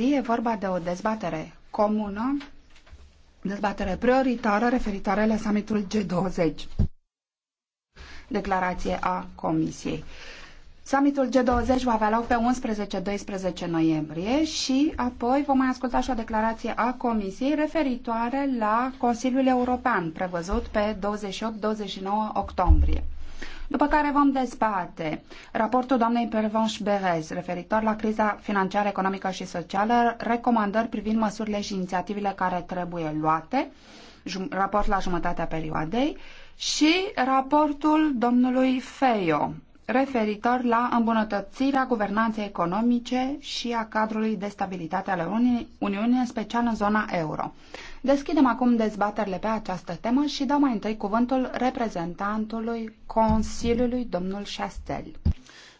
zi e vorba de o dezbatere comună, dezbatere prioritară referitoare la summitul G20. Declarație a Comisiei. Summitul G20 va avea loc pe 11-12 noiembrie și apoi vom mai asculta și o declarație a Comisiei referitoare la Consiliul European prevăzut pe 28-29 octombrie după care vom dezbate raportul doamnei Pervenș Berez referitor la criza financiară, economică și socială, recomandări privind măsurile și inițiativele care trebuie luate, raport la jumătatea perioadei, și raportul domnului Feio referitor la îmbunătățirea guvernanței economice și a cadrului de stabilitate ale Uniunii, Uniunii în special în zona euro. Deschidem acum dezbaterile pe această temă și dau mai întâi cuvântul reprezentantului Consiliului, domnul Chastel.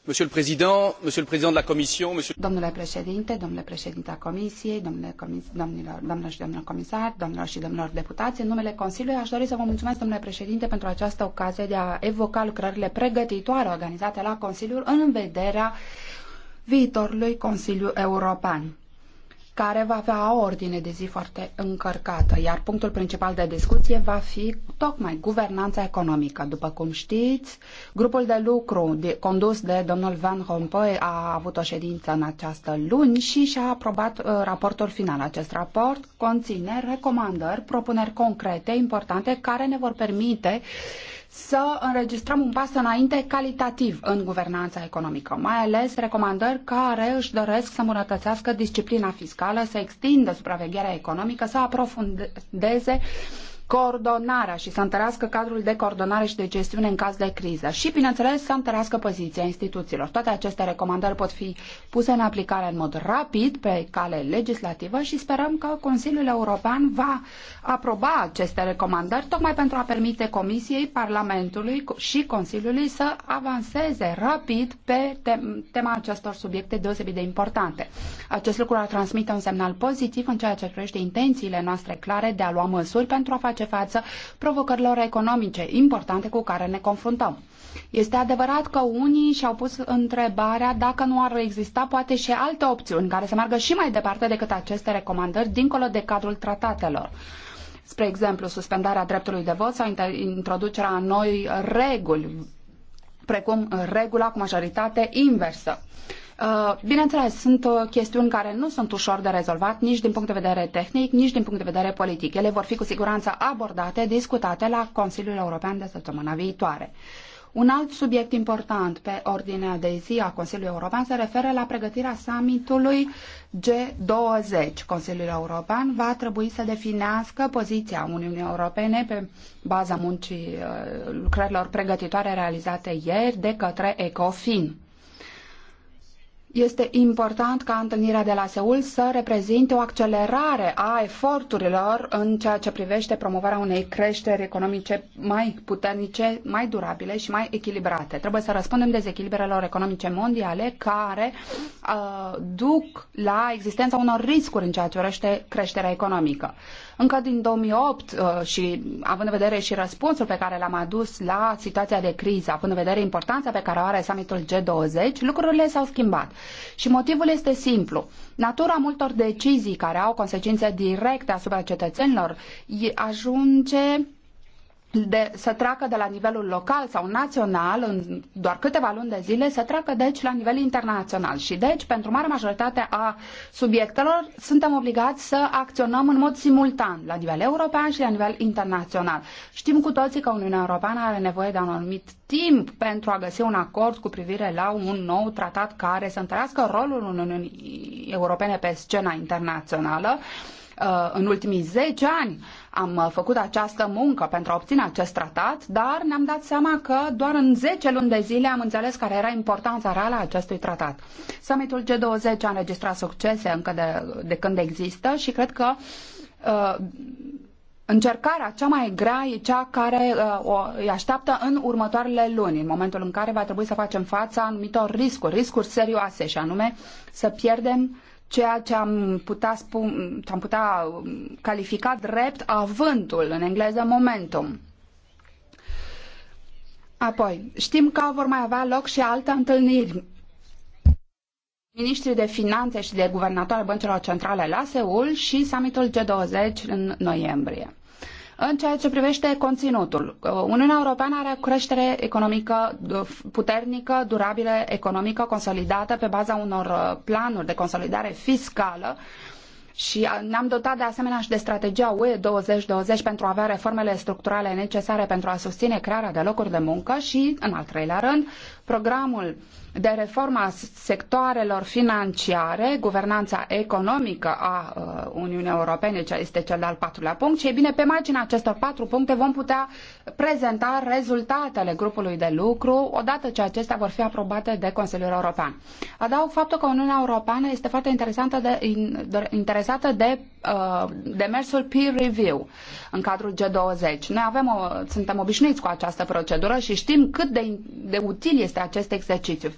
Monsieur le Président, Monsieur le Président de la Commission, Monsieur... Domnule președinte, domnule președinte a Comisiei, domnule comis, domnilor, domnilor și domnilor comisar, domnilor și domnilor deputați, în numele Consiliului aș dori să vă mulțumesc, domnule președinte, pentru această ocazie de a evoca lucrările pregătitoare organizate la Consiliul în vederea viitorului Consiliu European care va avea o ordine de zi foarte încărcată, iar punctul principal de discuție va fi tocmai guvernanța economică. După cum știți, grupul de lucru de, condus de domnul Van Rompuy a avut o ședință în această luni și și-a aprobat uh, raportul final. Acest raport conține recomandări, propuneri concrete, importante, care ne vor permite să înregistrăm un pas înainte calitativ în guvernanța economică, mai ales recomandări care își doresc să îmbunătățească disciplina fiscală, să extindă supravegherea economică, să aprofundeze uh, coordonarea și să întărească cadrul de coordonare și de gestiune în caz de criză și, bineînțeles, să întărească poziția instituțiilor. Toate aceste recomandări pot fi puse în aplicare în mod rapid pe cale legislativă și sperăm că Consiliul European va aproba aceste recomandări tocmai pentru a permite Comisiei, Parlamentului și Consiliului să avanseze rapid pe tema acestor subiecte deosebit de importante. Acest lucru ar transmite un semnal pozitiv în ceea ce crește intențiile noastre clare de a lua măsuri pentru a face face față provocărilor economice importante cu care ne confruntăm. Este adevărat că unii și-au pus întrebarea dacă nu ar exista poate și alte opțiuni care să meargă și mai departe decât aceste recomandări, dincolo de cadrul tratatelor spre exemplu, suspendarea dreptului de vot sau introducerea a noi reguli, precum regula cu majoritate inversă. Uh, bineînțeles, sunt uh, chestiuni care nu sunt ușor de rezolvat nici din punct de vedere tehnic, nici din punct de vedere politic. Ele vor fi cu siguranță abordate, discutate la Consiliul European de săptămâna viitoare. Un alt subiect important pe ordinea de zi a Consiliului European se referă la pregătirea summitului G20. Consiliul European va trebui să definească poziția Uniunii Europene pe baza muncii uh, lucrărilor pregătitoare realizate ieri de către ECOFIN este important ca întâlnirea de la Seul să reprezinte o accelerare a eforturilor în ceea ce privește promovarea unei creșteri economice mai puternice, mai durabile și mai echilibrate. Trebuie să răspundem dezechilibrelor economice mondiale care uh, duc la existența unor riscuri în ceea ce privește creșterea economică. Uh, încă din 2008 uh, și având în vedere și răspunsul pe care l-am adus la situația de criză, având în vedere importanța pe care o are summitul G20, lucrurile s-au schimbat. Și motivul este simplu. Natura multor decizii care au consecințe directe asupra cetățenilor ajunge de, să treacă de la nivelul local sau național în doar câteva luni de zile, să treacă deci la nivel internațional. Și deci, pentru mare majoritate a subiectelor, suntem obligați să acționăm în mod simultan, la nivel european și la nivel internațional. Știm cu toții că Uniunea Europeană are nevoie de un anumit timp pentru a găsi un acord cu privire la un nou tratat care să întărească rolul Uniunii Europene pe scena internațională. Uh, în ultimii 10 ani am uh, făcut această muncă pentru a obține acest tratat, dar ne-am dat seama că doar în 10 luni de zile am înțeles care era importanța reală a acestui tratat. Summitul G20 a înregistrat succese încă de, de când există și cred că uh, încercarea cea mai grea e cea care uh, o, îi așteaptă în următoarele luni, în momentul în care va trebui să facem fața anumitor riscuri, riscuri serioase și anume să pierdem ceea ce am putea, spun, am putea um, califica drept avântul, în engleză momentum. Apoi, știm că vor mai avea loc și alte întâlniri. Ministrii de Finanțe și de Guvernatoare Băncilor Centrale la Seul și summitul G20 în noiembrie. În ceea ce privește conținutul, Uniunea Europeană are o creștere economică puternică, durabilă, economică, consolidată pe baza unor planuri de consolidare fiscală și ne-am dotat de asemenea și de strategia UE 2020 pentru a avea reformele structurale necesare pentru a susține crearea de locuri de muncă și, în al treilea rând, programul de reforma sectoarelor financiare, guvernanța economică a uh, Uniunii Europene, ce este cel de-al patrulea punct. Și, bine, pe marginea acestor patru puncte vom putea prezenta rezultatele grupului de lucru odată ce acestea vor fi aprobate de Consiliul European. Adaug faptul că Uniunea Europeană este foarte interesantă de, interesată interesată de uh, demersul peer review în cadrul G20. Noi avem o, uh, suntem obișnuiți cu această procedură și știm cât de, de util este acest exercițiu.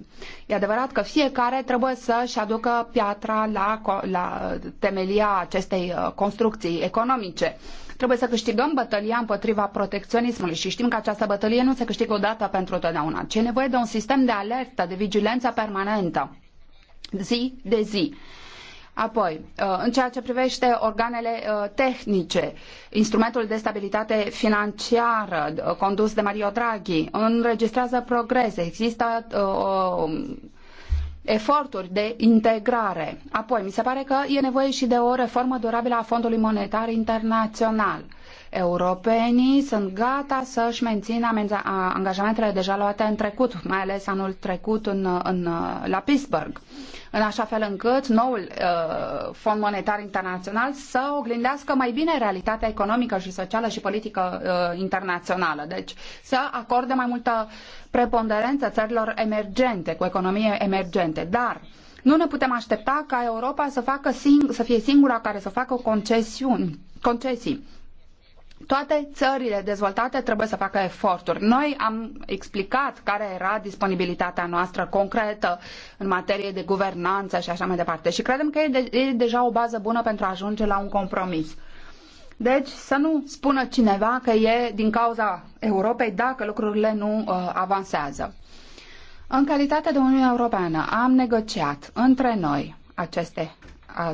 E adevărat că fiecare trebuie să-și aducă piatra la, la temelia acestei uh, construcții economice. Trebuie să câștigăm bătălia împotriva protecționismului și știm că această bătălie nu se câștigă odată pentru totdeauna, Ce e nevoie de un sistem de alertă, de vigilență permanentă, zi de zi. Apoi, uh, în ceea ce privește organele uh, tehnice, instrumentul de stabilitate financiară uh, condus de Mario Draghi înregistrează progrese. Există eforturi de integrare. Apoi, mi se pare că e nevoie și de o reformă durabilă a Fondului Monetar Internațional. Europenii sunt gata să-și mențină angajamentele deja luate în trecut, mai ales anul trecut în, în, la Pittsburgh în așa fel încât noul uh, Fond Monetar Internațional să oglindească mai bine realitatea economică și socială și politică uh, internațională. Deci să acorde mai multă preponderență țărilor emergente, cu economie emergente. Dar nu ne putem aștepta ca Europa să, facă sing- să fie singura care să facă concesiuni, concesii toate țările dezvoltate trebuie să facă eforturi. Noi am explicat care era disponibilitatea noastră concretă în materie de guvernanță și așa mai departe și credem că e, de, e deja o bază bună pentru a ajunge la un compromis. Deci să nu spună cineva că e din cauza Europei dacă lucrurile nu uh, avansează. În calitate de Uniune Europeană am negociat între noi aceste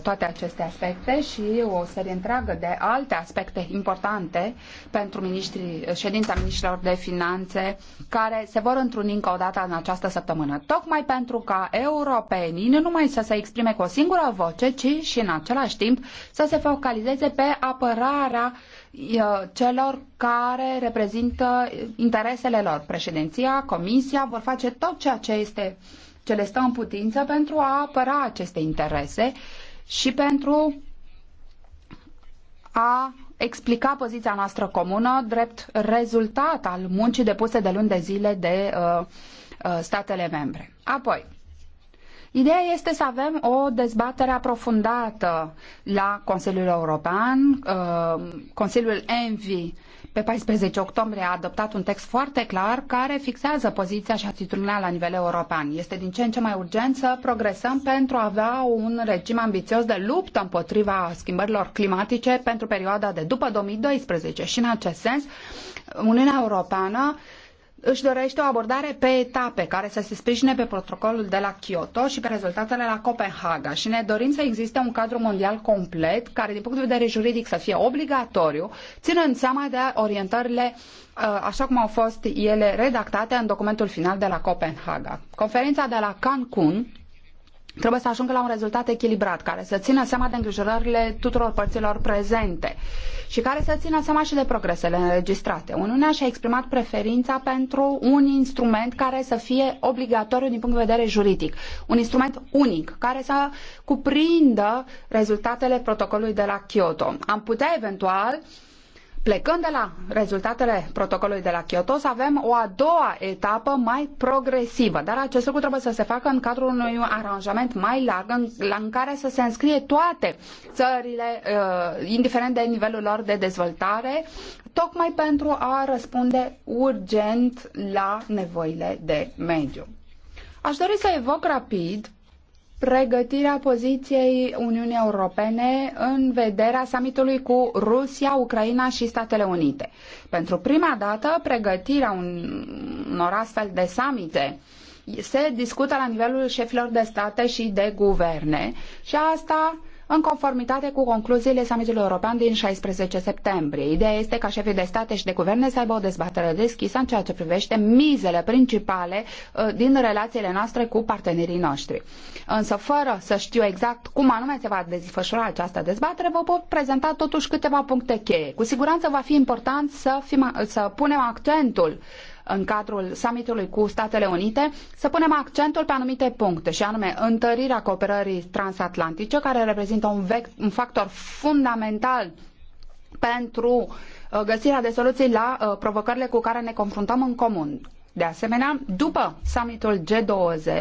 toate aceste aspecte și o serie întreagă de alte aspecte importante pentru ministrii, ședința ministrilor de finanțe care se vor întruni încă o dată în această săptămână. Tocmai pentru ca europenii nu numai să se exprime cu o singură voce, ci și în același timp să se focalizeze pe apărarea celor care reprezintă interesele lor. Președinția, Comisia vor face tot ceea ce este ce le stă în putință pentru a apăra aceste interese și pentru a explica poziția noastră comună drept rezultat al muncii depuse de luni de zile de uh, uh, statele membre. Apoi, Ideea este să avem o dezbatere aprofundată la Consiliul European. Uh, Consiliul ENVI pe 14 octombrie a adoptat un text foarte clar care fixează poziția și atitudinea la nivel european. Este din ce în ce mai urgent să progresăm pentru a avea un regim ambițios de luptă împotriva schimbărilor climatice pentru perioada de după 2012 și în acest sens Uniunea Europeană uh, își dorește o abordare pe etape care să se sprijine pe protocolul de la Kyoto și pe rezultatele la Copenhaga și ne dorim să existe un cadru mondial complet care din punct de vedere juridic să fie obligatoriu, ținând seama de orientările uh, așa cum au fost ele redactate în documentul final de la Copenhaga. Conferința de la Cancun trebuie să ajungă la un rezultat echilibrat, care să țină seama de îngrijorările tuturor părților prezente și care să țină seama și de progresele înregistrate. Uniunea și-a exprimat preferința pentru un instrument care să fie obligatoriu din punct de vedere juridic, un instrument unic care să cuprindă rezultatele protocolului de la Kyoto. Am putea eventual uh, Plecând de la rezultatele protocolului de la Kyoto, să avem o a doua etapă mai progresivă, dar acest lucru trebuie să se facă în cadrul unui aranjament mai larg în, la în care să se înscrie toate țările, uh, indiferent de nivelul lor de dezvoltare, tocmai pentru a răspunde urgent la nevoile de mediu. Aș dori să evoc rapid pregătirea poziției Uniunii Europene în vederea summitului cu Rusia, Ucraina și Statele Unite. Pentru prima dată, pregătirea unor astfel de summite se discută la nivelul șefilor de state și de guverne și asta în conformitate cu concluziile summitului european din 16 septembrie. Ideea este ca șefii de state și de guverne să aibă o dezbatere deschisă în ceea ce privește mizele principale uh, din relațiile noastre cu partenerii noștri. Însă, fără să știu exact cum anume se va desfășura această dezbatere, vă pot prezenta totuși câteva puncte cheie. Cu siguranță va fi important să, fim, să punem accentul în cadrul summitului cu Statele Unite, să punem accentul pe anumite puncte, și anume întărirea cooperării transatlantice, care reprezintă un, un factor fundamental pentru uh, găsirea de soluții la uh, provocările cu care ne confruntăm în comun. De asemenea, după summitul G20,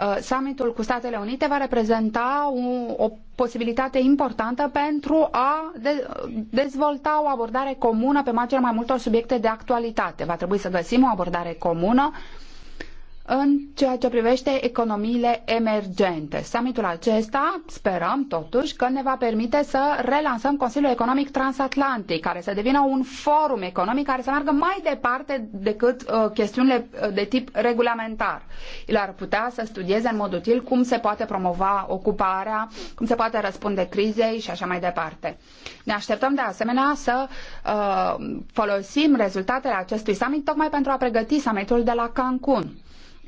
Uh, summitul cu Statele Unite va reprezenta o, o posibilitate importantă pentru a de, dezvolta o abordare comună pe marginea mai multor subiecte de actualitate. Va trebui să găsim o abordare comună uh, în ceea ce privește economiile emergente. Summitul acesta sperăm totuși că ne va permite să relansăm Consiliul Economic Transatlantic, care să devină un forum economic care să meargă mai departe decât uh, chestiunile uh, de tip regulamentar. El ar putea să studieze în mod util cum se poate promova ocuparea, cum se poate răspunde crizei și așa mai departe. Ne așteptăm de asemenea să uh, folosim rezultatele acestui summit tocmai pentru a pregăti summitul de la Cancun.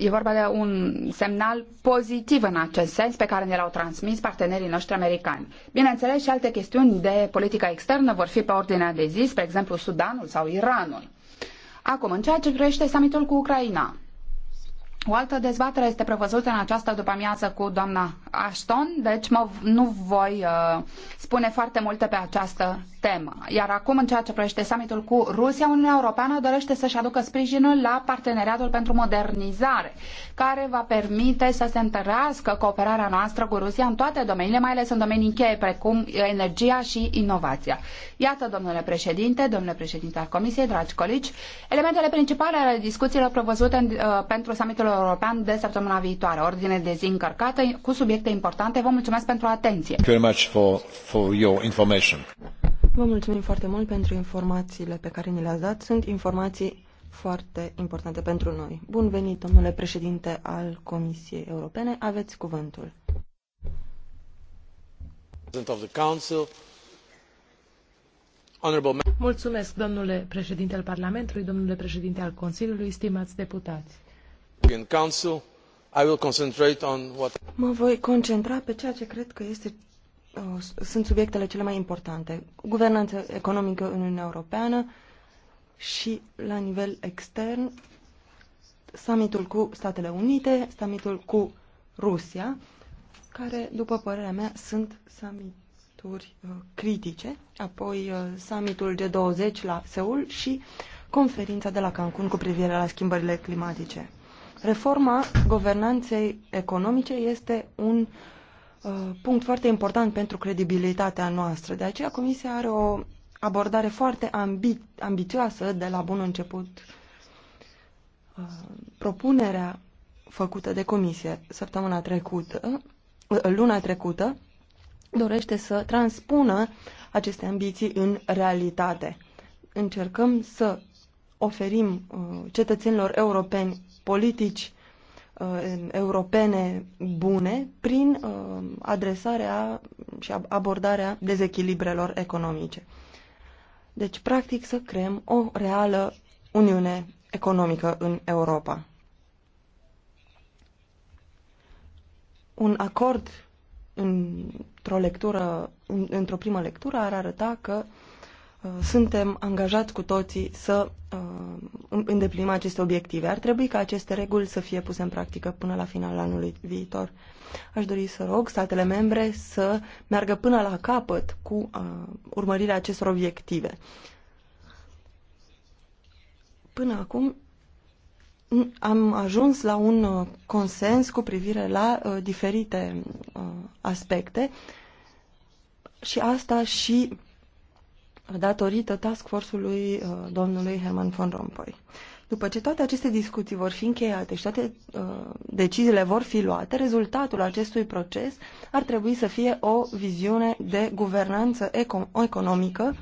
E vorba de un semnal pozitiv în acest sens pe care ne l-au transmis partenerii noștri americani. Bineînțeles, și alte chestiuni de politică externă vor fi pe ordinea de zi, spre exemplu Sudanul sau Iranul. Acum, în ceea ce privește summitul cu Ucraina, o altă dezbatere este prevăzută în această după-amiază cu doamna Ashton, deci mă, nu voi uh, spune foarte multe pe această temă. Iar acum, în ceea ce privește summitul cu Rusia, Uniunea Europeană dorește să-și aducă sprijinul la parteneriatul pentru modernizare, care va permite să se întărească cooperarea noastră cu Rusia în toate domeniile, mai ales în domenii cheie, precum energia și inovația. Iată, domnule președinte, domnule președinte al Comisiei, dragi colegi, elementele principale ale discuțiilor prevăzute în, uh, pentru summitul European de săptămâna viitoare. Ordine de zi încărcată cu subiecte importante. Vă mulțumesc pentru atenție. Thank you very much for, for your information. Vă mulțumim foarte mult pentru informațiile pe care ni le-ați dat. Sunt informații foarte importante pentru noi. Bun venit, domnule președinte al Comisiei Europene. Aveți cuvântul. Mulțumesc, domnule președinte al Parlamentului, domnule președinte al Consiliului, stimați deputați. Mă voi concentra pe ceea ce cred că este, uh, sunt subiectele cele mai importante. Guvernanță economică în Uniunea Europeană și la nivel extern summitul cu Statele Unite, summitul cu Rusia, care, după părerea mea, sunt summituri uh, critice, apoi uh, summitul G20 la Seul și conferința de la Cancun cu privire la schimbările climatice. Reforma guvernanței economice este un uh, punct foarte important pentru credibilitatea noastră. De aceea Comisia are o abordare foarte ambi ambițioasă de la bun început. Uh, propunerea făcută de Comisie săptămâna trecută, uh, luna trecută, dorește să transpună aceste ambiții în realitate. Încercăm să oferim uh, cetățenilor europeni politici uh, europene bune prin uh, adresarea și abordarea dezechilibrelor economice. Deci, practic, să creăm o reală uniune economică în Europa. Un acord într-o lectură, într-o primă lectură ar arăta că uh, Uh, suntem angajați cu toții să uh, îndeplinim aceste obiective. Ar trebui ca aceste reguli să fie puse în practică până la finalul anului viitor. Aș dori să rog statele membre să meargă până la capăt cu uh, urmărirea acestor obiective. Până acum am ajuns la un consens cu privire la diferite aspecte și asta și datorită task force-ului uh, domnului Herman von Rompuy. După ce toate aceste discuții vor fi încheiate și toate uh, deciziile vor fi luate, rezultatul acestui proces ar trebui să fie o viziune de guvernanță eco- economică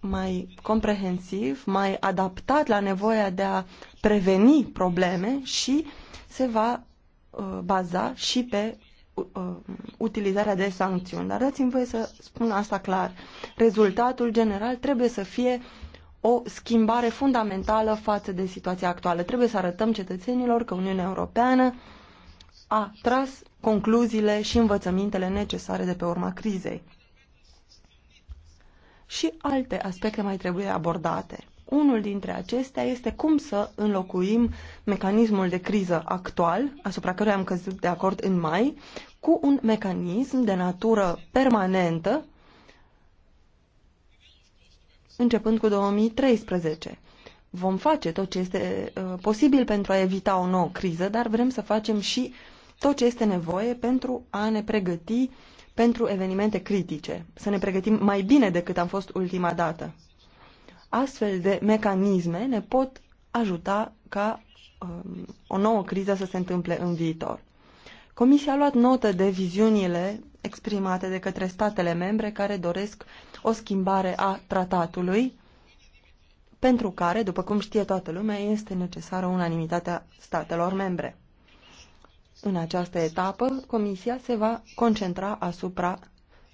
mai comprehensiv, mai adaptat la nevoia de a preveni probleme și se va uh, baza și pe Uh, utilizarea de sancțiuni. Dar dați-mi voie să spun asta clar. Rezultatul general trebuie să fie o schimbare fundamentală față de situația actuală. Trebuie să arătăm cetățenilor că Uniunea Europeană a tras concluziile și învățămintele necesare de pe urma crizei. Și alte aspecte mai trebuie abordate. Unul dintre acestea este cum să înlocuim mecanismul de criză actual, asupra căruia am căzut de acord în mai, cu un mecanism de natură permanentă, începând cu 2013. Vom face tot ce este uh, posibil pentru a evita o nouă criză, dar vrem să facem și tot ce este nevoie pentru a ne pregăti pentru evenimente critice, să ne pregătim mai bine decât am fost ultima dată. Astfel de mecanisme ne pot ajuta ca um, o nouă criză să se întâmple în viitor. Comisia a luat notă de viziunile exprimate de către statele membre care doresc o schimbare a tratatului, pentru care, după cum știe toată lumea, este necesară unanimitatea statelor membre. În această etapă, Comisia se va concentra asupra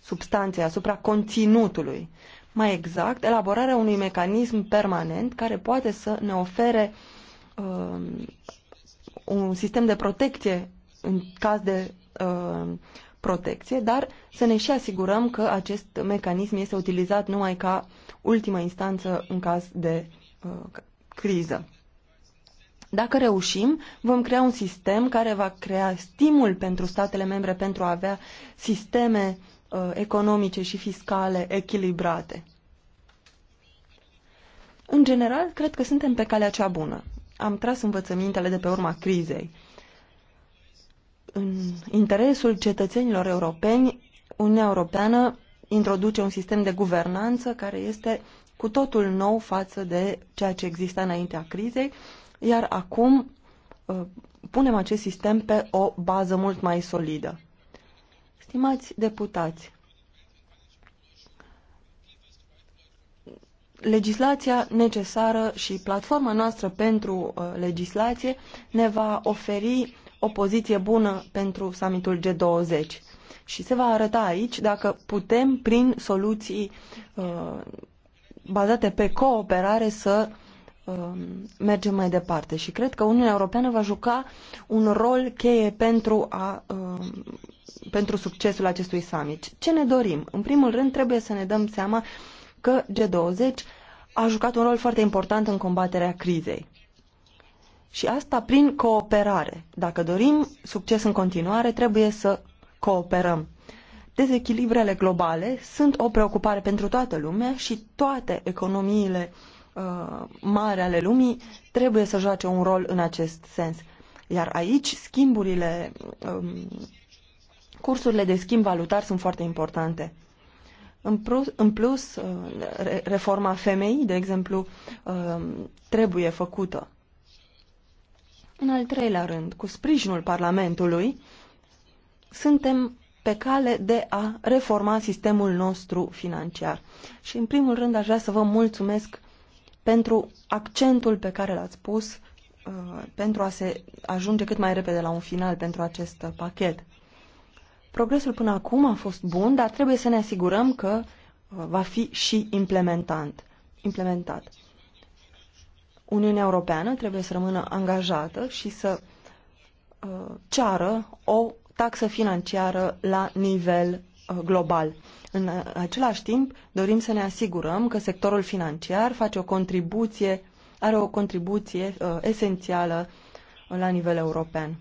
substanței, asupra conținutului. Mai exact, elaborarea unui mecanism permanent care poate să ne ofere uh, un sistem de protecție în caz de uh, protecție, dar să ne și asigurăm că acest mecanism este utilizat numai ca ultima instanță în caz de uh, criză. Dacă reușim, vom crea un sistem care va crea stimul pentru statele membre pentru a avea sisteme Uh, economice și fiscale echilibrate. În general, cred că suntem pe calea cea bună. Am tras învățămintele de pe urma crizei. În interesul cetățenilor europeni, Uniunea Europeană introduce un sistem de guvernanță care este cu totul nou față de ceea ce exista înaintea crizei, iar acum uh, punem acest sistem pe o bază mult mai solidă. Stimați deputați, legislația necesară și platforma noastră pentru uh, legislație ne va oferi o poziție bună pentru summitul G20 și se va arăta aici dacă putem prin soluții uh, bazate pe cooperare să uh, mergem mai departe și cred că Uniunea Europeană va juca un rol cheie pentru a um, pentru succesul acestui summit. Ce ne dorim? În primul rând, trebuie să ne dăm seama că G20 a jucat un rol foarte important în combaterea crizei. Și asta prin cooperare. Dacă dorim succes în continuare, trebuie să cooperăm. Dezechilibrele globale sunt o preocupare pentru toată lumea și toate economiile uh, mari ale lumii trebuie să joace un rol în acest sens. Iar aici schimburile um, Cursurile de schimb valutar sunt foarte importante. În plus, uh, reforma femei, de exemplu, uh, trebuie făcută. În al treilea rând, cu sprijinul Parlamentului, suntem pe cale de a reforma sistemul nostru financiar. Și în primul rând aș vrea să vă mulțumesc pentru accentul pe care l-ați pus uh, pentru a se ajunge cât mai repede la un final pentru acest pachet. Progresul până acum a fost bun, dar trebuie să ne asigurăm că uh, va fi și implementant, implementat. Uniunea Europeană trebuie să rămână angajată și să uh, ceară o taxă financiară la nivel uh, global. În uh, același timp, dorim să ne asigurăm că sectorul financiar face o contribuție, are o contribuție uh, esențială la nivel european.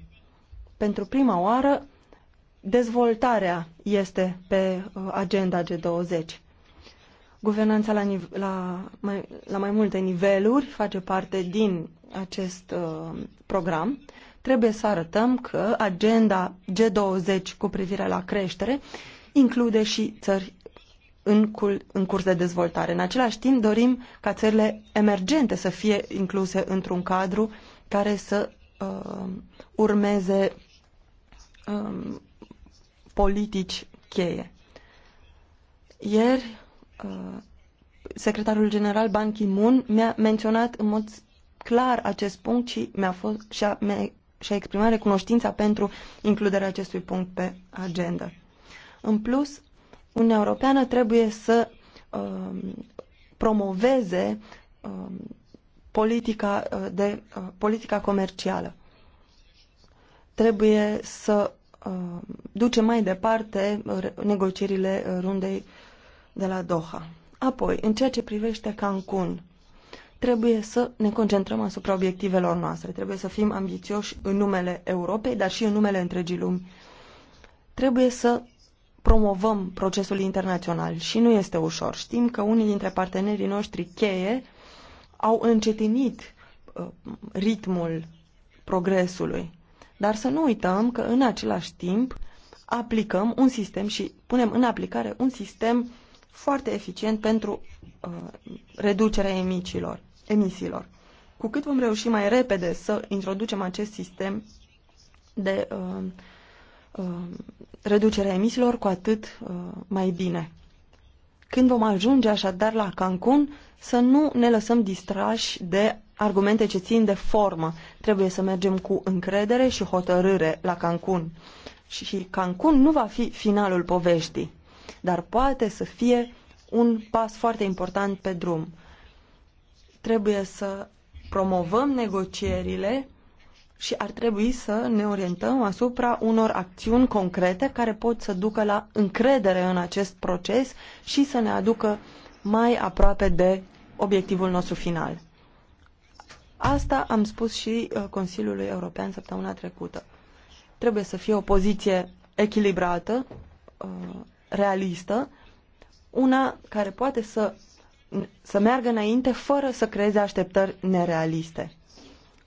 Pentru prima oară, dezvoltarea este pe uh, agenda G20. Guvernanța la, la, mai, la mai multe niveluri face parte din acest uh, program. Trebuie să arătăm că agenda G20 cu privire la creștere include și țări în, cul, în curs de dezvoltare. În același timp, dorim ca țările emergente să fie incluse într-un cadru care să uh, urmeze um, politici cheie. Ieri, uh, secretarul general Ban Ki-moon mi-a menționat în mod clar acest punct și mi-a fost, și-a, mi și-a exprimat recunoștința pentru includerea acestui punct pe agenda. În plus, Uniunea Europeană trebuie să uh, promoveze uh, politica, de, uh, politica comercială. Trebuie să Uh, duce mai departe uh, negocierile uh, rundei de la Doha. Apoi, în ceea ce privește Cancun, trebuie să ne concentrăm asupra obiectivelor noastre, trebuie să fim ambițioși în numele Europei, dar și în numele întregii lumi. Trebuie să promovăm procesul internațional și nu este ușor. Știm că unii dintre partenerii noștri cheie au încetinit ritmul progresului. Dar să nu uităm că în același timp aplicăm un sistem și punem în aplicare un sistem foarte eficient pentru uh, reducerea emisiilor emisiilor. Cu cât vom reuși mai repede să introducem acest sistem de uh, uh, reducere a emisiilor, cu atât uh, mai bine. Când vom ajunge așadar la Cancun, să nu ne lăsăm distrași de argumente ce țin de formă. Trebuie să mergem cu încredere și hotărâre la Cancun. Și Cancun nu va fi finalul poveștii, dar poate să fie un pas foarte important pe drum. Trebuie să promovăm negocierile și ar trebui să ne orientăm asupra unor acțiuni concrete care pot să ducă la încredere în acest proces și să ne aducă mai aproape de obiectivul nostru final. Asta am spus și uh, Consiliului European săptămâna trecută. Trebuie să fie o poziție echilibrată, uh, realistă, una care poate să, să meargă înainte fără să creeze așteptări nerealiste.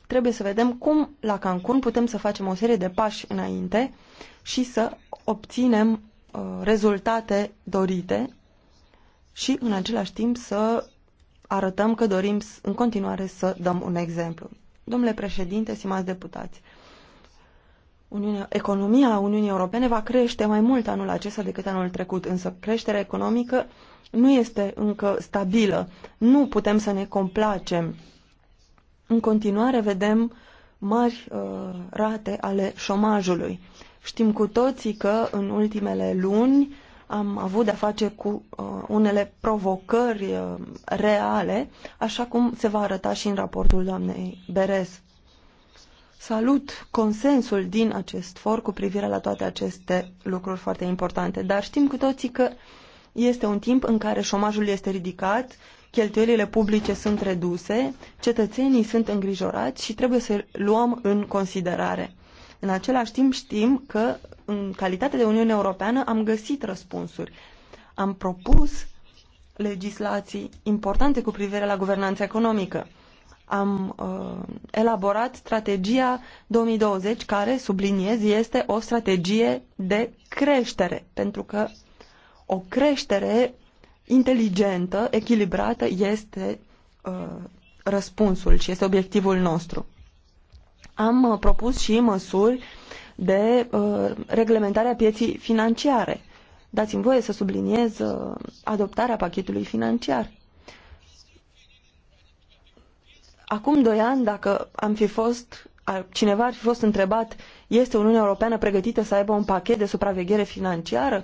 Trebuie să vedem cum la Cancun putem să facem o serie de pași înainte și să obținem uh, rezultate dorite și în același timp să arătăm că dorim în continuare să dăm un exemplu. Domnule președinte, stimați deputați, Uniunea, economia Uniunii Europene va crește mai mult anul acesta decât anul trecut, însă creșterea economică nu este încă stabilă. Nu putem să ne complacem. În continuare vedem mari uh, rate ale șomajului. Știm cu toții că în ultimele luni am avut de-a face cu uh, unele provocări uh, reale, așa cum se va arăta și în raportul doamnei Beres. Salut consensul din acest for cu privire la toate aceste lucruri foarte importante, dar știm cu toții că este un timp în care șomajul este ridicat, cheltuielile publice sunt reduse, cetățenii sunt îngrijorați și trebuie să luăm în considerare. În același timp știm că în calitate de Uniune Europeană am găsit răspunsuri. Am propus legislații importante cu privire la guvernanța economică. Am uh, elaborat strategia 2020, care, subliniez, este o strategie de creștere, pentru că o creștere inteligentă, echilibrată, este uh, răspunsul și este obiectivul nostru am uh, propus și măsuri de uh, reglementare a pieții financiare. Dați-mi voie să subliniez uh, adoptarea pachetului financiar. Acum doi ani, dacă am fi fost, cineva ar fi fost întrebat este Uniunea Europeană pregătită să aibă un pachet de supraveghere financiară,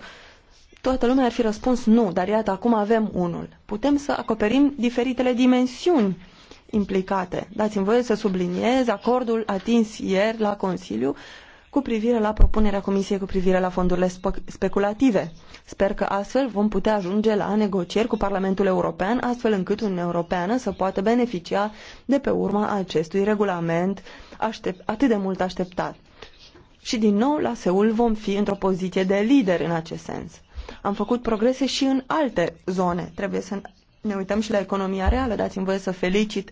toată lumea ar fi răspuns nu, dar iată, acum avem unul. Putem să acoperim diferitele dimensiuni implicate. Dați-mi voie să subliniez acordul atins ieri la Consiliu cu privire la propunerea Comisiei cu privire la fondurile speculative. Sper că astfel vom putea ajunge la negocieri cu Parlamentul European, astfel încât Uniunea Europeană să poată beneficia de pe urma acestui regulament aștept, atât de mult așteptat. Și din nou la Seul vom fi într-o poziție de lider în acest sens. Am făcut progrese și în alte zone. Trebuie să ne uităm și la economia reală, dați-mi voie să felicit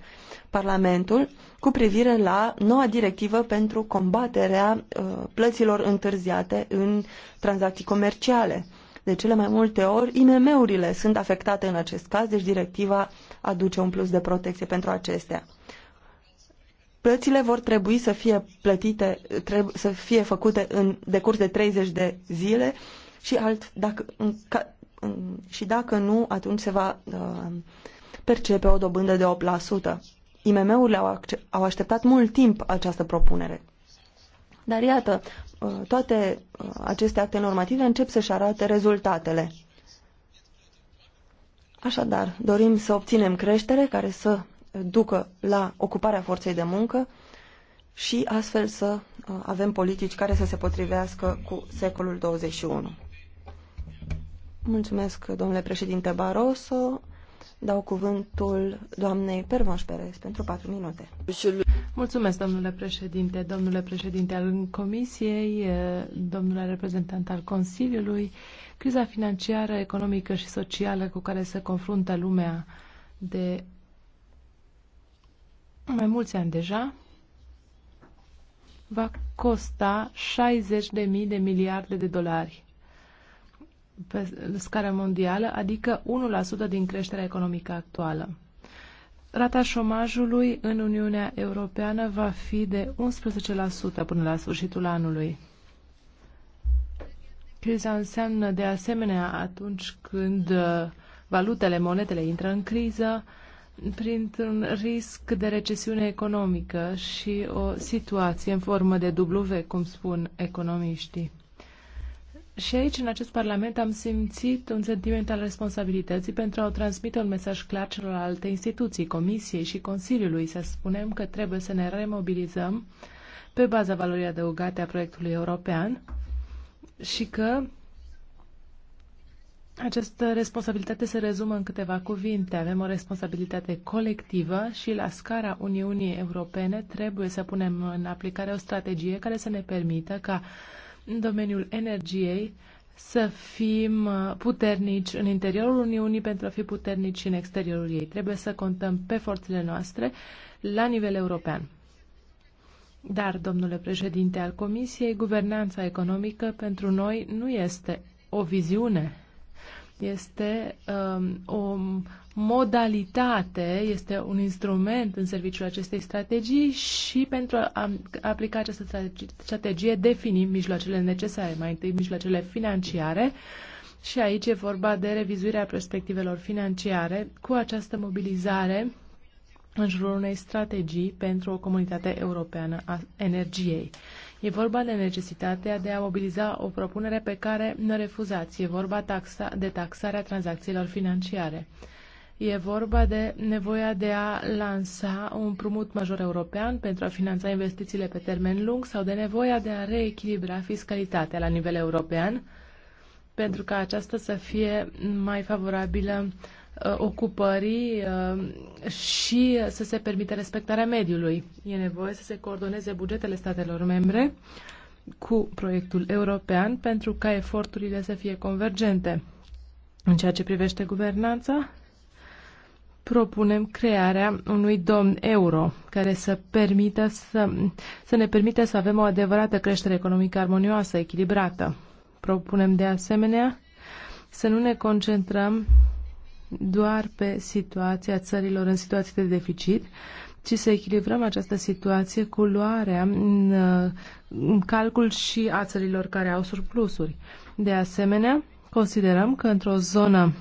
Parlamentul cu privire la noua directivă pentru combaterea uh, plăților întârziate în tranzacții comerciale. De cele mai multe ori, IMM-urile sunt afectate în acest caz, deci directiva aduce un plus de protecție pentru acestea. Plățile vor trebui să fie plătite, trebu- să fie făcute în decurs de 30 de zile și alt, dacă, în, ca, Mm, și dacă nu, atunci se va uh, percepe o dobândă de 8%. IMM-urile au, așteptat mult timp această propunere. Dar iată, uh, toate uh, aceste acte normative încep să-și arate rezultatele. Așadar, dorim să obținem creștere care să ducă la ocuparea forței de muncă și astfel să avem politici care să se potrivească cu secolul 21. Mulțumesc, domnule președinte Barroso. Dau cuvântul doamnei Pervanș Perez pentru patru minute. Mulțumesc, domnule președinte, domnule președinte al Comisiei, domnule reprezentant al Consiliului. Criza financiară, economică și socială cu care se confruntă lumea de mai mulți ani deja va costa 60.000 de miliarde de dolari pe scară mondială, adică 1% din creșterea economică actuală. Rata șomajului în Uniunea Europeană va fi de 11% până la sfârșitul anului. Criza înseamnă de asemenea atunci când uh, valutele, monetele intră în criză, printr-un risc de recesiune economică și o situație în formă de W, cum spun economiștii. Și aici, în acest Parlament, am simțit un sentiment al responsabilității pentru a transmite un mesaj clar celorlalte instituții, Comisiei și Consiliului, să spunem că trebuie să ne remobilizăm pe baza valorii adăugate a proiectului european și că această responsabilitate se rezumă în câteva cuvinte. Avem o responsabilitate colectivă și la scara Uniunii Europene trebuie să punem în aplicare o strategie care să ne permită ca în domeniul energiei să fim uh, puternici în interiorul Uniunii pentru a fi puternici și în exteriorul ei. Trebuie să contăm pe forțele noastre la nivel european. Dar, domnule președinte al Comisiei, guvernanța economică pentru noi nu este o viziune este um, o modalitate, este un instrument în serviciul acestei strategii și pentru a aplica această strategie definim mijloacele necesare, mai întâi mijloacele financiare și aici e vorba de revizuirea perspectivelor financiare cu această mobilizare în jurul unei strategii pentru o comunitate europeană a energiei. E vorba de necesitatea de a mobiliza o propunere pe care ne refuzați. E vorba taxa, de taxarea tranzacțiilor financiare. E vorba de nevoia de a lansa un prumut major european pentru a finanța investițiile pe termen lung sau de nevoia de a reechilibra fiscalitatea la nivel european pentru ca aceasta să fie mai favorabilă Uh, ocupării uh, și să se permite respectarea mediului. E nevoie să se coordoneze bugetele statelor membre cu proiectul european pentru ca eforturile să fie convergente. În ceea ce privește guvernanța, propunem crearea unui domn euro care să, permită să, să ne permite să avem o adevărată creștere economică armonioasă, echilibrată. Propunem de asemenea să nu ne concentrăm doar pe situația țărilor în situații de deficit, ci să echilibrăm această situație cu luarea în, în calcul și a țărilor care au surplusuri. De asemenea, considerăm că într-o zonă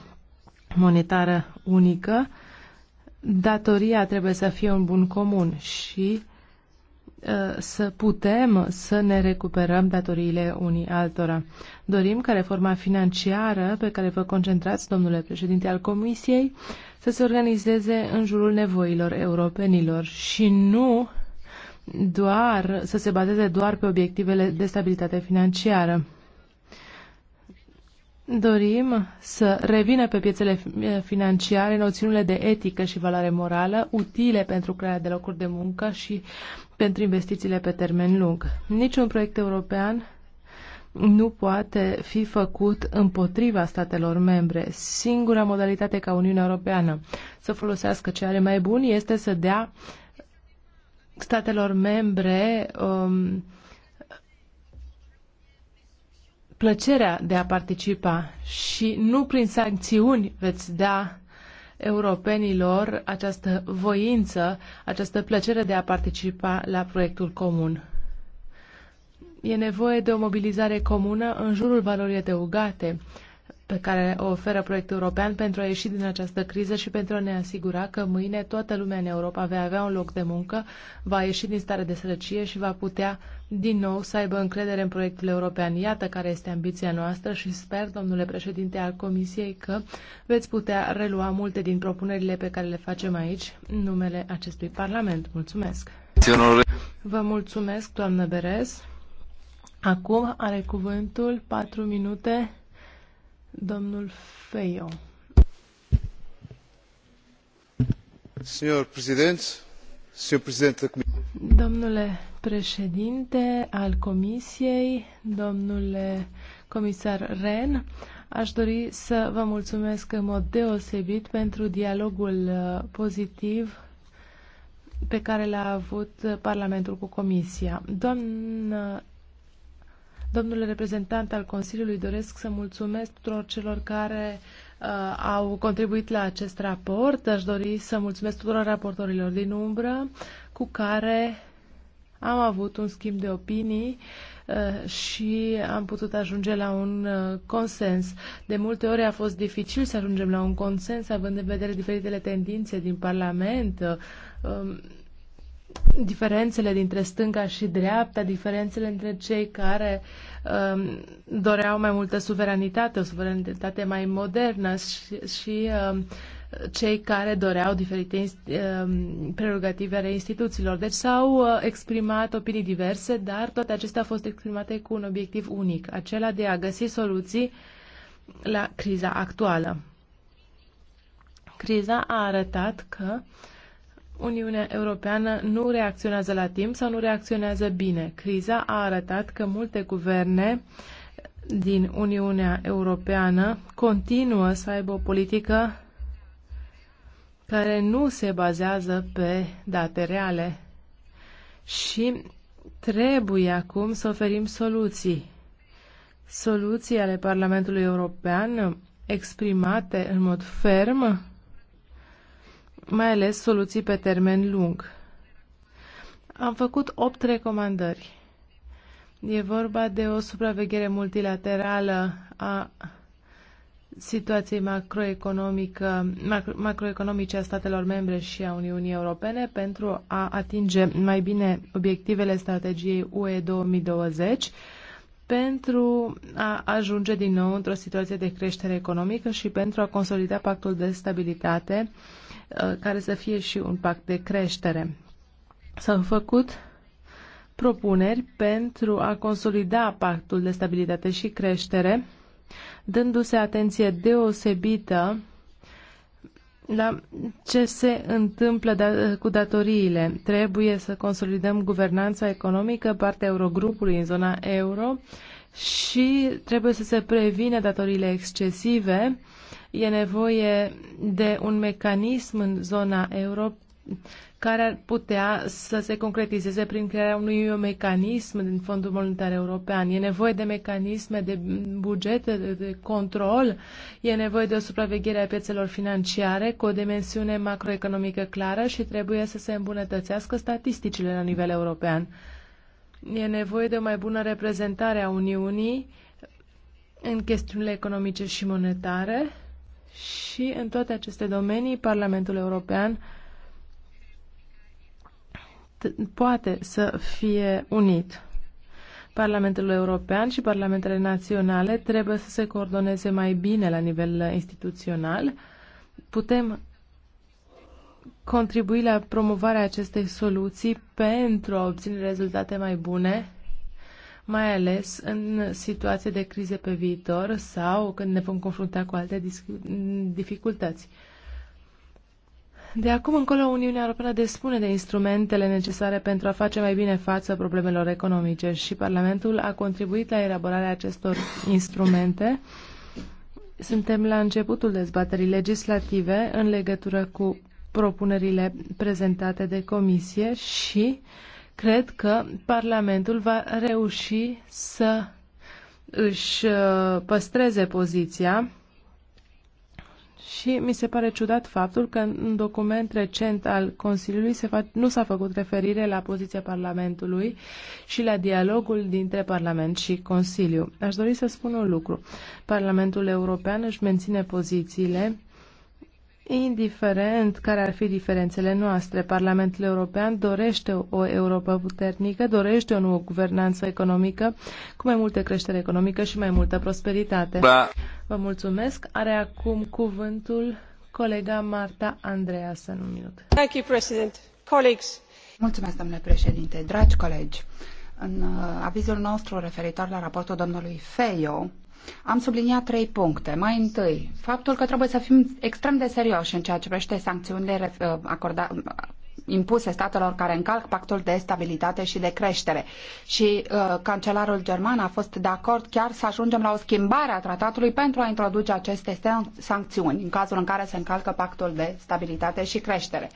monetară unică, datoria trebuie să fie un bun comun și să putem să ne recuperăm datoriile unii altora. Dorim ca reforma financiară pe care vă concentrați, domnule președinte al Comisiei, să se organizeze în jurul nevoilor europenilor și nu doar să se bazeze doar pe obiectivele de stabilitate financiară. Dorim să revină pe piețele financiare noțiunile de etică și valoare morală utile pentru crearea de locuri de muncă și pentru investițiile pe termen lung. Niciun proiect european nu poate fi făcut împotriva statelor membre. Singura modalitate ca Uniunea Europeană să folosească ce are mai bun este să dea statelor membre um, plăcerea de a participa și nu prin sancțiuni veți da europenilor această voință, această plăcere de a participa la proiectul comun. E nevoie de o mobilizare comună în jurul valorii adăugate pe care o oferă proiectul european pentru a ieși din această criză și pentru a ne asigura că mâine toată lumea în Europa va avea un loc de muncă, va ieși din stare de sărăcie și va putea din nou să aibă încredere în proiectul european. Iată care este ambiția noastră și sper, domnule președinte al Comisiei, că veți putea relua multe din propunerile pe care le facem aici în numele acestui Parlament. Mulțumesc! Vă mulțumesc, doamnă Berez. Acum are cuvântul 4 minute Domnul Feio. Presidente, Presidente da Domnule președinte al Comisiei, domnule comisar Ren, aș dori să vă mulțumesc în mod deosebit pentru dialogul uh, pozitiv pe care l-a avut Parlamentul cu Comisia. Doamnă Domnule reprezentant al Consiliului, doresc să mulțumesc tuturor celor care uh, au contribuit la acest raport. Aș dori să mulțumesc tuturor raportorilor din umbră cu care am avut un schimb de opinii uh, și am putut ajunge la un uh, consens. De multe ori a fost dificil să ajungem la un consens, având în vedere diferitele tendințe din Parlament. Uh, um, diferențele dintre stânga și dreapta, diferențele între cei care um, doreau mai multă suveranitate, o suveranitate mai modernă și, și um, cei care doreau diferite um, prerogative ale instituțiilor. Deci s-au uh, exprimat opinii diverse, dar toate acestea au fost exprimate cu un obiectiv unic, acela de a găsi soluții la criza actuală. Criza a arătat că uh, Uniunea Europeană nu reacționează la timp sau nu reacționează bine. Criza a arătat că multe guverne din Uniunea Europeană continuă să aibă o politică care nu se bazează pe date reale și trebuie acum să oferim soluții. Soluții ale Parlamentului European exprimate în mod ferm mai ales soluții pe termen lung. Am făcut opt recomandări. E vorba de o supraveghere multilaterală a situației macroeconomică, macro, macroeconomice a statelor membre și a Uniunii Europene pentru a atinge mai bine obiectivele strategiei UE 2020 pentru a ajunge din nou într-o situație de creștere economică și pentru a consolida pactul de stabilitate uh, Uh, care să fie și un pact de creștere. S-au făcut propuneri pentru a consolida pactul de stabilitate și creștere, dându-se atenție deosebită la ce se întâmplă da, cu datoriile. Trebuie să consolidăm guvernanța economică, partea Eurogrupului în zona euro și trebuie să se prevină datoriile excesive E nevoie de un mecanism în zona euro care ar putea să se concretizeze prin crearea unui mecanism din Fondul Monetar European. E nevoie de mecanisme de bugete, de control, e nevoie de o supraveghere a piețelor financiare cu o dimensiune macroeconomică clară și trebuie să se îmbunătățească statisticile la nivel european. E nevoie de o mai bună reprezentare a Uniunii în chestiunile economice și monetare și în toate aceste domenii, Parlamentul European poate să fie unit. Parlamentul European și Parlamentele Naționale trebuie să se coordoneze mai bine la nivel instituțional. Putem contribui la promovarea acestei soluții pentru a obține rezultate mai bune mai ales în situații de crize pe viitor sau când ne vom confrunta cu alte dificultăți. De acum încolo, Uniunea Europeană despune de instrumentele necesare pentru a face mai bine față problemelor economice și Parlamentul a contribuit la elaborarea acestor instrumente. Suntem la începutul dezbaterii legislative în legătură cu propunerile prezentate de Comisie și uh, Cred că Parlamentul va reuși să își uh, păstreze poziția și mi se pare ciudat faptul că în document recent al Consiliului se fac, nu s-a făcut referire la poziția Parlamentului și la dialogul dintre Parlament și Consiliu. Aș dori să spun un lucru. Parlamentul European își menține pozițiile Indiferent care ar fi diferențele noastre, Parlamentul European dorește o Europa puternică, dorește o nouă guvernanță economică cu mai multă creștere economică și mai multă prosperitate. Ba. Vă mulțumesc. Are acum cuvântul colega Marta Andreasen. Un minut. Thank you, President. Colleagues. Mulțumesc, domnule președinte. Dragi colegi, în uh, avizul nostru referitor la raportul domnului Feio, am subliniat trei puncte. Mai întâi, faptul că trebuie să fim extrem de serioși în ceea ce privește sancțiunile uh, acorda, uh, impuse statelor care încalc pactul de stabilitate și de creștere. Și uh, cancelarul german a fost de acord chiar să ajungem la o schimbare a tratatului pentru a introduce aceste sancțiuni în cazul în care se încalcă pactul de stabilitate și creștere.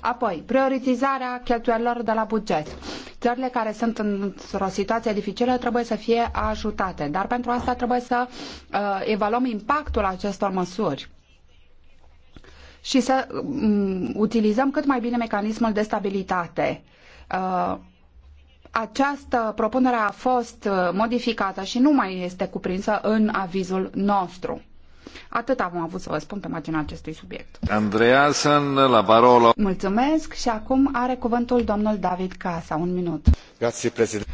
Apoi, prioritizarea cheltuielilor de la buget. Țările care sunt într-o situație dificilă trebuie să fie ajutate, dar pentru asta trebuie să uh, evaluăm impactul acestor măsuri și să um, utilizăm cât mai bine mecanismul de stabilitate. Uh, această propunere a fost uh, modificată și nu mai este cuprinsă în avizul nostru. Atât am avut să vă spun pe marginea acestui subiect. Andreasen, la parola. Mulțumesc și acum are cuvântul domnul David Casa. Un minut. Grazie, președinte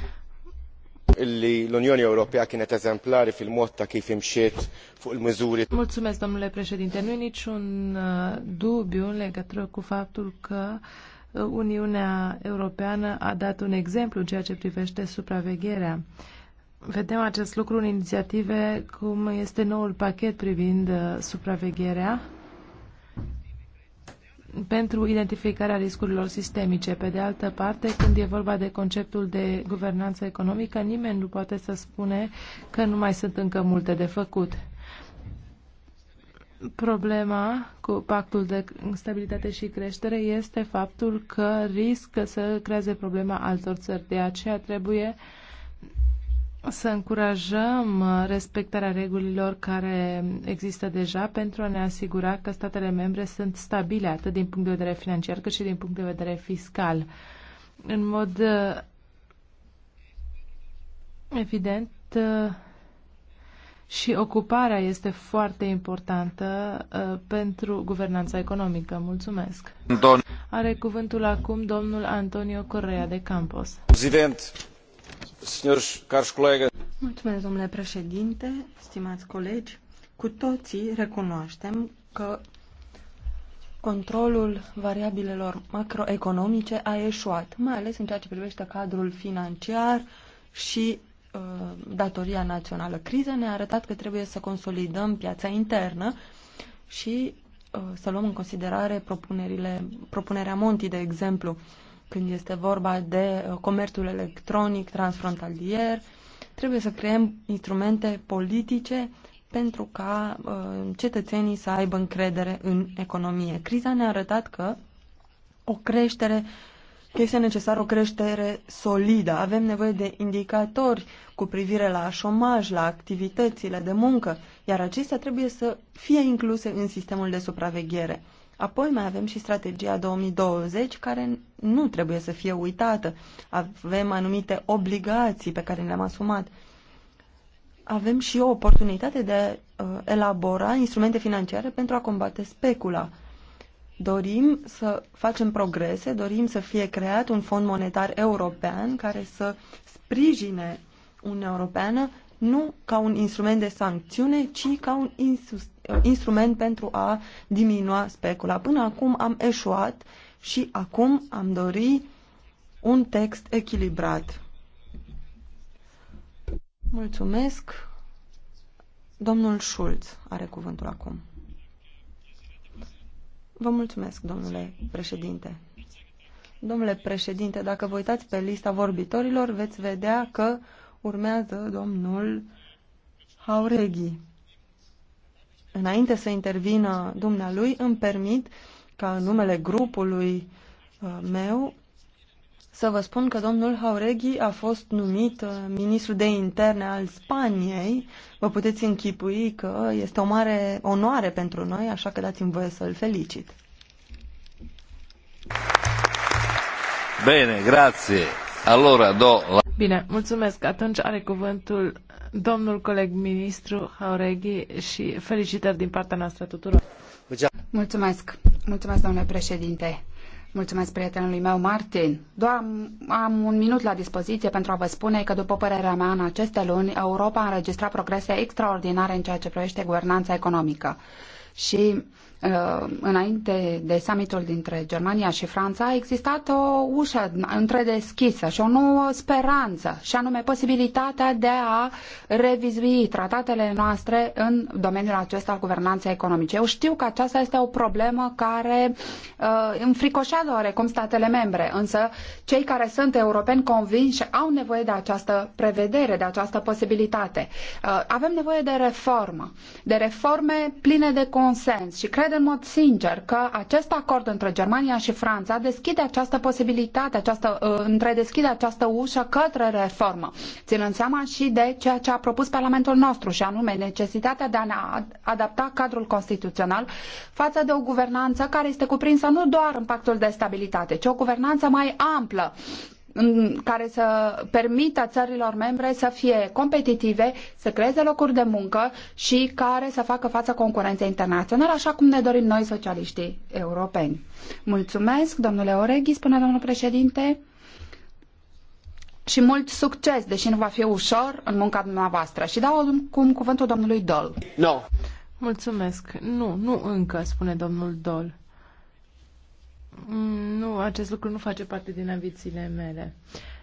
L'Unione Europea unjoni Ewropea kienet eżemplari fil-mod ta' kif imxiet fuq Mulțumesc, domnule președinte. Nu e niciun uh, dubiu în legătură cu faptul că uh, Uniunea Europeană a dat un exemplu în ceea ce privește supravegherea Vedem acest lucru în inițiative cum este noul pachet privind uh, supravegherea pentru identificarea riscurilor sistemice. Pe de altă parte, când e vorba de conceptul de guvernanță economică, nimeni nu poate să spune că nu mai sunt încă multe de făcut. Problema cu pactul de stabilitate și creștere este faptul că riscă să creeze problema altor țări. De aceea trebuie uh, să încurajăm uh, respectarea regulilor care există deja pentru a ne asigura că statele membre sunt stabile atât din punct de vedere financiar cât și din punct de vedere fiscal. În mod uh, evident, uh, și ocuparea este foarte importantă pentru guvernanța economică. Mulțumesc. Don. Are cuvântul acum domnul Antonio Correa de Campos. Prezident, domnule președinte, colegi. Cu toții recunoaștem că controlul variabilelor macroeconomice a eșuat, mai ales în ceea ce privește cadrul financiar și uh, datoria națională. Criza ne-a arătat că trebuie să consolidăm piața internă și uh, să luăm în considerare propunerile, propunerea Monti, de exemplu. Uh, când este vorba de uh, comerțul electronic transfrontalier. Trebuie să creăm instrumente politice pentru ca uh, cetățenii să aibă încredere în economie. Criza ne-a arătat că o creștere că este necesară o creștere solidă. Avem nevoie de indicatori cu privire la șomaj, la activitățile de muncă, iar acestea trebuie să fie incluse în sistemul de supraveghere. Apoi mai avem și strategia 2020, care nu trebuie să fie uitată. Avem anumite obligații pe care le-am asumat. Avem și o oportunitate de a uh, elabora instrumente financiare pentru a combate specula. Dorim să facem progrese, dorim să fie creat un fond monetar european care să sprijine Uniunea Europeană nu ca un instrument de sancțiune, ci ca un uh, instrument pentru a diminua specula. Până acum am eșuat și acum am dori un text echilibrat. Mulțumesc. Domnul Schulz are cuvântul acum. Vă mulțumesc, domnule președinte. Domnule președinte, dacă vă uitați pe lista vorbitorilor, veți vedea că uh, Urmează domnul Haureghi. Înainte să intervină dumnealui, îmi permit ca în numele grupului uh, meu să vă spun că domnul Haureghi a fost numit uh, ministru de interne al Spaniei. Vă puteți închipui că este o mare onoare pentru noi, așa că dați-mi voie să-l felicit. Bine, grazie. Allora do la Bine, mulțumesc. Atunci are cuvântul domnul coleg ministru Haureghi și felicitări din partea noastră tuturor. Mulțumesc. Mulțumesc, domnule președinte. Mulțumesc prietenului meu, Martin. Doar am, un minut la dispoziție pentru a vă spune că, după părerea mea, în aceste luni, Europa a înregistrat progrese extraordinare în ceea ce privește guvernanța economică. Și Uh, înainte de summitul dintre Germania și Franța, a existat o ușă întredeschisă și o nouă speranță, și anume posibilitatea de a revizui tratatele noastre în domeniul acesta al guvernanței economice. Eu știu că aceasta este o problemă care uh, înfricoșează oarecum statele membre, însă cei care sunt europeni convinși au nevoie de această prevedere, de această posibilitate. Uh, avem nevoie de reformă, de reforme pline de consens și cred cred în mod sincer că acest acord între Germania și Franța deschide această posibilitate, această, uh, întredeschide această ușă către reformă, ținând seama și de ceea ce a propus Parlamentul nostru, și anume necesitatea de a ne adapta cadrul constituțional față de o guvernanță care este cuprinsă nu doar în pactul de stabilitate, ci o guvernanță mai amplă care să permită țărilor membre să fie competitive, să creeze locuri de muncă și care să facă față concurenței internaționale, așa cum ne dorim noi socialiștii europeni. Mulțumesc, domnule Oreghi, spune domnul președinte, și mult succes, deși nu va fi ușor, în munca dumneavoastră. Și dau acum cuvântul domnului Dol. No. Mulțumesc. Nu, nu încă, spune domnul Dol. Mm, nu, acest lucru nu face parte din ambițiile mele.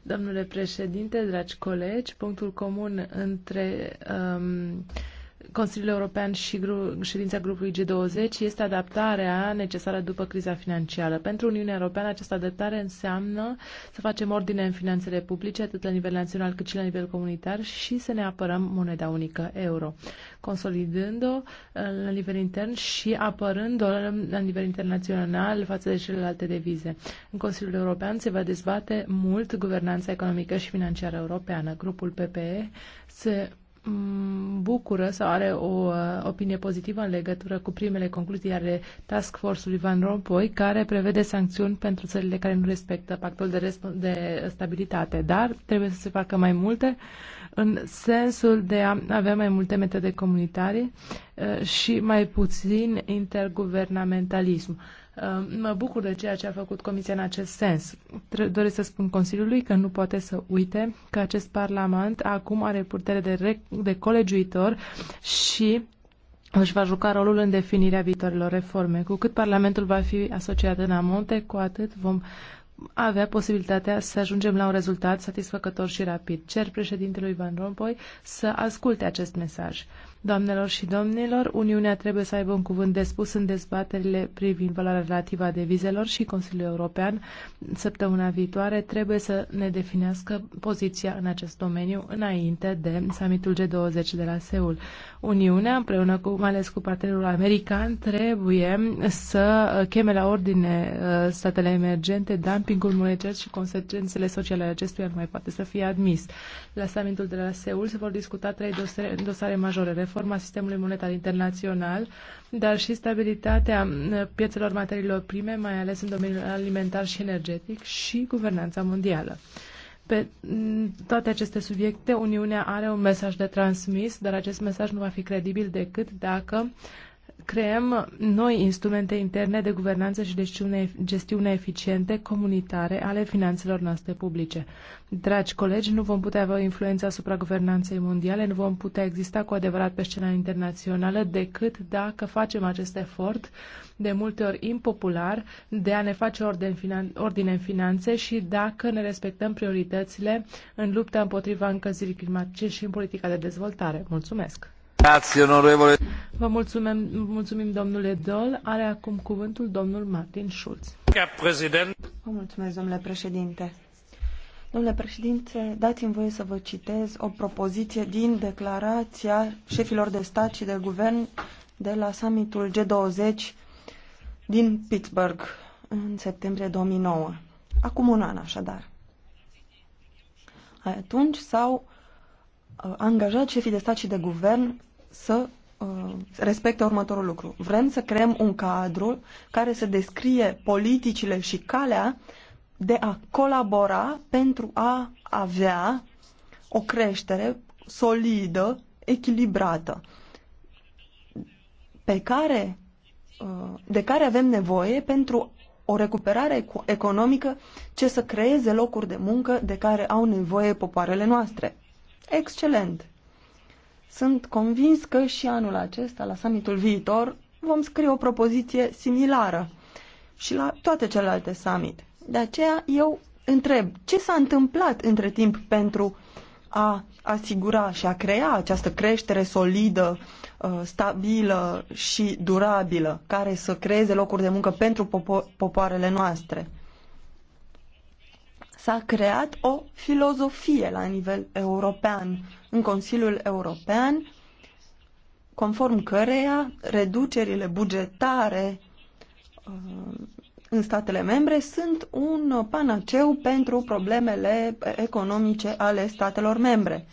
Domnule președinte, dragi colegi, punctul comun între um, Consiliul European și gru- ședința grupului G20 este adaptarea necesară după criza financiară. Pentru Uniunea Europeană această adaptare înseamnă să facem ordine în finanțele publice, atât la nivel național cât și la nivel comunitar, și să ne apărăm moneda unică euro consolidând-o uh, la nivel intern și apărând-o la nivel internațional față de celelalte devize. În Consiliul European se va dezbate mult guvernanța economică și financiară europeană. Grupul PPE se mm, bucură sau are o uh, opinie pozitivă în legătură cu primele concluzii ale Task Force-ului Van Rompuy, care prevede sancțiuni pentru țările care nu respectă pactul de, de stabilitate. Dar trebuie să se facă mai multe uh, în sensul de a avea mai multe metode comunitare uh, și mai puțin interguvernamentalism. Uh, mă bucur de ceea ce a făcut Comisia în acest sens. Doresc să spun Consiliului că nu poate să uite că acest Parlament acum are putere de, de colegiuitor și își va juca rolul în definirea viitorilor reforme. Cu cât Parlamentul va fi asociat în amonte, cu atât vom avea posibilitatea să ajungem la un rezultat satisfăcător și rapid. Cer președintelui Van Rompuy să asculte acest mesaj. Doamnelor și domnilor, Uniunea trebuie să aibă un cuvânt de spus în dezbaterile privind valoarea relativă a devizelor și Consiliul European săptămâna viitoare trebuie să ne definească poziția în acest domeniu înainte de summitul G20 de la Seul. Uniunea, împreună cu, mai ales cu partenerul american, trebuie să cheme la ordine uh, statele emergente, dumpingul monetar și consecințele sociale ale acestuia nu mai poate să fie admis. La summitul de la Seul se vor discuta trei dosare, dosare majore reforma sistemului monetar internațional, dar și stabilitatea mm, piețelor materiilor prime, mai ales în domeniul alimentar și energetic și guvernanța mondială. Pe mm, toate aceste subiecte, Uniunea are un mesaj de transmis, dar acest mesaj nu va fi credibil decât dacă creăm noi instrumente interne de guvernanță și de gestiune eficiente comunitare ale finanțelor noastre publice. Dragi colegi, nu vom putea avea o influență asupra guvernanței mondiale, nu vom putea exista cu adevărat pe scena internațională decât dacă facem acest efort, de multe ori impopular, de a ne face ordine în, finanțe și dacă ne respectăm prioritățile în lupta împotriva încălzirii climatice și în politica de dezvoltare. Mulțumesc! Vă mulțumim, mulțumim, domnule Dol. Are acum cuvântul domnul Martin Schulz. Vă mulțumesc, domnule președinte. Domnule președinte, dați-mi voie să vă citez o propoziție din declarația șefilor de stat și de guvern de la summitul G20 din Pittsburgh în septembrie 2009. Acum un an, așadar. Atunci s-au uh, angajat șefii de stat și de guvern să uh, respecte următorul lucru. Vrem să creăm un cadru care să descrie politicile și calea de a colabora pentru a avea o creștere solidă, echilibrată, pe care, uh, de care avem nevoie pentru o recuperare economică ce să creeze locuri de muncă de care au nevoie popoarele noastre. Excelent! Sunt convins că și anul acesta, la summitul viitor, vom scrie o propoziție similară și la toate celelalte summit. De aceea eu întreb, ce s-a întâmplat între timp pentru a asigura și a crea această creștere solidă, uh, stabilă și durabilă, care să creeze locuri de muncă pentru popo- popoarele noastre? S-a creat o filozofie la nivel european în Consiliul European, conform căreia reducerile bugetare uh, în statele membre sunt un panaceu pentru problemele economice ale statelor membre.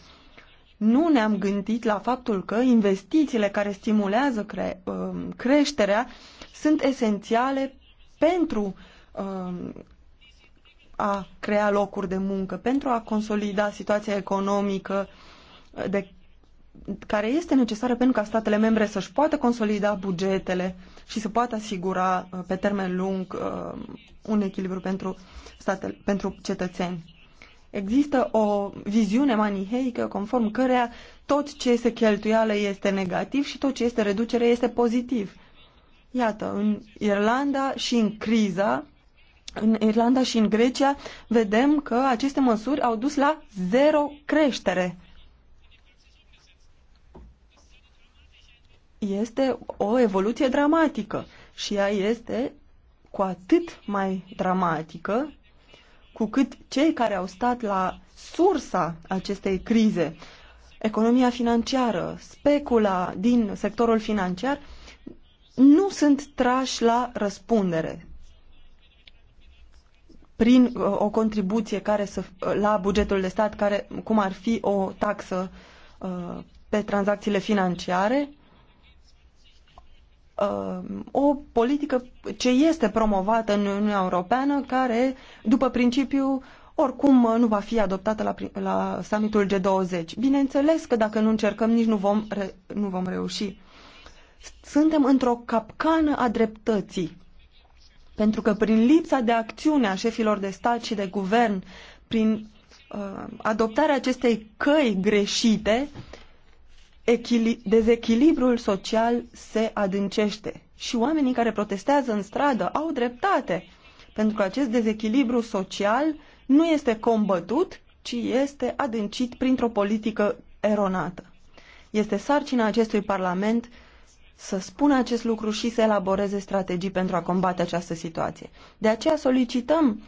Nu ne-am gândit la faptul că investițiile care stimulează cre uh, creșterea sunt esențiale pentru uh, a crea locuri de muncă, pentru a consolida situația economică de, care este necesară pentru ca statele membre să-și poată consolida bugetele și să poată asigura uh, pe termen lung uh, un echilibru pentru, statele, pentru cetățeni. Există o viziune maniheică conform cărea tot ce este cheltuială este negativ și tot ce este reducere este pozitiv. Iată, în Irlanda și în criza, în Irlanda și în Grecia, vedem că aceste măsuri au dus la zero creștere. este o evoluție dramatică și ea este cu atât mai dramatică cu cât cei care au stat la sursa acestei crize, economia financiară, specula din sectorul financiar, nu sunt trași la răspundere prin uh, o contribuție care să, uh, la bugetul de stat, care, cum ar fi o taxă uh, pe tranzacțiile financiare Um, o politică ce este promovată în Uniunea Europeană, care, după principiu, oricum nu va fi adoptată la, la summitul G20. Bineînțeles că dacă nu încercăm, nici nu vom, re, nu vom reuși. Suntem într-o capcană a dreptății. Pentru că prin lipsa de acțiune a șefilor de stat și de guvern, prin uh, adoptarea acestei căi greșite, uh, dezechilibrul social se adâncește și oamenii care protestează în stradă au dreptate, pentru că acest dezechilibru social nu este combătut, ci este adâncit printr-o politică eronată. Este sarcina acestui Parlament să spună acest lucru și să elaboreze strategii pentru a combate această situație. De aceea solicităm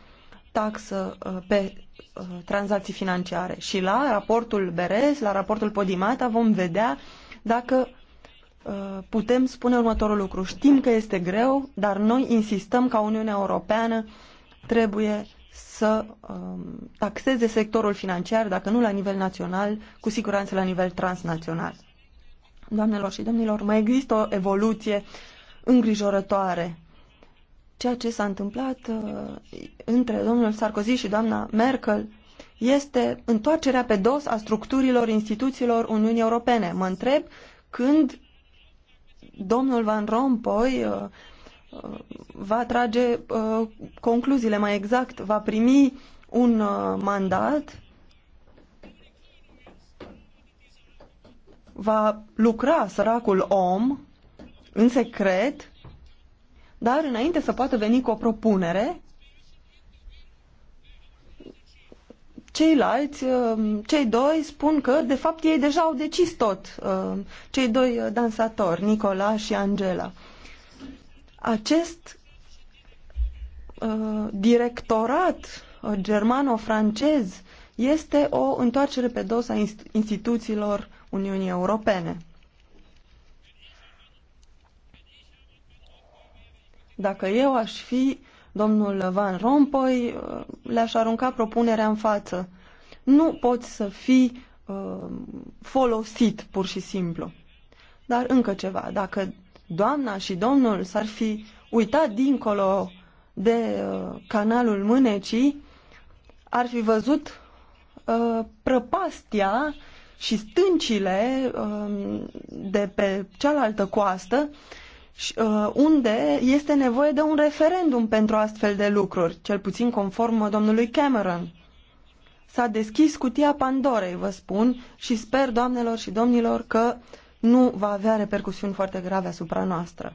taxă uh, pe Uh, tranzacții financiare. Și la raportul Beres, la raportul Podimata, vom vedea dacă uh, putem spune următorul lucru. Știm că este greu, dar noi insistăm ca Uniunea Europeană trebuie să um, taxeze sectorul financiar, dacă nu la nivel național, cu siguranță la nivel transnațional. Doamnelor și domnilor, mai există o evoluție îngrijorătoare Ceea ce s-a întâmplat uh, între domnul Sarkozy și doamna Merkel este întoarcerea pe dos a structurilor instituțiilor Uniunii Europene. Mă întreb când domnul Van Rompuy uh, uh va trage uh, concluziile mai exact, va primi un uh, mandat, va lucra săracul om în secret dar înainte să poată veni cu o propunere, ceilalți, uh, cei doi spun că de fapt ei deja au decis tot, uh, cei doi uh, dansatori, Nicola și Angela. Acest directorat germano-francez este o întoarcere pe dos a instituțiilor Uniunii Europene. Dacă eu aș fi domnul Van Rompuy, uh, le-aș arunca propunerea în față. Nu poți să fii uh, folosit, pur și simplu. Dar încă ceva, dacă doamna și domnul s-ar fi uitat dincolo de uh, canalul mânecii, ar fi văzut uh, prăpastia și stâncile uh, de pe cealaltă coastă Uh, unde este nevoie de un referendum pentru astfel de lucruri, cel puțin conform domnului Cameron. S-a deschis cutia Pandorei, vă spun, și sper, doamnelor și domnilor, că nu va avea repercusiuni foarte grave asupra noastră.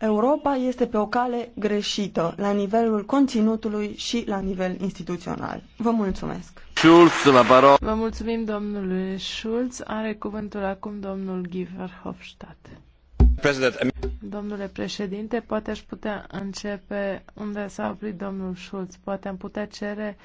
Europa este pe o cale greșită la nivelul conținutului și la nivel instituțional. Vă mulțumesc! Schulz, la paro- Vă mulțumim, domnule Schulz. Are cuvântul acum domnul Giver Hofstadt. President... Domnule președinte, poate aș putea începe unde s-a oprit domnul Schulz. Poate am putea cere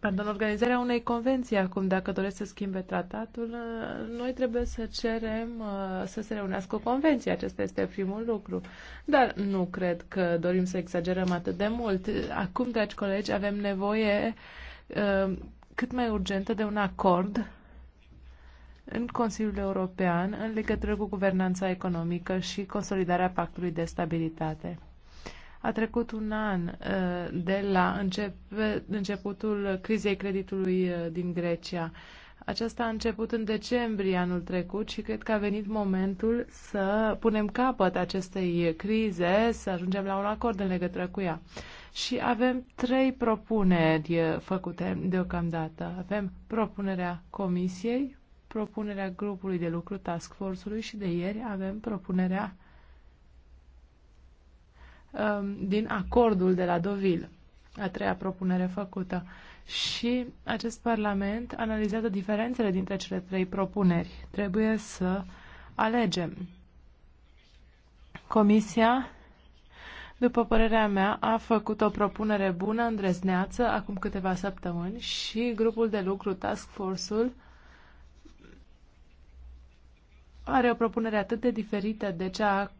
pentru organizarea unei convenții acum, dacă doresc să schimbe tratatul, uh, noi trebuie să cerem uh, să se reunească o convenție. Acesta este primul lucru. Dar nu cred că dorim să exagerăm atât de mult. Acum, dragi colegi, avem nevoie uh, cât mai urgentă de un acord în Consiliul European în legătură cu guvernanța economică și consolidarea pactului de stabilitate. A trecut un an uh, de la începutul crizei creditului uh, din Grecia. Aceasta a început în decembrie anul trecut și cred că a venit momentul să punem capăt acestei crize, să ajungem la un acord în legătură cu ea. Și avem trei propuneri uh, făcute deocamdată. Avem propunerea Comisiei, propunerea grupului de lucru Task Force-ului și de ieri avem propunerea Um, din acordul de la Deauville, a treia propunere făcută. Și acest Parlament analizează diferențele dintre cele trei propuneri. Trebuie să alegem. Comisia, după părerea mea, a făcut o propunere bună, îndrăzneață, acum câteva săptămâni și grupul de lucru Task Force-ul are o propunere atât de diferită de cea a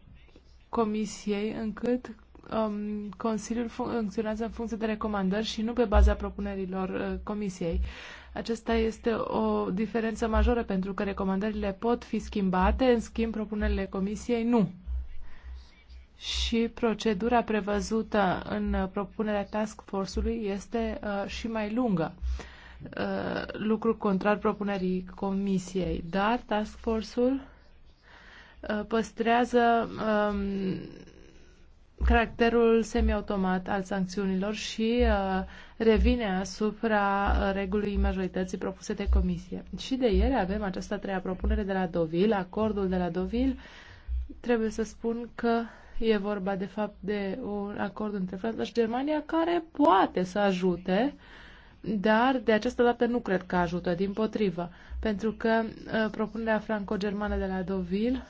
Comisiei, încât um, Consiliul funcționează în funcție de recomandări și nu pe baza propunerilor uh, Comisiei. Acesta este o diferență majoră pentru că recomandările pot fi schimbate, în schimb propunerile Comisiei nu. Și procedura prevăzută în propunerea task force-ului este uh, și mai lungă. Uh, lucru contrar propunerii Comisiei. Dar task force-ul uh, păstrează um, caracterul semiautomat al sancțiunilor și uh, revine asupra uh, regulii majorității propuse de comisie. Și de ieri avem această treia propunere de la Dovil, acordul de la Dovil. Trebuie să spun că e vorba de fapt de un acord între Franța și Germania care poate să ajute dar de această dată nu cred că ajută, din potrivă, pentru că uh, propunerea franco-germană de la Deauville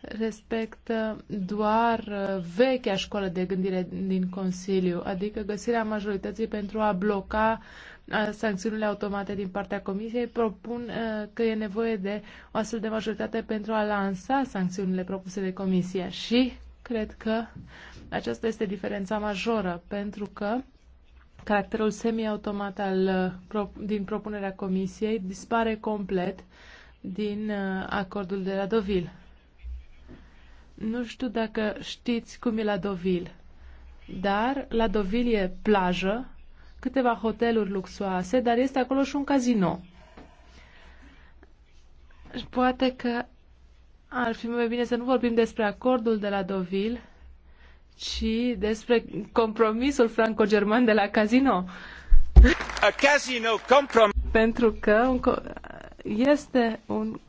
respectă doar uh, vechea școală de gândire din Consiliu, adică găsirea majorității pentru a bloca uh, sancțiunile automate din partea Comisiei. Propun uh, că e nevoie de o astfel de majoritate pentru a lansa sancțiunile propuse de Comisie și cred că aceasta este diferența majoră, pentru că caracterul semi-automat al, din propunerea Comisiei dispare complet din acordul de la Deauville. Nu știu dacă știți cum e la Dovil, dar la Dovil e plajă, câteva hoteluri luxoase, dar este acolo și un casino. Și poate că ar fi mai bine să nu vorbim despre acordul de la Dovil, ci despre compromisul franco-german de la casino. A casino comprom- Pentru că un co- este un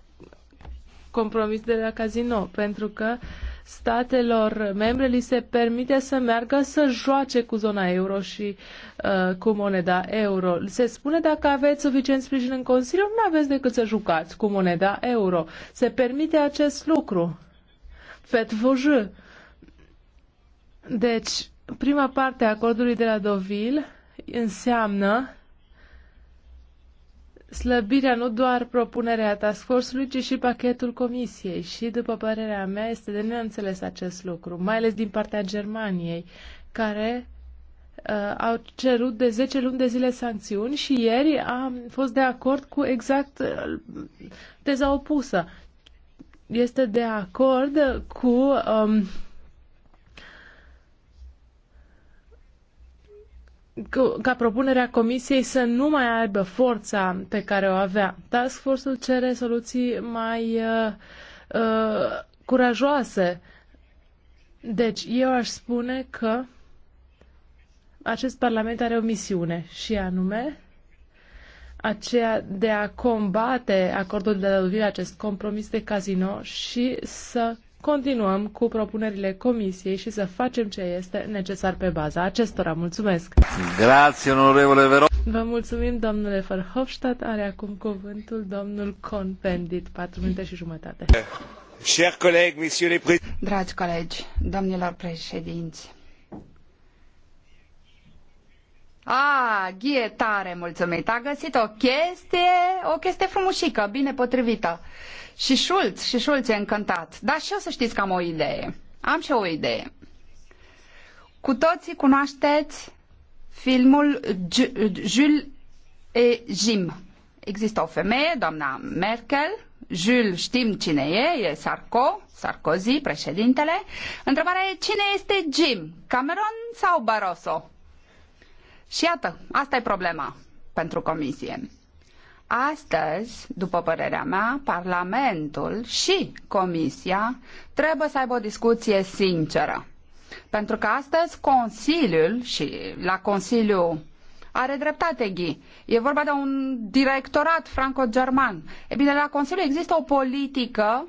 compromis de la casino, pentru că statelor membre li se permite să meargă să joace cu zona euro și uh, cu moneda euro. Se spune dacă aveți suficient sprijin în Consiliu, nu aveți decât să jucați cu moneda euro. Se permite acest lucru. Fet vos Deci, prima parte a acordului de la Deauville înseamnă slăbirea nu doar propunerea task force-ului, ci și pachetul comisiei. Și, după părerea mea, este de neînțeles acest lucru, mai ales din partea Germaniei, care uh, au cerut de 10 luni de zile sancțiuni și ieri am fost de acord cu exact uh, teza opusă. Este de acord cu um, ca propunerea Comisiei să nu mai aibă forța pe care o avea. Task Force-ul cere soluții mai uh, uh, curajoase. Deci, eu aș spune că acest Parlament are o misiune și anume aceea de a combate acordul de la acest compromis de casino și să continuăm cu propunerile Comisiei și să facem ce este necesar pe baza acestora. Mulțumesc! Grație, onorevole Vero. Vă mulțumim, domnule Verhofstadt. Are acum cuvântul domnul Conpendit, 4 minute și jumătate. Dragi colegi, domnilor președinți, a, ghie tare mulțumit. A găsit o chestie, o chestie frumușică, bine potrivită. Și Schulz, și Schulz e încântat. Dar și eu să știți că am o idee. Am și eu o idee. Cu toții cunoașteți filmul Jules et Jim. Există o femeie, doamna Merkel, Jules știm cine e, e Sarko, Sarkozy, președintele. Întrebarea e cine este Jim, Cameron sau Barroso? Și iată, asta e problema pentru comisie. Astăzi, după părerea mea, Parlamentul și Comisia trebuie să aibă o discuție sinceră. Pentru că astăzi Consiliul și la Consiliu are dreptate, Ghi. E vorba de un directorat franco-german. E bine, la Consiliu există o politică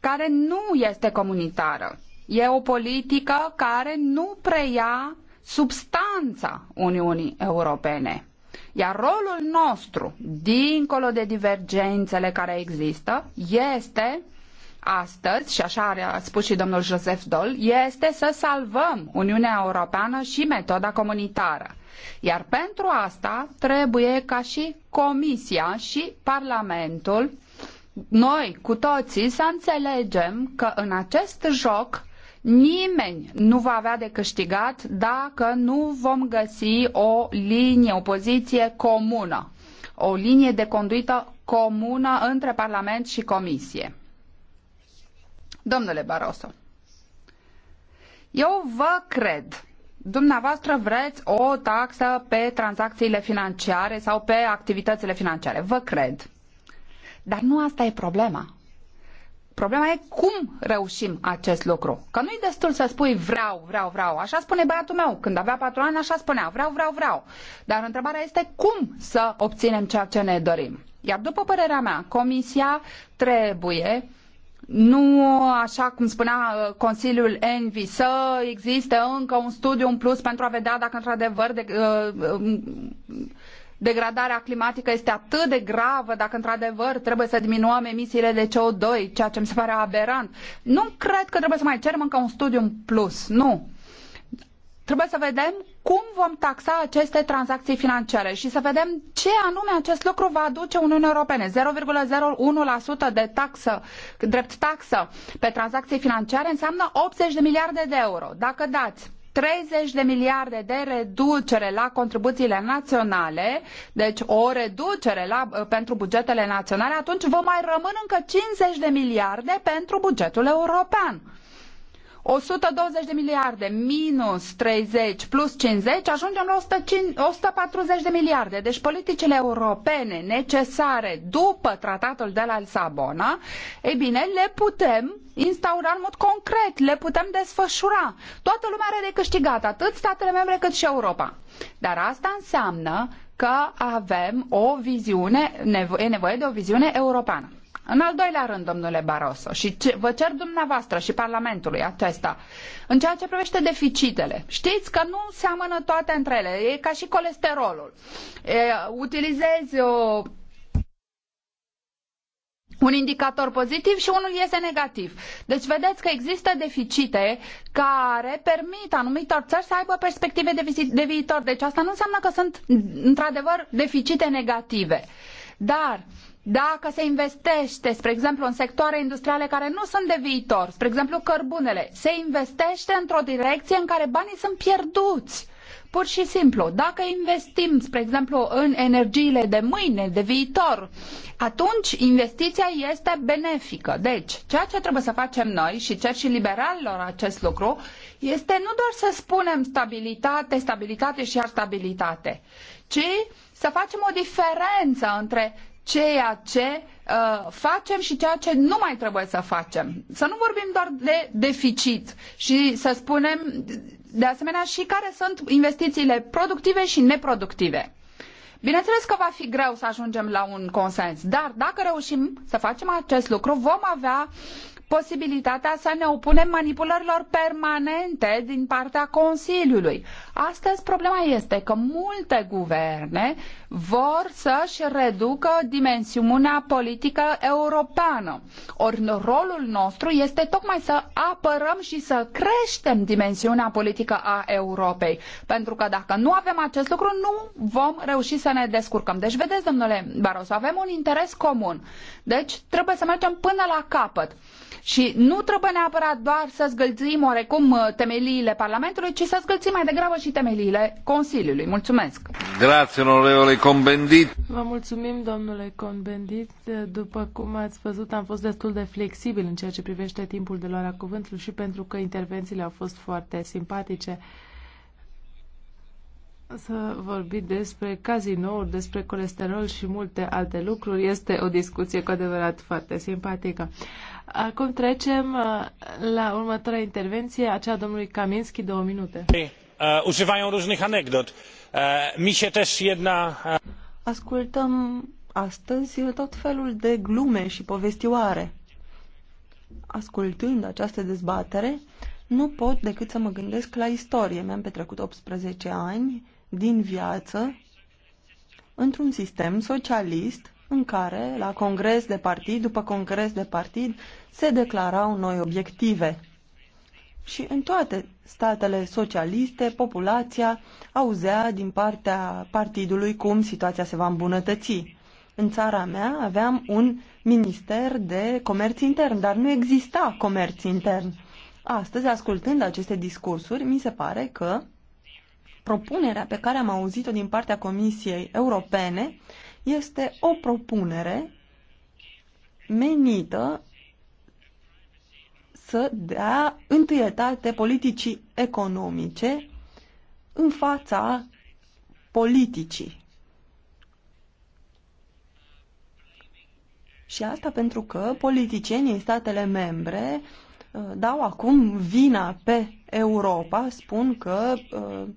care nu este comunitară. E o politică care nu preia substanța Uniunii Europene. Iar rolul nostru, dincolo de divergențele care există, este astăzi, și așa a spus și domnul Joseph Dol, este să salvăm Uniunea Europeană și metoda comunitară. Iar pentru asta trebuie ca și Comisia și Parlamentul, noi cu toții, să înțelegem că în acest joc Nimeni nu va avea de câștigat dacă nu vom găsi o linie, o poziție comună, o linie de conduită comună între Parlament și Comisie. Domnule Barroso, eu vă cred. Dumneavoastră vreți o taxă pe tranzacțiile financiare sau pe activitățile financiare. Vă cred. Dar nu asta e problema. Problema e cum reușim acest lucru. Că nu-i destul să spui vreau, vreau, vreau. Așa spune băiatul meu. Când avea patru ani, așa spunea. Vreau, vreau, vreau. Dar întrebarea este cum să obținem ceea ce ne dorim. Iar după părerea mea, comisia trebuie nu așa cum spunea uh, Consiliul Envi, să existe încă un studiu în plus pentru a vedea dacă într-adevăr de, uh, uh degradarea climatică este atât de gravă dacă într-adevăr trebuie să diminuăm emisiile de CO2, ceea ce mi se pare aberant. Nu cred că trebuie să mai cerem încă un studiu în plus, nu. Trebuie să vedem cum vom taxa aceste tranzacții financiare și să vedem ce anume acest lucru va aduce Uniunea Europene. 0,01% de taxă, drept taxă pe tranzacții financiare înseamnă 80 de miliarde de euro. Dacă dați 30 de miliarde de reducere la contribuțiile naționale, deci o reducere la, uh, pentru bugetele naționale, atunci vă mai rămân încă 50 de miliarde pentru bugetul european douăzeci de miliarde minus 30 plus 50, ajungem la 140 de miliarde. Deci politicile europene necesare după tratatul de la Lisabona, e bine, le putem instaura în mod concret, le putem desfășura. Toată lumea are de câștigat, atât statele membre cât și Europa. Dar asta înseamnă că avem o viziune, e nevoie de o viziune europeană. În al doilea rând, domnule Barroso, și vă cer dumneavoastră și Parlamentului acesta, în ceea ce privește deficitele, știți că nu seamănă toate între ele, e ca și colesterolul. E, utilizezi o un indicator pozitiv și unul iese negativ. Deci vedeți că există deficite care permit anumitor țări să aibă perspective de, de viitor. Deci asta nu înseamnă că sunt într-adevăr deficite negative. Dar dacă se investește, spre exemplu, în sectoare industriale care nu sunt de viitor, spre exemplu cărbunele, se investește într-o direcție în care banii sunt pierduți. Pur și simplu, dacă investim, spre exemplu, în energiile de mâine, de viitor, atunci investiția este benefică. Deci, ceea ce trebuie să facem noi și cer și liberalilor acest lucru, este nu doar să spunem stabilitate, stabilitate și iar stabilitate, ci să facem o diferență între ceea ce uh, facem și ceea ce nu mai trebuie să facem. Să nu vorbim doar de deficit și să spunem de asemenea și care sunt investițiile productive și neproductive. Bineînțeles că va fi greu să ajungem la un consens, dar dacă reușim să facem acest lucru, vom avea posibilitatea să ne opunem manipulărilor permanente din partea Consiliului. Astăzi problema este că multe guverne vor să-și reducă dimensiunea politică europeană. Ori rolul nostru este tocmai să apărăm și să creștem dimensiunea politică a Europei. Pentru că dacă nu avem acest lucru, nu vom reuși să ne descurcăm. Deci, vedeți, domnule Barroso, avem un interes comun. Deci, trebuie să mergem până la capăt. Și nu trebuie neapărat doar să zgâlțim oarecum uh, temeliile Parlamentului, ci să zgâlțim mai degrabă și temeliile Consiliului. Mulțumesc! Grazie, onorevole Convendit! Vă mulțumim, domnule Convendit. După cum ați văzut, am fost destul de flexibil în ceea ce privește timpul de luarea cuvântului și pentru că intervențiile au fost foarte simpatice să vorbi despre cazinouri, despre colesterol și multe alte lucruri. Este o discuție cu adevărat foarte simpatică. Acum trecem uh, la următoarea intervenție, aceea domnului Kaminski, două minute. Uh, używają różnych anegdot. Uh, mi się też jedna... Ascultăm astăzi tot felul de glume și povestioare. Ascultând această dezbatere, nu pot decât să mă gândesc la istorie. Mi-am petrecut 18 ani din viață într-un sistem socialist în care, la congres de partid, după congres de partid, se declarau noi obiective. Și în toate statele socialiste, populația auzea din partea partidului cum situația se va îmbunătăți. În țara mea aveam un minister de comerț intern, dar nu exista comerț intern. Astăzi, ascultând aceste discursuri, mi se pare că propunerea pe care am auzit-o din partea Comisiei Europene este o propunere menită să dea întâietate politicii economice în fața politicii. Și asta pentru că politicienii în statele membre uh, dau acum vina pe Europa, spun că uh,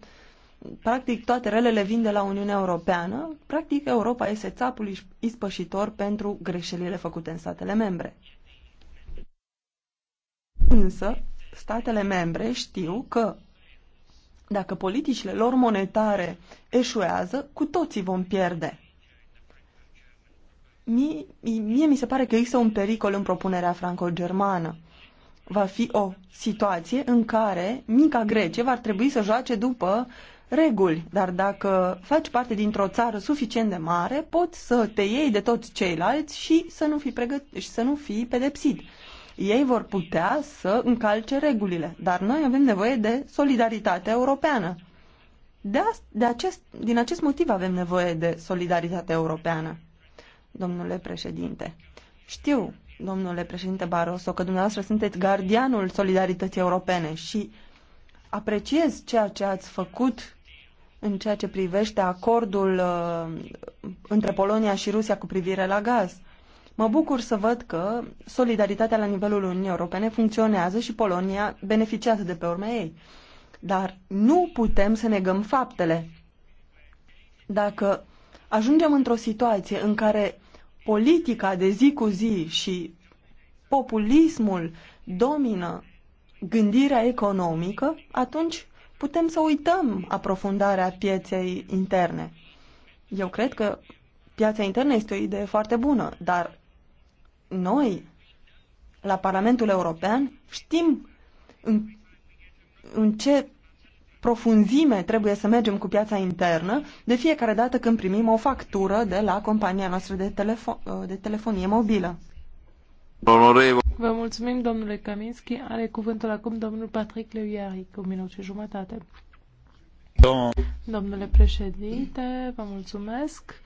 practic toate relele vin de la Uniunea Europeană, practic Europa este țapul ispășitor pentru greșelile făcute în statele membre. Însă, statele membre știu că dacă politicile lor monetare eșuează, cu toții vom pierde. Mie, mie mi se pare că există un pericol în propunerea franco-germană. Va fi o situație în care mica Grecie va trebui să joace după uh, reguli, dar dacă faci parte dintr-o țară suficient de mare, poți să te iei de toți ceilalți și să nu fii, pregăt- și să nu fii pedepsit. Ei vor putea să încalce regulile, dar noi avem nevoie de solidaritate europeană. De, a, de acest, din acest motiv avem nevoie de solidaritate europeană, domnule președinte. Știu, domnule președinte Barroso, că dumneavoastră sunteți gardianul solidarității europene și apreciez ceea ce ați făcut în ceea ce privește acordul uh, între Polonia și Rusia cu privire la gaz. Mă bucur să văd că solidaritatea la nivelul Uniunii Europene funcționează și Polonia beneficiază de pe urma ei. Dar nu putem să negăm faptele. Dacă ajungem într-o situație în care politica de zi cu zi și populismul domină gândirea economică, atunci putem să uităm aprofundarea pieței interne. Eu cred că piața internă este o idee foarte bună, dar noi, la Parlamentul European, știm în, în ce profunzime trebuie să mergem cu piața internă de fiecare dată când primim o factură de la compania noastră de, telefo- de telefonie mobilă. Vă mulțumim, domnule Kaminski. Are cuvântul acum domnul Patrick Leuiari, cu un minut și jumătate. Domn... Domnule președinte, vă mulțumesc.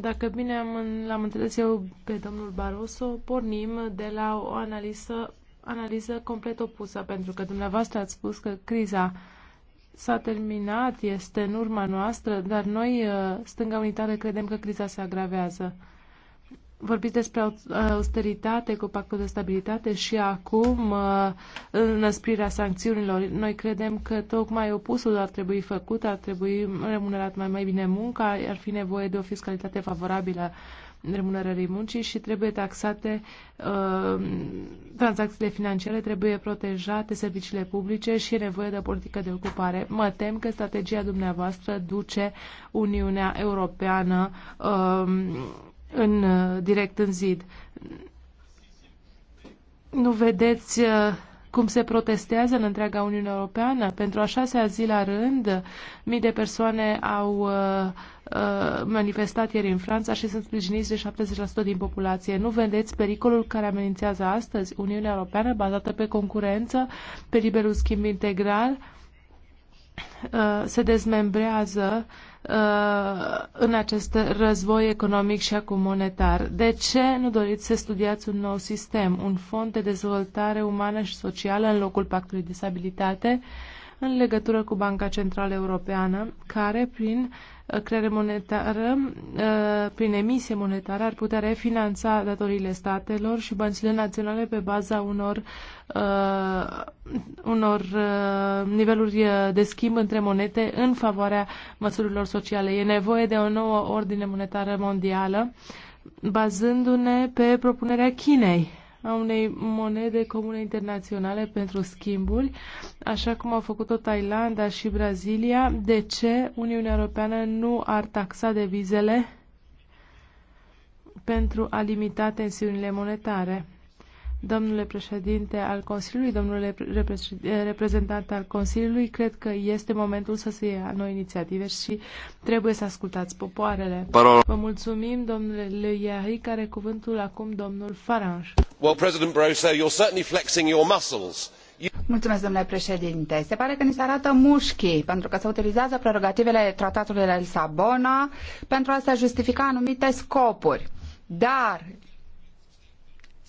Dacă bine l-am înțeles eu pe domnul Barroso, pornim de la o analiză, analiză complet opusă, pentru că dumneavoastră ați spus că criza s-a terminat, este în urma noastră, dar noi, uh, stânga unitară, credem că criza se agravează vorbiți despre austeritate cu pactul de stabilitate și acum uh, înăsprirea sancțiunilor. Noi credem că tocmai opusul ar trebui făcut, ar trebui remunerat mai, mai bine munca, ar fi nevoie de o fiscalitate favorabilă remunerării muncii și trebuie taxate uh, tranzacțiile financiare, trebuie protejate serviciile publice și e nevoie de politică de ocupare. Mă tem că strategia dumneavoastră duce Uniunea Europeană uh, în, uh, direct în zid. Nu vedeți uh, cum se protestează în întreaga Uniune Europeană. Pentru a șasea zi la rând, mii de persoane au uh, uh, manifestat ieri în Franța și sunt sprijiniți de 70% din populație. Nu vedeți pericolul care amenințează astăzi Uniunea Europeană bazată pe concurență, pe liberul schimb integral, uh, se dezmembrează uh, Uh, în acest război economic și acum monetar. De ce nu doriți să studiați un nou sistem, un fond de dezvoltare umană și socială în locul pactului de stabilitate în legătură cu Banca Centrală Europeană, care prin creare monetară, uh, prin emisie monetară, ar putea refinanța datorile statelor și băncile naționale pe baza unor, uh, unor uh, niveluri de schimb între monete în favoarea măsurilor sociale. E nevoie de o nouă ordine monetară mondială, bazându-ne pe propunerea Chinei a unei monede comune internaționale pentru schimburi, așa cum au făcut-o Thailanda și Brazilia, de ce Uniunea Europeană nu ar taxa devizele pentru a limita tensiunile monetare? Domnule președinte al Consiliului, domnule reprezentant al Consiliului, cred că este momentul să se ia noi inițiative și trebuie să ascultați popoarele. Parola. Vă mulțumim, domnule Leiari, care cuvântul acum domnul Faranj president barroso you are certainly flexing your muscles. Mulțumesc, domnule președinte. Se pare că ni se arată mușchii, pentru că se utilizează prerogativele tratatului de la Lisabona pentru a se justifica anumite scopuri. Dar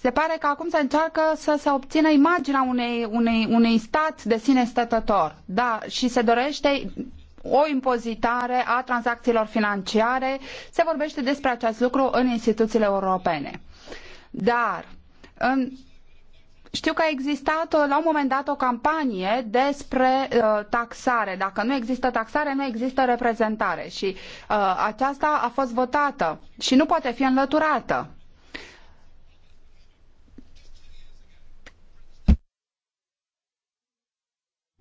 se pare că acum se încearcă să se obțină imaginea unei, unei, unei stat de sine stătător. Da, și se dorește o impozitare a tranzacțiilor financiare. Se vorbește despre acest lucru în instituțiile europene. Dar știu că a existat uh, la un moment dat o campanie despre uh, taxare. Dacă nu există taxare, nu există reprezentare. Și uh, aceasta a fost votată și nu poate fi înlăturată.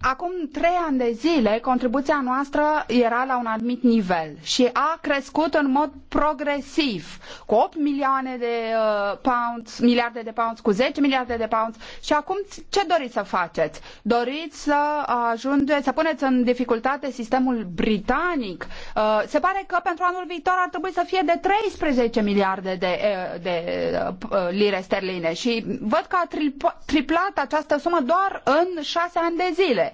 Acum trei ani de zile, contribuția noastră era la un anumit nivel și a crescut în mod progresiv, cu 8 milioane de uh, pounds, miliarde de pounds, cu 10 miliarde de pounds. Și acum ce doriți să faceți? Doriți să ajungeți, să puneți în dificultate sistemul britanic? Uh, se pare că pentru anul viitor ar trebui să fie de 13 miliarde de, uh, de uh, uh, lire sterline și văd că a triplat această sumă doar în șase ani de zile.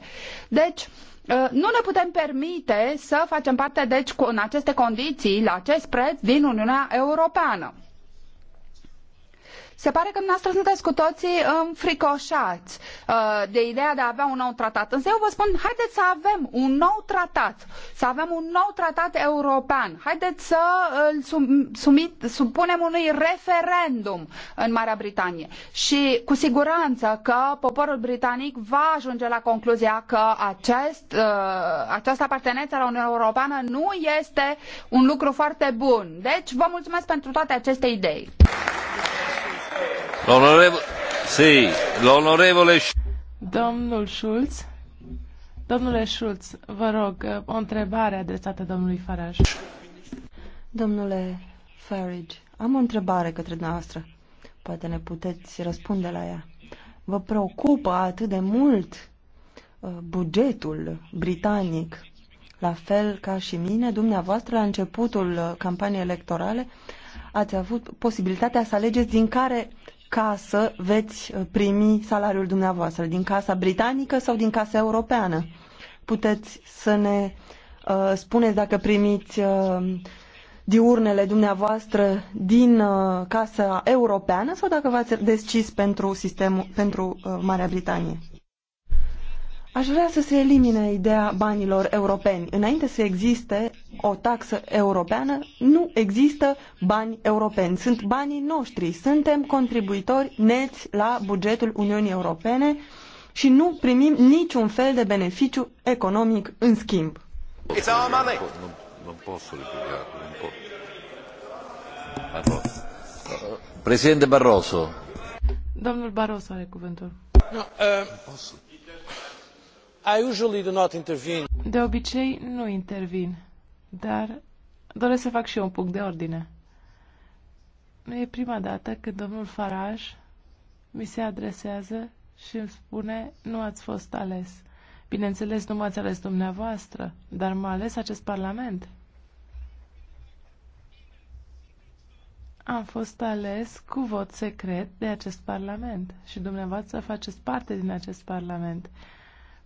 Deci, ă, nu ne putem permite să facem parte, deci, cu, în aceste condiții, la acest preț, din Uniunea Europeană. Se pare că dumneavoastră sunteți cu toții înfricoșați um, uh, de ideea de a avea un nou tratat. Însă eu vă spun, haideți să avem un nou tratat, să avem un nou tratat european. Haideți să uh, îl sum, sumit, supunem unui referendum în Marea Britanie. Și cu siguranță că poporul britanic va ajunge la concluzia că acest, uh, această apartenență la Uniunea Europeană nu este un lucru foarte bun. Deci vă mulțumesc pentru toate aceste idei. L'onorevole... Sì, Domnul Schulz. Domnule Schulz, vă rog, o întrebare adresată domnului Farage. Domnule Farage, am o întrebare către dumneavoastră. Poate ne puteți răspunde la ea. Vă preocupă atât de mult uh, bugetul britanic, la fel ca și mine, dumneavoastră, la începutul uh, campaniei electorale, ați avut posibilitatea să alegeți din care casă veți uh, primi salariul dumneavoastră? Din casa britanică sau din casa europeană? Puteți să ne uh, spuneți dacă primiți uh, diurnele dumneavoastră din uh, casa europeană sau dacă v-ați decis pentru, sistemul, pentru uh, Marea Britanie? Aș vrea să se elimine ideea banilor europeni. Înainte să existe o taxă europeană, nu există bani europeni. Sunt banii noștri. Suntem contribuitori neți la bugetul Uniunii Europene și nu primim niciun fel de beneficiu economic în schimb. It's Nu, nu pot să Barroso. Președinte Barroso. Domnul Barroso are cuvântul. No, uh... De obicei nu intervin, dar doresc să fac și eu un punct de ordine. Nu e prima dată când domnul Farage mi se adresează și îmi spune nu ați fost ales. Bineînțeles, nu m-ați ales dumneavoastră, dar m-a ales acest parlament. Am fost ales cu vot secret de acest parlament și dumneavoastră faceți parte din acest parlament.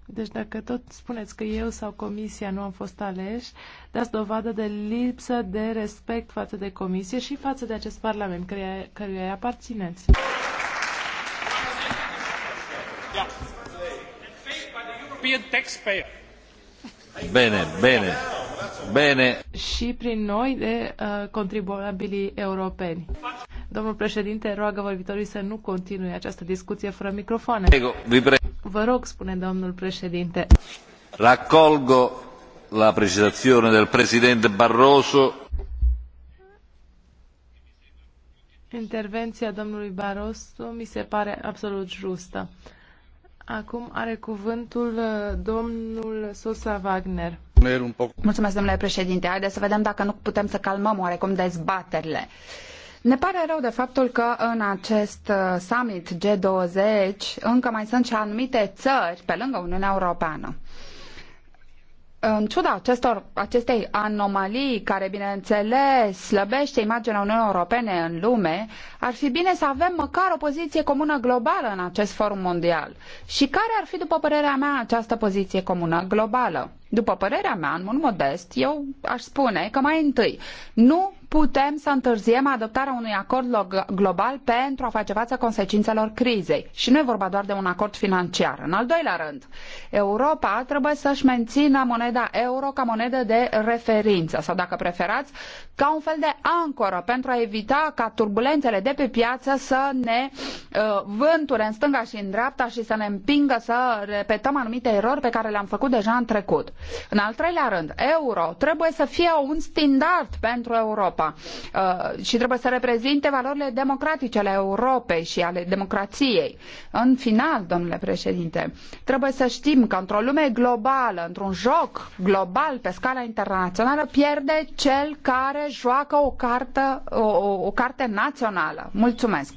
Deci dacă tot spuneți că eu sau comisia nu am fost aleși, dați dovadă de lipsă de respect față de comisie și față de acest parlament căruia, îi aparțineți. Bine, bine. Bene. Și prin noi de uh, contribuabilii europeni. Domnul președinte, roagă vorbitorii să nu continue această discuție fără microfoane. Vă rog, spune domnul președinte. Raccolgo la precizazione del presidente Barroso. Intervenția domnului Barroso mi se pare absolut justă. Acum are cuvântul uh, domnul Sosa Wagner. Mulțumesc, domnule președinte. Haideți să vedem dacă nu putem să calmăm oarecum dezbaterile. Ne pare rău de faptul că în acest uh, summit G20 încă mai sunt și anumite țări pe lângă Uniunea Europeană în ciuda acestor, acestei anomalii care, bineînțeles, slăbește imaginea Uniunii Europene în lume, ar fi bine să avem măcar o poziție comună globală în acest forum mondial. Și care ar fi, după părerea mea, această poziție comună globală? După părerea mea, în mod modest, eu aș spune că mai întâi nu putem să întârziem adoptarea unui acord global pentru a face față consecințelor crizei. Și nu e vorba doar de un acord financiar. În al doilea rând, Europa trebuie să-și mențină moneda euro ca monedă de referință sau, dacă preferați, ca un fel de ancoră pentru a evita ca turbulențele de pe piață să ne uh, vânture în stânga și în dreapta și să ne împingă să repetăm anumite erori pe care le-am făcut deja în trecut. În al treilea rând, euro trebuie să fie un standard pentru Europa Europa uh, și trebuie să reprezinte valorile democratice ale Europei și ale democrației. În final, domnule președinte, trebuie să știm că într-o lume globală, într-un joc global pe scala internațională, pierde cel care joacă o, cartă, o, o, o carte națională. Mulțumesc!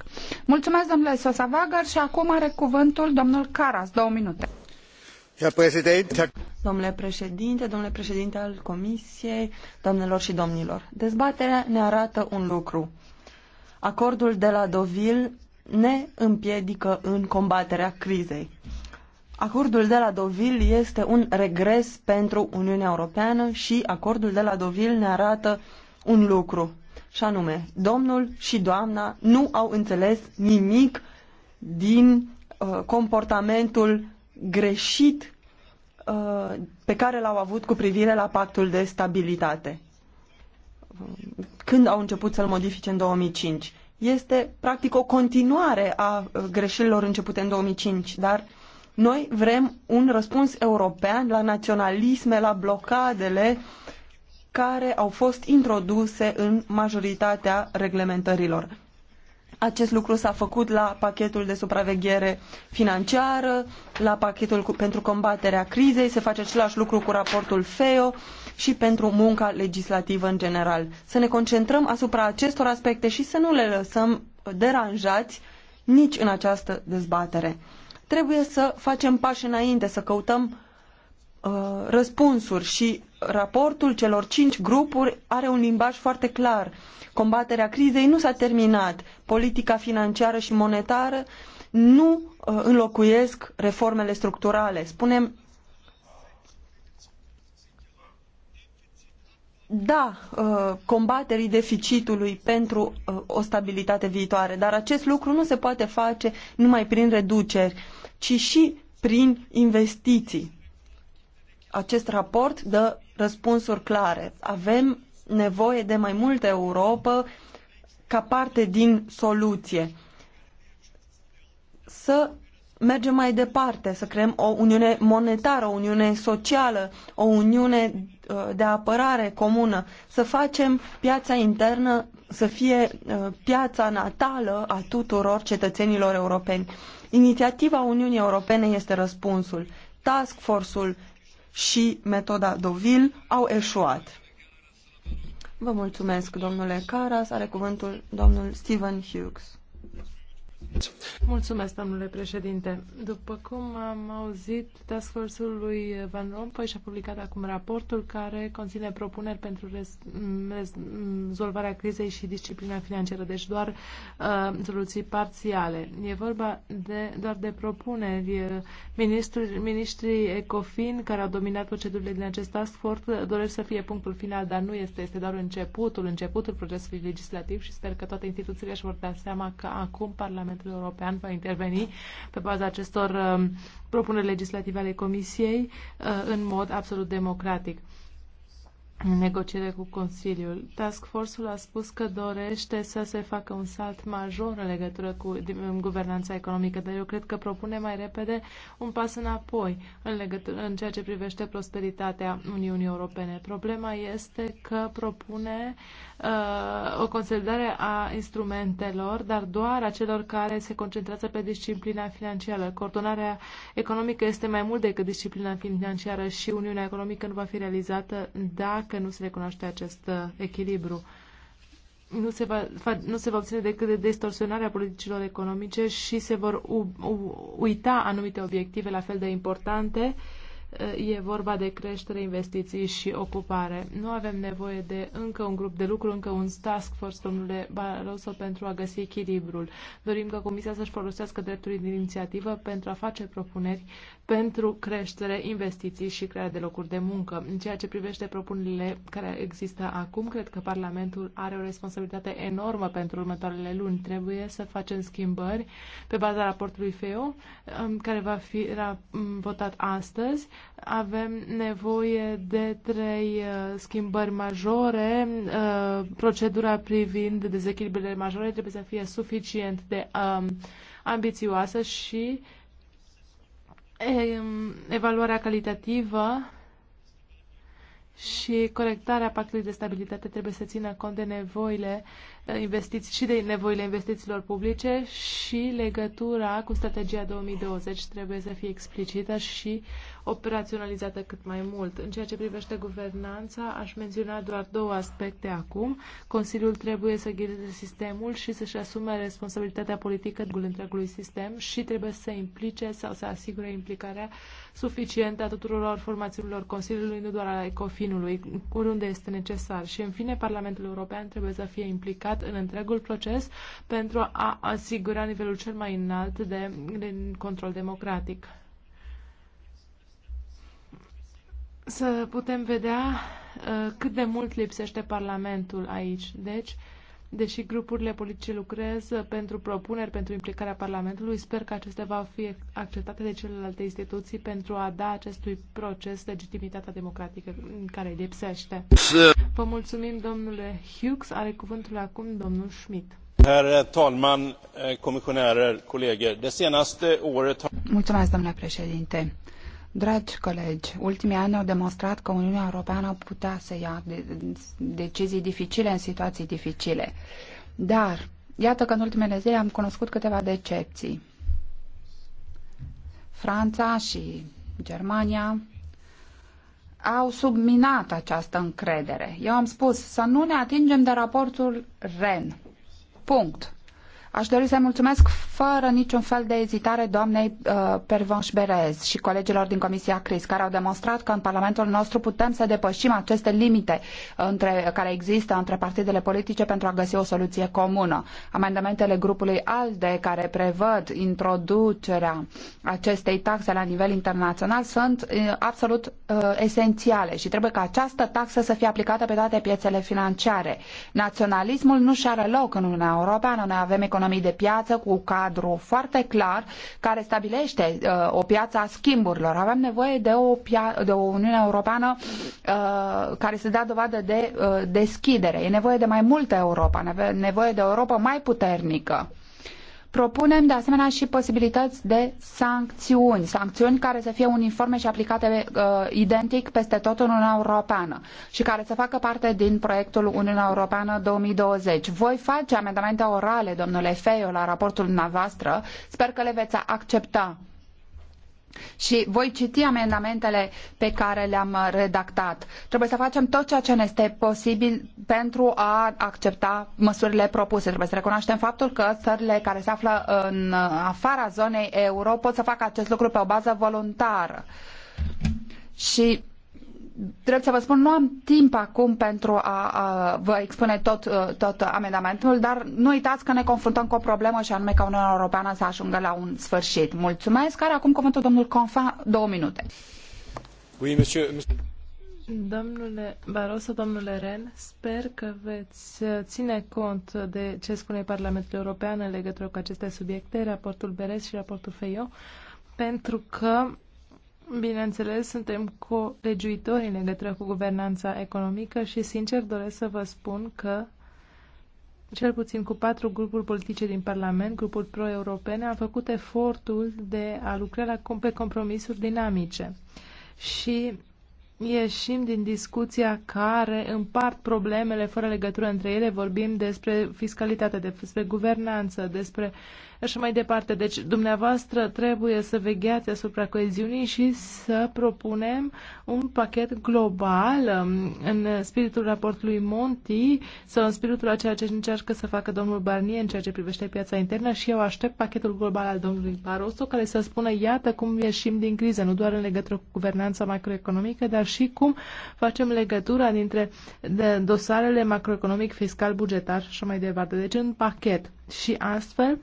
Mulțumesc, domnule Sosavagar, și acum are cuvântul domnul Caras, două minute. Domnule președinte, domnule președinte al Comisiei, doamnelor și domnilor, dezbaterea ne arată un lucru. Acordul de la Deauville ne împiedică în combaterea crizei. Acordul de la Deauville este un regres pentru Uniunea Europeană și acordul de la Deauville ne arată un lucru, și anume, domnul și doamna nu au înțeles nimic din uh, comportamentul greșit uh, pe care l-au avut cu privire la pactul de stabilitate când au început să-l modifice în 2005. Este practic o continuare a uh, greșelilor începute în 2005, dar noi vrem un răspuns european la naționalisme, la blocadele care au fost introduse în majoritatea reglementărilor. Acest lucru s-a făcut la pachetul de supraveghere financiară, la pachetul cu, pentru combaterea crizei, se face același lucru cu raportul FEO și pentru munca legislativă în general. Să ne concentrăm asupra acestor aspecte și să nu le lăsăm deranjați nici în această dezbatere. Trebuie să facem pași înainte, să căutăm uh, răspunsuri și raportul celor cinci grupuri are un limbaj foarte clar Combaterea crizei nu s-a terminat. Politica financiară și monetară nu uh, înlocuiesc reformele structurale. Spunem, da, uh, combaterii deficitului pentru uh, o stabilitate viitoare, dar acest lucru nu se poate face numai prin reduceri, ci și prin investiții. Acest raport dă răspunsuri clare. Avem nevoie de mai multă Europa ca parte din soluție. Să mergem mai departe, să creăm o uniune monetară, o uniune socială, o uniune uh, de apărare comună, să facem piața internă să fie uh, piața natală a tuturor cetățenilor europeni. Inițiativa Uniunii Europene este răspunsul. Task Force-ul și metoda dovil au eșuat. Vă mulțumesc, domnule Caras. Are cuvântul domnul Stephen Hughes. Mulțumesc, domnule președinte. După cum am auzit, Task Force-ul lui Van Rompuy și-a publicat acum raportul care conține propuneri pentru rezolvarea crizei și disciplina financiară, deci doar uh, soluții parțiale. E vorba de, doar de propuneri. Ministrii, ministrii ECOFIN, care au dominat procedurile din acest Task Force, doresc să fie punctul final, dar nu este, este doar începutul, începutul procesului legislativ și sper că toate instituțiile își vor da seama că acum Parlamentul Parlamentul European va interveni pe baza acestor um, propuneri legislative ale Comisiei uh, în mod absolut democratic în negociere cu Consiliul. Task Force-ul a spus că dorește să se facă un salt major în legătură cu guvernanța economică, dar eu cred că propune mai repede un pas înapoi în, legătură, în ceea ce privește prosperitatea Uniunii Europene. Problema este că propune uh, o consolidare a instrumentelor, dar doar a celor care se concentrează pe disciplina financiară. Coordonarea economică este mai mult decât disciplina financiară și Uniunea Economică nu va fi realizată dacă dacă nu se recunoaște acest uh, echilibru. Nu se, va, nu se va obține decât de distorsionarea politicilor economice și se vor u, u, uita anumite obiective la fel de importante. Uh, e vorba de creștere, investiții și ocupare. Nu avem nevoie de încă un grup de lucru, încă un task force, domnule Barroso, pentru a găsi echilibrul. Dorim ca Comisia să-și folosească drepturile de inițiativă pentru a face propuneri pentru creștere, investiții și crearea de locuri de muncă. În ceea ce privește propunerile care există acum, cred că Parlamentul are o responsabilitate enormă pentru următoarele luni. Trebuie să facem schimbări pe baza raportului FEO, um, care va fi um, votat astăzi. Avem nevoie de trei uh, schimbări majore. Uh, procedura privind dezechilibrele majore trebuie să fie suficient de um, ambițioasă și uh, Um, evaluarea calitativă și corectarea pactului de stabilitate trebuie să țină cont de nevoile investiți și de nevoile investițiilor publice și legătura cu strategia 2020 trebuie să fie explicită și operaționalizată cât mai mult. În ceea ce privește guvernanța, aș menționa doar două aspecte acum. Consiliul trebuie să ghideze sistemul și să-și asume responsabilitatea politică în întregului sistem și trebuie să implice sau să asigure implicarea suficientă a tuturor formațiunilor Consiliului, nu doar a Ecofinului, oriunde este necesar. Și, în fine, Parlamentul European trebuie să fie implicat implicat în întregul proces pentru a asigura nivelul cel mai înalt de, de control democratic. Să putem vedea uh, cât de mult lipsește Parlamentul aici. Deci, Deși grupurile politice lucrează pentru propuneri pentru implicarea Parlamentului, sper că acestea va fi acceptate de celelalte instituții pentru a da acestui proces legitimitatea democratică în care îi lipsește. Vă mulțumim, domnule Hughes. Are cuvântul acum domnul Schmidt. Herr talman, eh, kommissionärer, kolleger. Det senaste året har... Mulțumesc, domnule președinte. Dragi colegi, ultimii ani au demonstrat că Uniunea Europeană putea să ia decizii dificile în situații dificile. Dar, iată că în ultimele zile am cunoscut câteva decepții. Franța și Germania au subminat această încredere. Eu am spus să nu ne atingem de raportul REN. Punct. Aș dori să mulțumesc fără niciun fel de ezitare doamnei uh, Pervanș Berez și colegilor din Comisia CRIS, care au demonstrat că în Parlamentul nostru putem să depășim aceste limite uh, între, care există între partidele politice pentru a găsi o soluție comună. Amendamentele grupului ALDE care prevăd introducerea acestei taxe la nivel internațional sunt uh, absolut uh, esențiale și trebuie ca această taxă să fie aplicată pe toate piețele financiare. Naționalismul nu și are loc în Uniunea Europeană, noi avem economie economii de piață cu un cadru foarte clar care stabilește uh, o piață a schimburilor. Avem nevoie de o, pia- de o Uniune Europeană uh, care să dea dovadă de uh, deschidere. E nevoie de mai multă Europa, nevoie de o Europa mai puternică. Propunem de asemenea și posibilități de sancțiuni, sancțiuni care să fie uniforme și aplicate uh, identic peste tot în Uniunea Europeană și care să facă parte din proiectul Uniunea Europeană 2020. Voi face amendamente orale, domnule Feio, la raportul dumneavoastră. Sper că le veți accepta și voi citi amendamentele pe care le-am redactat. Trebuie să facem tot ceea ce ne este posibil pentru a accepta măsurile propuse. Trebuie să recunoaștem faptul că țările care se află în afara zonei euro pot să facă acest lucru pe o bază voluntară. Și Drept să vă spun, nu am timp acum pentru a, a vă expune tot, uh, tot amendamentul, dar nu uitați că ne confruntăm cu o problemă și anume ca Uniunea Europeană să ajungă la un sfârșit. Mulțumesc. Are acum cuvântul domnul Confa două minute. Oui, monsieur, monsieur... Domnule Barroso, domnule Ren, sper că veți ține cont de ce spune Parlamentul European în legătură cu aceste subiecte, raportul Beres și raportul Feio, pentru că Bineînțeles, suntem colegiuitori în legătură cu guvernanța economică și, sincer, doresc să vă spun că cel puțin cu patru grupuri politice din Parlament, grupul pro-europene, a făcut efortul de a lucra la, pe compromisuri dinamice. Și ieșim din discuția care împart problemele fără legătură între ele, vorbim despre fiscalitate, despre guvernanță, despre așa mai departe. Deci, dumneavoastră trebuie să vegheați asupra coeziunii și să propunem un pachet global um, în spiritul raportului Monti sau în spiritul a ceea ce încearcă să facă domnul Barnier în ceea ce privește piața internă și eu aștept pachetul global al domnului Barroso care să spună iată cum ieșim din criză, nu doar în legătură cu guvernanța macroeconomică, dar și cum facem legătura dintre dosarele macroeconomic, fiscal, bugetar și așa mai departe. Deci în pachet. Și astfel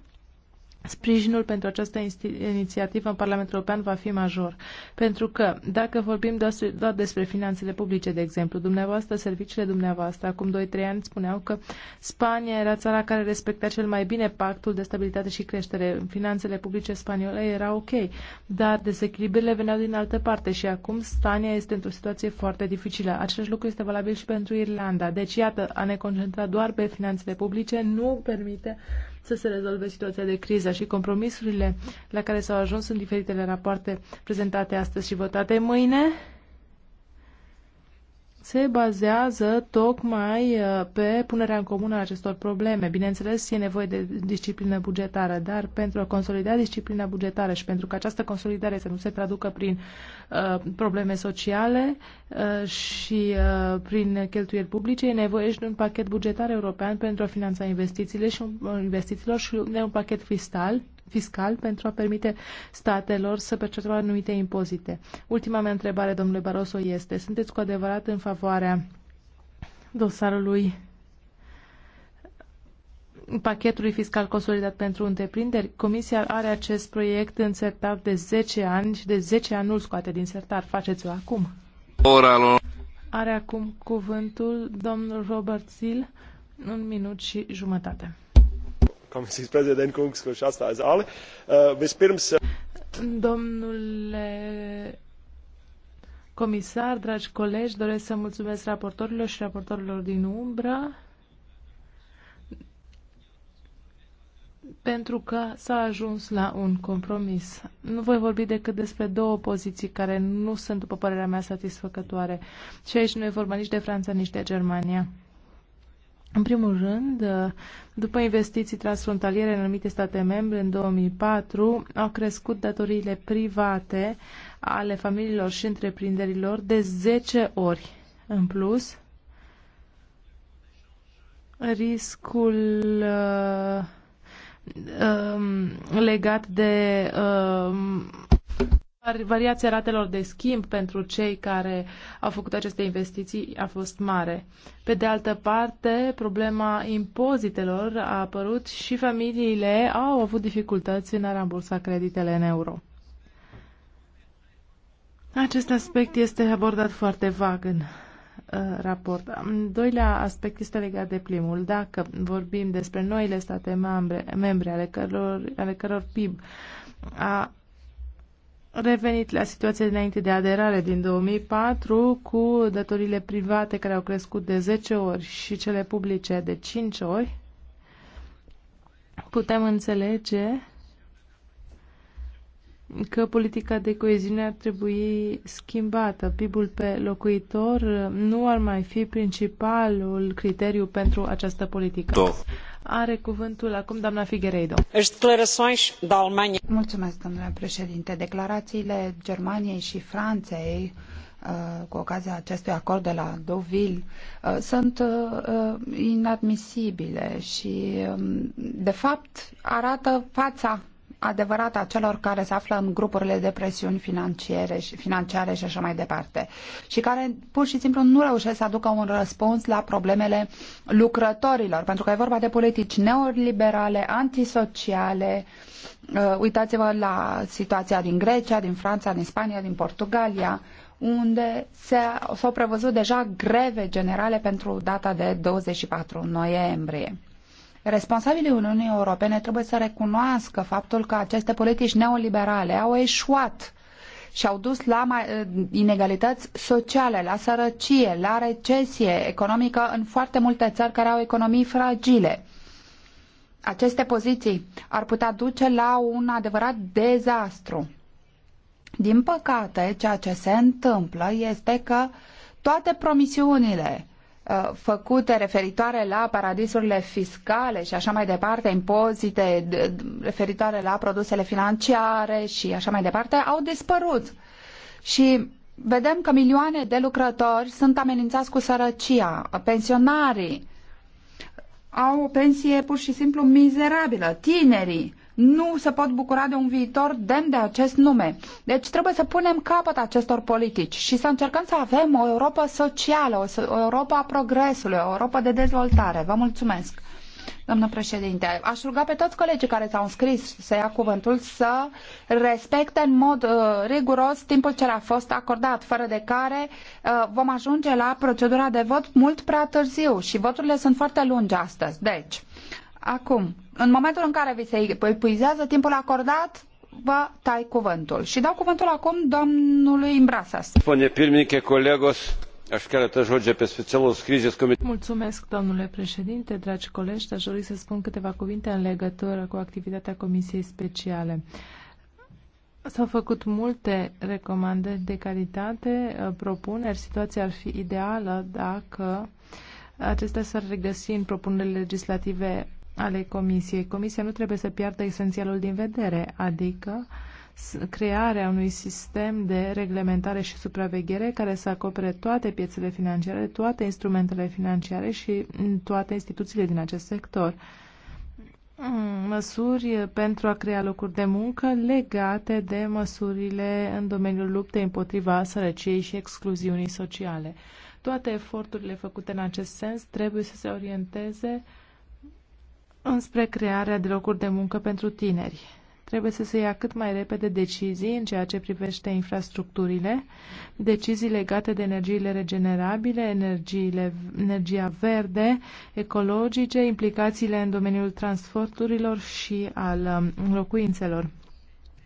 Sprijinul pentru această inițiativă în Parlamentul European va fi major, pentru că, dacă vorbim doar despre finanțele publice, de exemplu, dumneavoastră, serviciile dumneavoastră, acum 2-3 ani spuneau că Spania era țara care respecta cel mai bine pactul de stabilitate și creștere. Finanțele publice spaniole erau ok, dar dezechilibrile veneau din altă parte și acum Spania este într-o situație foarte dificilă. Același lucru este valabil și pentru Irlanda. Deci, iată, a ne concentra doar pe finanțele publice nu permite să se rezolve situația de criză și compromisurile la care s-au ajuns în diferitele rapoarte prezentate astăzi și votate mâine se bazează tocmai uh, pe punerea în comun a acestor probleme. Bineînțeles, e nevoie de disciplină bugetară, dar pentru a consolida disciplina bugetară și pentru că această consolidare să nu se traducă prin uh, probleme sociale uh, și uh, prin cheltuieli publice, e nevoie și de un pachet bugetar european pentru a finanța investițiile și un, investițiilor și de un pachet fiscal fiscal pentru a permite statelor să perceapă anumite impozite. Ultima mea întrebare, domnule Barroso, este sunteți cu adevărat în favoarea dosarului pachetului fiscal consolidat pentru întreprinderi. Comisia are acest proiect în sertar de 10 ani și de 10 ani nu-l scoate din sertar. Faceți-o acum. Oralo. Are acum cuvântul domnul Robert Zil, un minut și jumătate komisijas prezidenta kungs, kurš atstāja zāli. Vispirms. Uh, Domnule comisar, dragi colegi, doresc să mulțumesc raportorilor și raportorilor din umbră pentru că s-a ajuns la un compromis. Nu voi vorbi decât despre două poziții care nu sunt, după părerea mea, satisfăcătoare. Și aici nu e vorba nici de Franța, nici de Germania. În primul rând, după investiții transfrontaliere în anumite state membre în 2004, au crescut datoriile private ale familiilor și întreprinderilor de 10 ori în plus. Riscul uh, um, legat de uh, variația ratelor de schimb pentru cei care au făcut aceste investiții a fost mare. Pe de altă parte, problema impozitelor a apărut și familiile au avut dificultăți în a rambursa creditele în euro. Acest aspect este abordat foarte vag în uh, raport. Doilea aspect este legat de primul. Dacă vorbim despre noile state membre, membre ale, căror, ale căror PIB a revenit la situația dinainte de aderare din 2004 cu datorile private care au crescut de 10 ori și cele publice de 5 ori, putem înțelege că politica de coeziune ar trebui schimbată. PIB-ul pe locuitor nu ar mai fi principalul criteriu pentru această politică. Do. Are cuvântul acum doamna Figueiredo. Da Mulțumesc, domnule președinte. Declarațiile Germaniei și Franței uh, cu ocazia acestui acord de la Deauville uh, sunt uh, inadmisibile și, um, de fapt, arată fața adevărat a celor care se află în grupurile de presiuni financiare și, financiare și așa mai departe și care pur și simplu nu reușesc să aducă un răspuns la problemele lucrătorilor, pentru că e vorba de politici neoliberale, antisociale. Uh, uitați-vă la situația din Grecia, din Franța, din Spania, din Portugalia, unde s-au prevăzut deja greve generale pentru data de 24 noiembrie. Responsabilii Uniunii Europene trebuie să recunoască faptul că aceste politici neoliberale au eșuat și au dus la mai, eh, inegalități sociale, la sărăcie, la recesie economică în foarte multe țări care au economii fragile. Aceste poziții ar putea duce la un adevărat dezastru. Din păcate, ceea ce se întâmplă este că toate promisiunile Uh, făcute referitoare la paradisurile fiscale și așa mai departe, impozite referitoare la produsele financiare și așa mai departe, au dispărut. Și vedem că milioane de lucrători sunt amenințați cu sărăcia, pensionarii au o pensie pur și simplu mizerabilă, tinerii nu se pot bucura de un viitor demn de acest nume. Deci trebuie să punem capăt acestor politici și să încercăm să avem o Europa socială, o Europa a progresului, o Europa de dezvoltare. Vă mulțumesc! Doamnă președinte, aș ruga pe toți colegii care s-au înscris să ia cuvântul să respecte în mod uh, riguros timpul ce a fost acordat, fără de care uh, vom ajunge la procedura de vot mult prea târziu și voturile sunt foarte lungi astăzi. Deci, acum, în momentul în care vi se epuizează timpul acordat, vă tai cuvântul. Și dau cuvântul acum domnului Imbrasas. Pone pirmininke, colegos, aș care te joge pe specialul komitetą. Mulțumesc, domnule președinte, dragi colegi, aș dori să spun câteva cuvinte în legătură cu activitatea Comisiei Speciale. S-au făcut multe recomandări de calitate, uh, propuneri. Situația ar fi ideală dacă acestea s-ar regăsi în propunerile legislative ale Comisiei. Comisia nu trebuie să piardă esențialul din vedere, adică crearea unui sistem de reglementare și supraveghere care să acopere toate piețele financiare, toate instrumentele financiare și toate instituțiile din acest sector. Mm, măsuri pentru a crea locuri de muncă legate de măsurile în domeniul luptei împotriva sărăciei și excluziunii sociale. Toate eforturile făcute în acest sens trebuie să se orienteze înspre crearea de locuri de muncă pentru tineri. Trebuie să se ia cât mai repede decizii în ceea ce privește infrastructurile, decizii legate de energiile regenerabile, energiile, energia verde, ecologice, implicațiile în domeniul transporturilor și al um, locuințelor.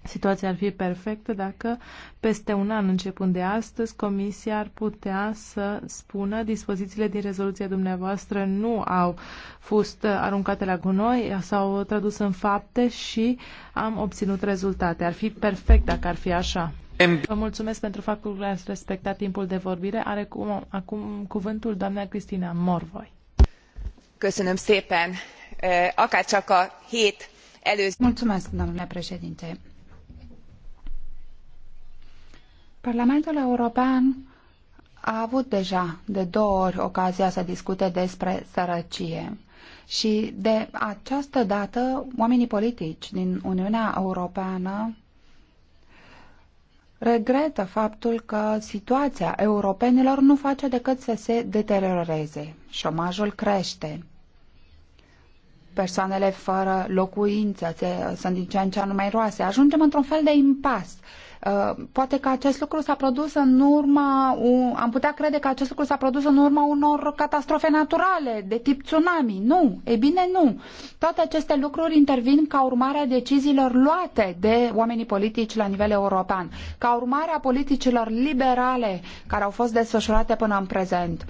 Situația ar fi perfectă dacă peste un an începând de astăzi Comisia ar putea să spună dispozițiile din rezoluția dumneavoastră nu au fost aruncate la gunoi, s-au tradus în fapte și am obținut rezultate. Ar fi perfect dacă ar fi așa. Vă mulțumesc pentru faptul că ați respectat timpul de vorbire. Are cum, acum cuvântul doamna Cristina Morvoi. Köszönöm szépen. Akárcsak a hét előző... Mulțumesc, domnule președinte Parlamentul European a avut deja de două ori ocazia să discute despre sărăcie. Și de această dată, oamenii politici din Uniunea Europeană regretă faptul că situația europenilor nu face decât să se deterioreze. Șomajul crește. Persoanele fără locuință se, sunt din ce în ce numeroase. Ajungem într-un fel de impas Uh, poate că acest lucru s-a produs în urma, am putea crede că acest lucru s-a produs în urma unor catastrofe naturale de tip tsunami. Nu, e bine nu. Toate aceste lucruri intervin ca urmare a deciziilor luate de oamenii politici la nivel european, ca urmare a politicilor liberale care au fost desfășurate până în prezent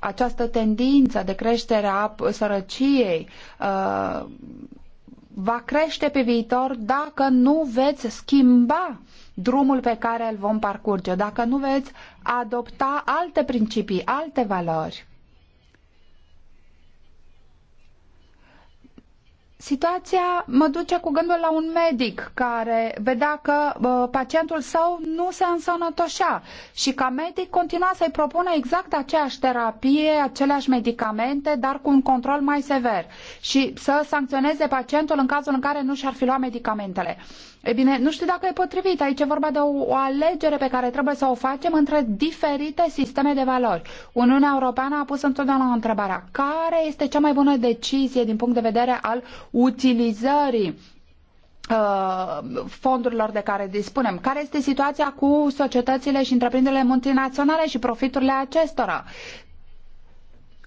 această tendință de creștere a sărăciei uh, va crește pe viitor dacă nu veți schimba drumul pe care îl vom parcurge, dacă nu veți adopta alte principii, alte valori. situația mă duce cu gândul la un medic care vedea că bă, pacientul său nu se însănătoșea și ca medic continua să-i propună exact aceeași terapie, aceleași medicamente, dar cu un control mai sever și să sancționeze pacientul în cazul în care nu și-ar fi luat medicamentele. E bine, nu știu dacă e potrivit. Aici e vorba de o, o alegere pe care trebuie să o facem între diferite sisteme de valori. Uniunea Europeană a pus întotdeauna întrebarea care este cea mai bună decizie din punct de vedere al utilizării uh, fondurilor de care dispunem. Care este situația cu societățile și întreprinderile multinaționale și profiturile acestora?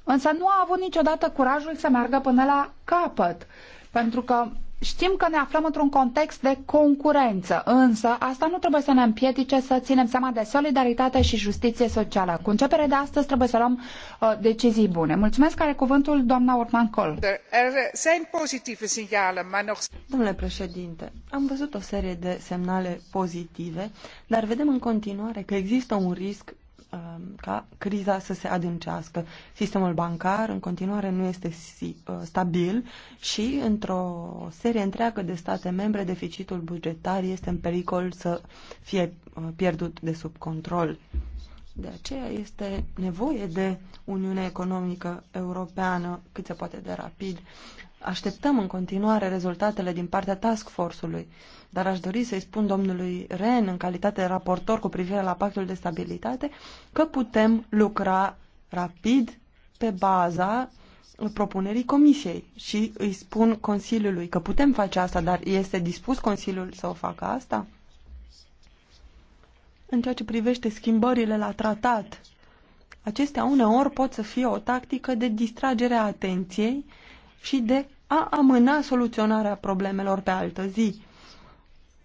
Însă nu a avut niciodată curajul să meargă până la capăt, pentru că Știm că ne aflăm într-un context de concurență, însă asta nu trebuie să ne împiedice să ținem seama de solidaritate și justiție socială. Cu începere de astăzi trebuie să luăm uh, decizii bune. Mulțumesc, are cuvântul doamna Orman Col. Er Domnule președinte, am văzut o serie de semnale pozitive, dar vedem în continuare că există un risc Um, ca criza să se adâncească. Sistemul bancar în continuare nu este uh, stabil și într-o serie întreagă de state membre deficitul bugetar este în pericol să fie uh, pierdut de sub control. De aceea este nevoie de Uniune Economică Europeană cât se poate de rapid. Așteptăm în continuare rezultatele din partea task force-ului. Dar aș dori să-i spun domnului Ren, în calitate de raportor cu privire la pactul de stabilitate, că putem lucra rapid pe baza propunerii Comisiei și îi spun Consiliului că putem face asta, dar este dispus Consiliul să o facă asta? În ceea ce privește schimbările la tratat, acestea uneori pot să fie o tactică de distragere a atenției și de a amâna soluționarea problemelor pe altă zi.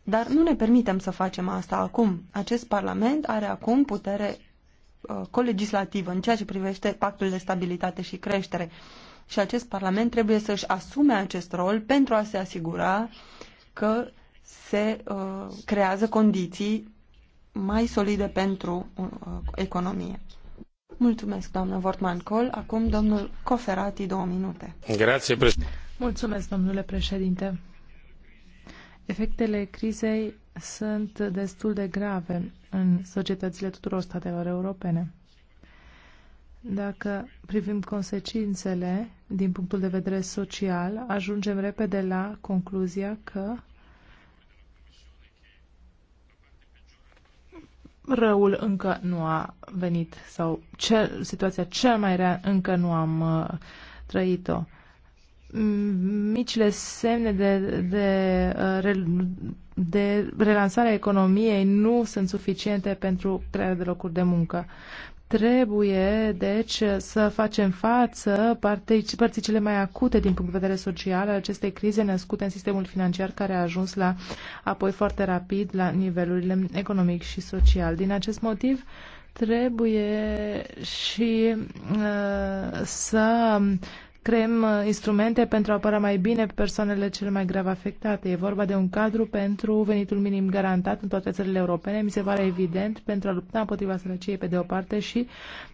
Dar nu ne permitem să facem asta acum. Acest Parlament are acum putere uh, colegislativă în ceea ce privește pactul de stabilitate și creștere. Și acest Parlament trebuie să-și asume acest rol pentru a se asigura că se uh, creează condiții mai solide pentru uh, economie. Mulțumesc, doamnă Vortman Col. Acum, domnul Coferati, două minute. Grație, președinte. Mulțumesc, domnule președinte. Efectele crizei sunt destul de grave în societățile tuturor statelor europene. Dacă privim consecințele din punctul de vedere social, ajungem repede la concluzia că răul încă nu a venit sau cel, situația cel mai rea încă nu am uh, trăit-o micile semne de, de, uh, de relansare a economiei nu sunt suficiente pentru crearea de locuri de muncă. Trebuie, deci, să facem față părții cele mai acute din punct de vedere social al acestei crize născute în sistemul financiar care a ajuns la apoi foarte rapid la nivelurile economic și social. Din acest motiv, trebuie și uh, să creăm uh, instrumente pentru a apăra mai bine persoanele cele mai grav afectate. E vorba de un cadru pentru venitul minim garantat în toate țările europene. Mi se pare evident pentru a lupta împotriva sărăciei pe de o parte și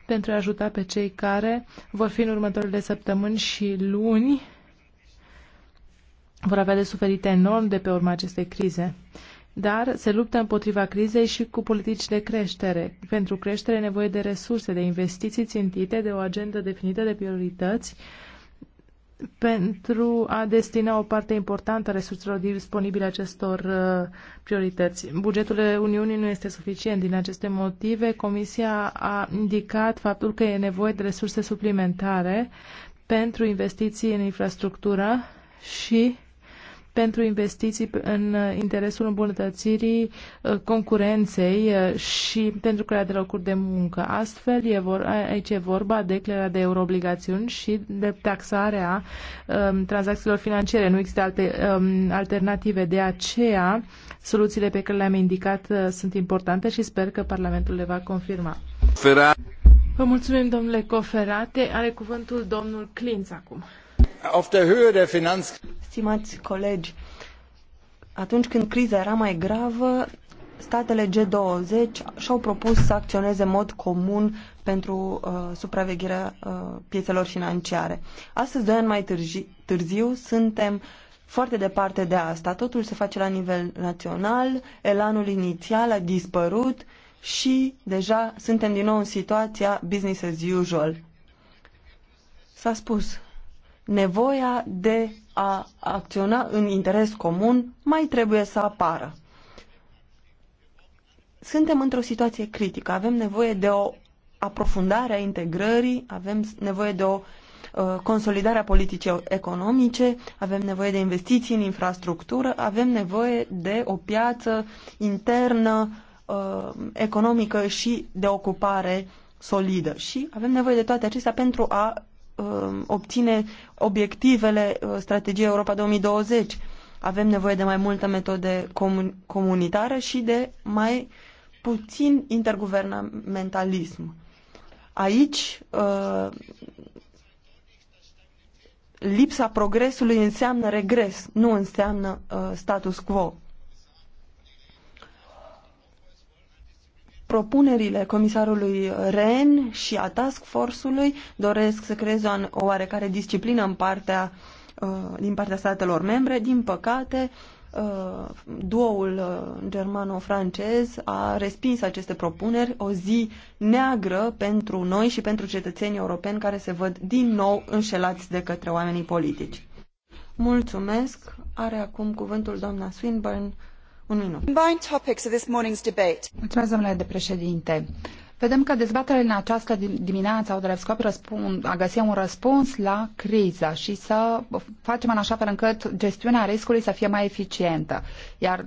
pentru a ajuta pe cei care vor fi în următoarele săptămâni și luni vor avea de suferit enorm de pe urma acestei crize dar se luptă împotriva crizei și cu politici de creștere. Pentru creștere e nevoie de resurse, de investiții țintite, de o agendă definită de priorități pentru a destina o parte importantă a resurselor disponibile acestor uh, priorități. Bugetul Uniunii nu este suficient. Din aceste motive, Comisia a indicat faptul că e nevoie de resurse suplimentare pentru investiții în infrastructură și pentru investiții în uh, interesul îmbunătățirii uh, concurenței uh, și pentru crearea de locuri de muncă. Astfel, e vor, aici e vorba de clarea de euroobligațiuni și de taxarea um, tranzacțiilor financiare. Nu există alte um, alternative. De aceea, soluțiile pe care le-am indicat uh, sunt importante și sper că Parlamentul le va confirma. Fera. Vă mulțumim, domnule Coferate. Are cuvântul domnul Clinț acum auf der Höhe der Stimați colegi, atunci când criza era mai gravă, statele G20 și-au propus să acționeze în mod comun pentru uh, supravegherea uh, piețelor financiare. Astăzi, doi ani mai târziu, târziu, suntem foarte departe de asta. Totul se face la nivel național, elanul inițial a dispărut și deja suntem din nou în situația business as usual. S-a spus, nevoia de a acționa în interes comun mai trebuie să apară. Suntem într-o situație critică, avem nevoie de o aprofundare a integrării, avem nevoie de o uh, consolidare a politicii economice, avem nevoie de investiții în infrastructură, avem nevoie de o piață internă, uh, economică și de ocupare solidă. Și avem nevoie de toate acestea pentru a Um, obține obiectivele uh, strategiei Europa 2020. Avem nevoie de mai multe metode comun comunitare și de mai puțin interguvernamentalism. Aici uh, lipsa progresului înseamnă regres, nu înseamnă uh, status quo. propunerile comisarului Ren și a task force-ului doresc să creeze o oarecare disciplină în partea, uh, din partea statelor membre. Din păcate, uh, duoul uh, germano-francez a respins aceste propuneri, o zi neagră pentru noi și pentru cetățenii europeni care se văd din nou înșelați de către oamenii politici. Mulțumesc. Are acum cuvântul doamna Swinburne Vedem că dezbaterile în această dimineață au drept scop răspund, a găsi un răspuns la criză și să facem în așa fel încât gestiunea riscului să fie mai eficientă. Iar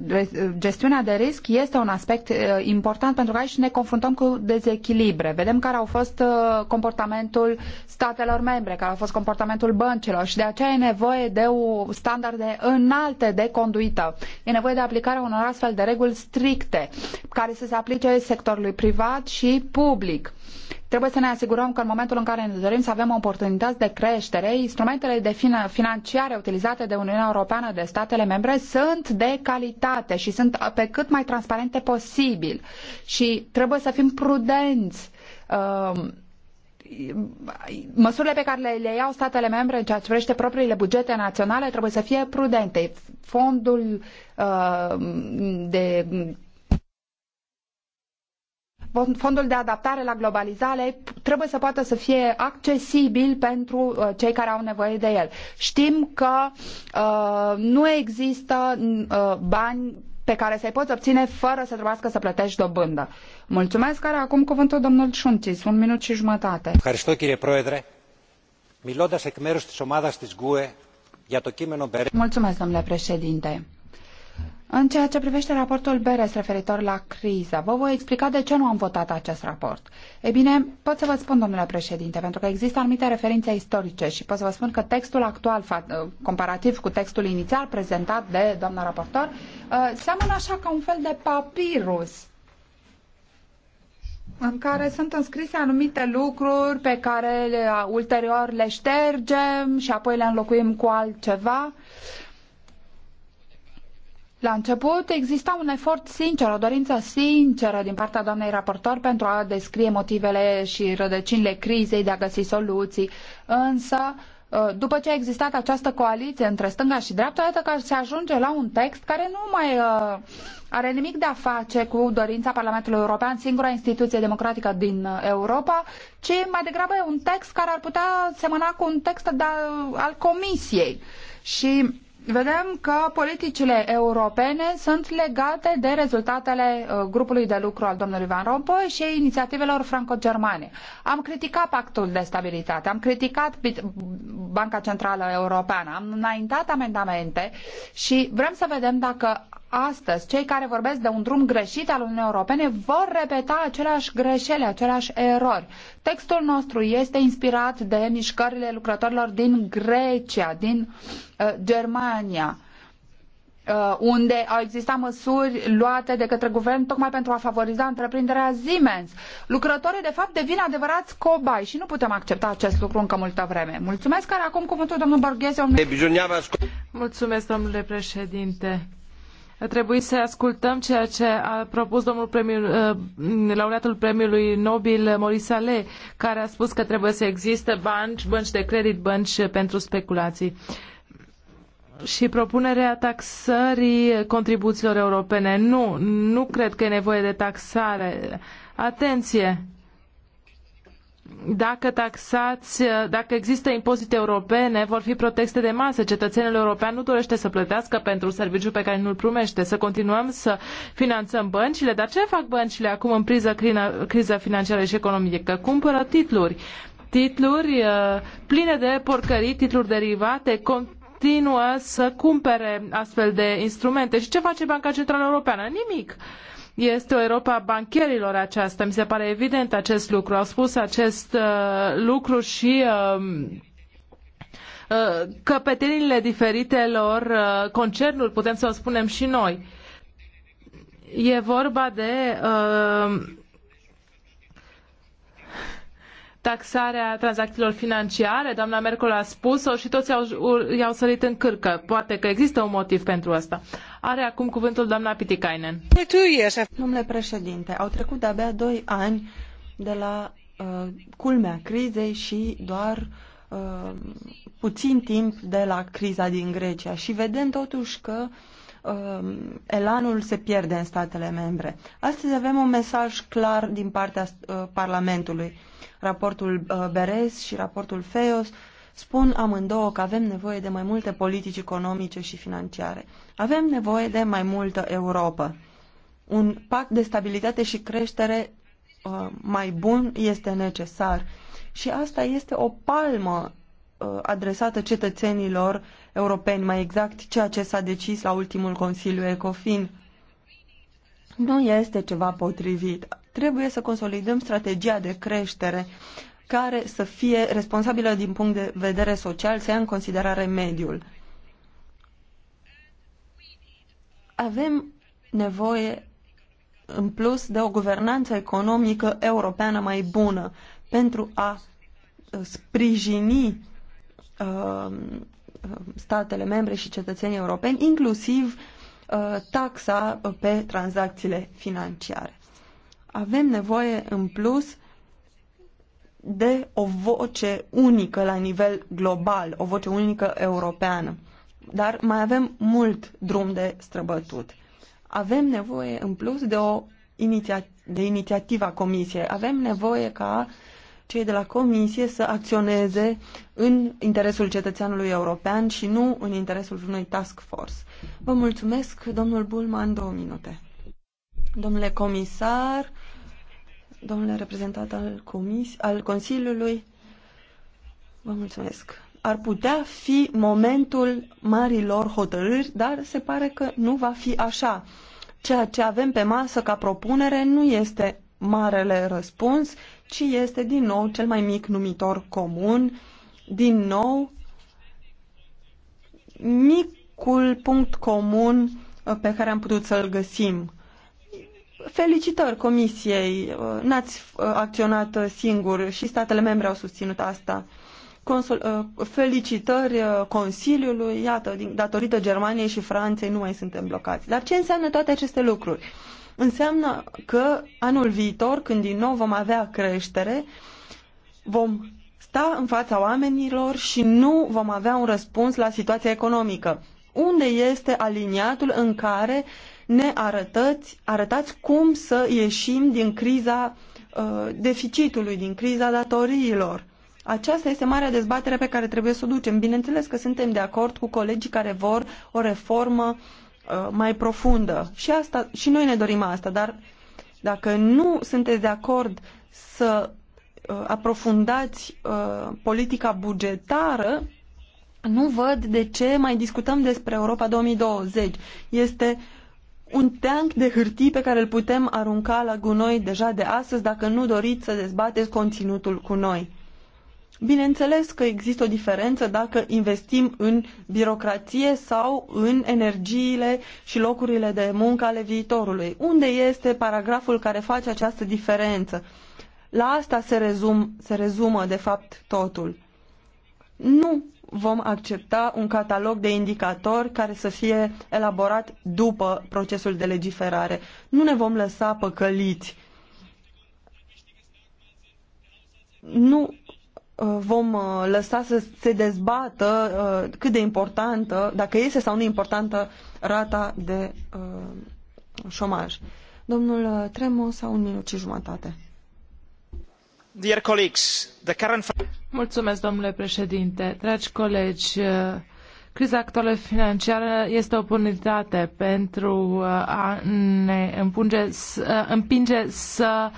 gestiunea de risc este un aspect uh, important pentru că aici ne confruntăm cu dezechilibre. Vedem care au fost uh, comportamentul statelor membre, care au fost comportamentul băncilor și de aceea e nevoie de o standarde înalte de conduită. E nevoie de aplicarea unor astfel de reguli stricte care să se aplice sectorului privat și public. Trebuie să ne asigurăm că în momentul în care ne dorim să avem oportunități de creștere, instrumentele de financiare utilizate de Uniunea Europeană, de statele membre, sunt de calitate și sunt pe cât mai transparente posibil. Și trebuie să fim prudenți. Um, măsurile pe care le, iau statele membre în ceea ce privește propriile bugete naționale trebuie să fie prudente. Fondul uh, de fondul de adaptare la globalizare trebuie să poată să fie accesibil pentru uh, cei care au nevoie de el. Știm că uh, nu există uh, bani pe care să-i poți obține fără să trebuiască să plătești dobândă. Mulțumesc, care acum cuvântul domnul Șuntis, un minut și jumătate. Mulțumesc, domnule președinte. În ceea ce privește raportul Beres referitor la criză, vă voi explica de ce nu am votat acest raport. Ei bine, pot să vă spun, domnule președinte, pentru că există anumite referințe istorice și pot să vă spun că textul actual, uh, comparativ cu textul inițial prezentat de doamna raportor, uh, seamănă așa ca un fel de papirus în care sunt înscrise anumite lucruri pe care uh, ulterior le ștergem și apoi le înlocuim cu altceva. La început exista un efort sincer, o dorință sinceră din partea doamnei raportor pentru a descrie motivele și rădăcinile crizei, de a găsi soluții, însă uh, după ce a existat această coaliție între stânga și dreapta, iată că se ajunge la un text care nu mai uh, are nimic de a face cu dorința Parlamentului European, singura instituție democratică din uh, Europa, ci mai degrabă e un text care ar putea semăna cu un text al Comisiei. Și vedem că politicile europene sunt legate de rezultatele uh, grupului de lucru al domnului Van Rompuy și inițiativelor franco-germane. Am criticat pactul de stabilitate, am criticat Banca Centrală Europeană, am înaintat amendamente și vrem să vedem dacă astăzi cei care vorbesc de un drum greșit al Uniunii Europene vor repeta aceleași greșeli, aceleași erori. Textul nostru este inspirat de mișcările lucrătorilor din Grecia, din uh, Germania, uh, unde au existat măsuri luate de către guvern tocmai pentru a favoriza întreprinderea Siemens. Lucrătorii, de fapt, devin adevărați cobai și nu putem accepta acest lucru încă multă vreme. Mulțumesc, care acum cuvântul domnul Borghese. Mulțumesc, domnule președinte. Trebuie să ascultăm ceea ce a propus domnul uh, laureatul premiului Nobel Maurice Sale, care a spus că trebuie să existe bănci, bănci de credit, bănci pentru speculații și propunerea taxării contribuțiilor europene. Nu, nu cred că e nevoie de taxare. Atenție! dacă taxați, dacă există impozite europene, vor fi proteste de masă. Cetățenul european nu dorește să plătească pentru serviciul pe care nu-l primește. Să continuăm să finanțăm băncile, dar ce fac băncile acum în priză, criza financiară și economică? Cumpără titluri. Titluri uh, pline de porcării, titluri derivate, continuă să cumpere astfel de instrumente. Și ce face Banca Centrală Europeană? Nimic. Uh, este o Europa a bancherilor aceasta. Mi se pare evident acest lucru. Au spus acest uh, lucru și um, uh, diferitelor uh, concernuri, putem să o spunem și noi. E vorba de uh, taxarea tranzacțiilor financiare, doamna Merkel a spus-o și toți i-au sărit în cârcă. Poate că există un motiv pentru asta. Are acum cuvântul doamna Pitikainen. Domnule președinte, au trecut de-abia doi ani de la uh, culmea crizei și doar uh, puțin timp de la criza din Grecia și vedem totuși că uh, elanul se pierde în statele membre. Astăzi avem un mesaj clar din partea uh, Parlamentului. Uh, Raportul uh, Beres și raportul FEOS spun amândouă că avem nevoie de mai multe politici economice și financiare. Avem nevoie de mai multă Europa. Un pact de stabilitate și creștere uh, mai bun este necesar. Și asta este o palmă uh, adresată cetățenilor europeni, mai exact ceea ce s-a decis la ultimul Consiliu Ecofin. Nu este ceva potrivit. Trebuie să consolidăm strategia de creștere care să fie responsabilă din punct de vedere social, să ia în considerare mediul. Avem nevoie în plus de o guvernanță economică europeană mai bună pentru a uh, sprijini uh, statele membre și cetățenii europeni, inclusiv uh, taxa pe tranzacțiile financiare. Avem nevoie în plus de o voce unică la nivel global, o voce unică europeană. Dar mai avem mult drum de străbătut. Avem nevoie în plus de o iniția- de inițiativa Comisiei. Avem nevoie ca cei de la Comisie să acționeze în interesul cetățeanului european și nu în interesul unui task force. Vă mulțumesc, domnul Bulman, două minute. Domnule comisar, domnule reprezentant al, comis, al Consiliului, vă mulțumesc. Ar putea fi momentul marilor hotărâri, dar se pare că nu va fi așa. Ceea ce avem pe masă ca propunere nu este marele răspuns, ci este din nou cel mai mic numitor comun, din nou micul punct comun pe care am putut să-l găsim Felicitări Comisiei, uh, n-ați uh, acționat uh, singur și statele membre au susținut asta. Consul, felicitări Consiliului, iată, din, datorită Germaniei și Franței nu mai suntem blocați. Dar ce înseamnă toate aceste lucruri? Înseamnă că anul viitor, când din nou vom avea creștere, vom sta în fața oamenilor și nu vom avea un răspuns la situația economică. Unde este aliniatul în care uh, ne arătați, arătați cum să ieșim din criza uh, deficitului, din criza datoriilor. Aceasta este marea dezbatere pe care trebuie să o ducem. Bineînțeles că suntem de acord cu colegii care vor o reformă uh, mai profundă. Și, asta, și noi ne dorim asta, dar dacă nu sunteți de acord să uh, aprofundați uh, politica bugetară, nu văd de ce mai discutăm despre Europa 2020. Este un teanc de hârtii pe care îl putem arunca la gunoi deja de astăzi dacă nu doriți să dezbateți conținutul cu noi. Bineînțeles că există o diferență dacă investim în birocrație sau în energiile și locurile de muncă ale viitorului. Unde este paragraful care face această diferență? La asta se, rezum, se rezumă, de fapt, totul. Nu vom accepta un catalog de indicatori care să fie elaborat după procesul de legiferare. Nu ne vom lăsa păcăliți. Nu uh, vom uh, lăsa să se dezbată uh, cât de importantă, dacă este sau nu importantă rata de șomaj. Domnul Tremos sau un minut și jumătate. Dear colleagues, the current Mulțumesc, domnule președinte. Uh, criza actuală financiară este o oportunitate pentru uh, a ne împunge, uh, împinge să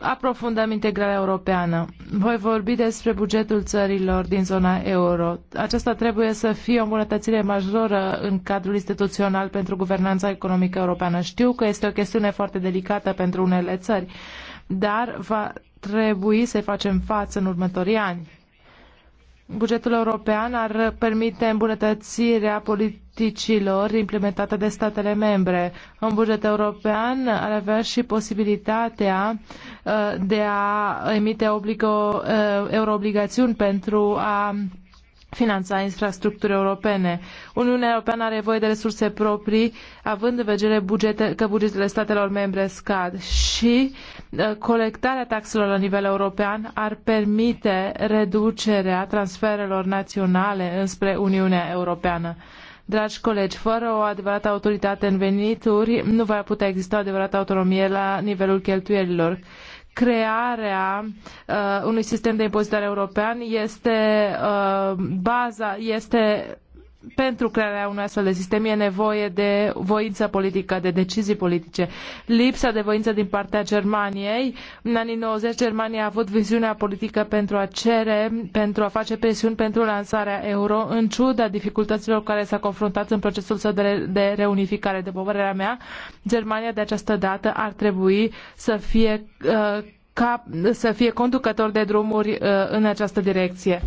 aprofundăm integrarea europeană. Voi vorbi despre bugetul țărilor din zona euro. Aceasta trebuie să fie o îmbunătățire majoră în cadrul instituțional pentru guvernanța economică europeană. Știu că este o chestiune foarte delicată pentru unele țări, dar va trebui să facem față în următorii ani. Bugetul european ar permite îmbunătățirea politicilor implementate de statele membre. Un buget european ar avea și posibilitatea uh, de a emite obligo, uh, euroobligațiuni pentru a finanța infrastructuri europene. Uniunea Europeană are nevoie de resurse proprii, având în vedere bugete, că bugetele statelor membre scad și uh, colectarea taxelor la nivel european ar permite reducerea transferelor naționale înspre Uniunea Europeană. Dragi colegi, fără o adevărată autoritate în venituri, nu va putea exista o adevărată autonomie la nivelul cheltuielilor crearea uh, unui sistem de impozitare european este uh, baza, este pentru crearea unui astfel de sistem e nevoie de voință politică, de decizii politice. Lipsa de voință din partea Germaniei. În anii 90 Germania a avut viziunea politică pentru a cere, pentru a face presiuni pentru lansarea euro, în ciuda dificultăților care s-a confruntat în procesul său de, re- de reunificare. De povărerea mea, Germania de această dată ar trebui să fie uh, ca să fie conducător de drumuri uh, în această direcție.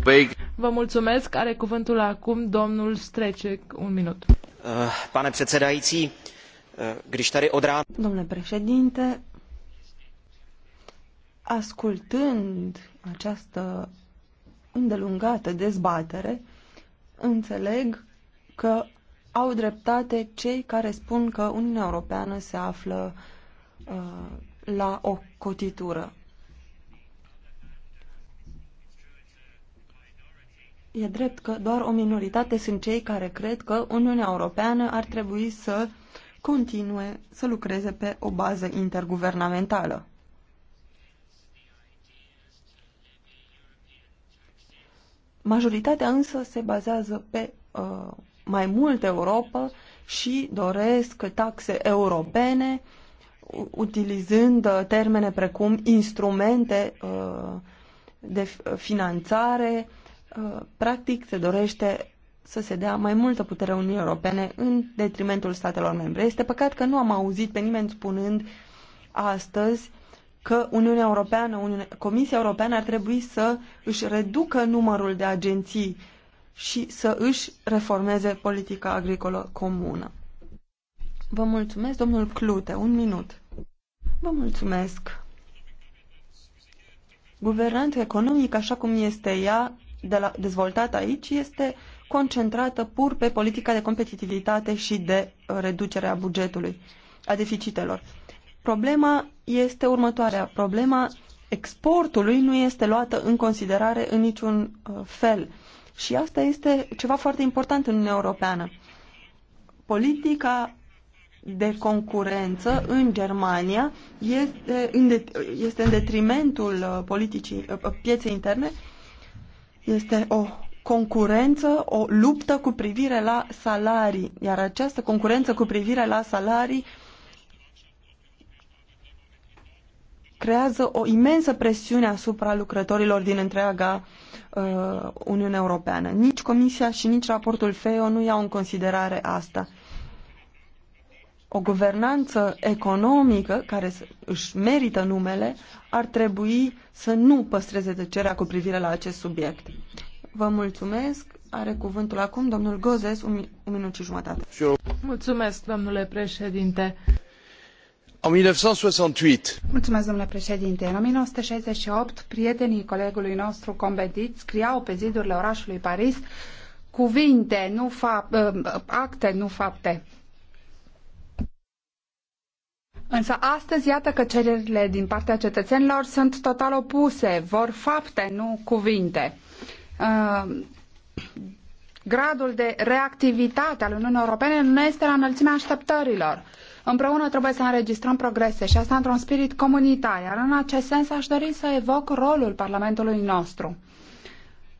Vă mulțumesc. Are cuvântul acum domnul Strecek. Un minut. Uh, pane předsedající, Griștare uh, Odra. Domnule președinte, ascultând această îndelungată dezbatere, înțeleg că au dreptate cei care spun că Uniunea Europeană se află uh, la o cotitură. E drept că doar o minoritate sunt cei care cred că Uniunea Europeană ar trebui să continue să lucreze pe o bază interguvernamentală. Majoritatea însă se bazează pe uh, mai mult Europa și doresc taxe europene utilizând uh, termene precum instrumente uh, de finanțare, uh, Uh, practic se dorește să se dea mai multă putere Uniunii Europene în detrimentul statelor membre. Este păcat că nu am auzit pe nimeni spunând astăzi că Uniunea Europeană, Uniunea, Comisia Europeană ar trebui să își reducă numărul de agenții și să își reformeze politica agricolă comună. Vă mulțumesc, domnul Clute. Un minut. Vă mulțumesc. Guvernanța economică, așa cum este ea, de la, dezvoltat aici este concentrată pur pe politica de competitivitate și de uh, reducere a bugetului, a deficitelor. Problema este următoarea. Problema exportului nu este luată în considerare în niciun uh, fel. Și asta este ceva foarte important în Uniunea Europeană. Politica de concurență în Germania este, uh, este în detrimentul politicii, pieței interne este o concurență, o luptă cu privire la salarii, iar această concurență cu privire la salarii creează o imensă presiune asupra lucrătorilor din întreaga uh, Uniune Europeană. Nici Comisia și nici raportul FEO nu iau în considerare asta o guvernanță economică care își merită numele ar trebui să nu păstreze tăcerea cu privire la acest subiect. Vă mulțumesc. Are cuvântul acum domnul Gozes, un, un minut și jumătate. Mulțumesc, domnule președinte. În 1968. Mulțumesc, domnule președinte. În 1968, prietenii colegului nostru Combedit scriau pe zidurile orașului Paris cuvinte, nu fa- ă, acte, nu fapte. Însă astăzi iată că cererile din partea cetățenilor sunt total opuse, vor fapte, nu cuvinte. Uh, gradul de reactivitate al Uniunii Europene nu este la înălțimea așteptărilor. Împreună trebuie să înregistrăm progrese și asta într-un spirit comunitar, iar în acest sens aș dori să evoc rolul Parlamentului nostru.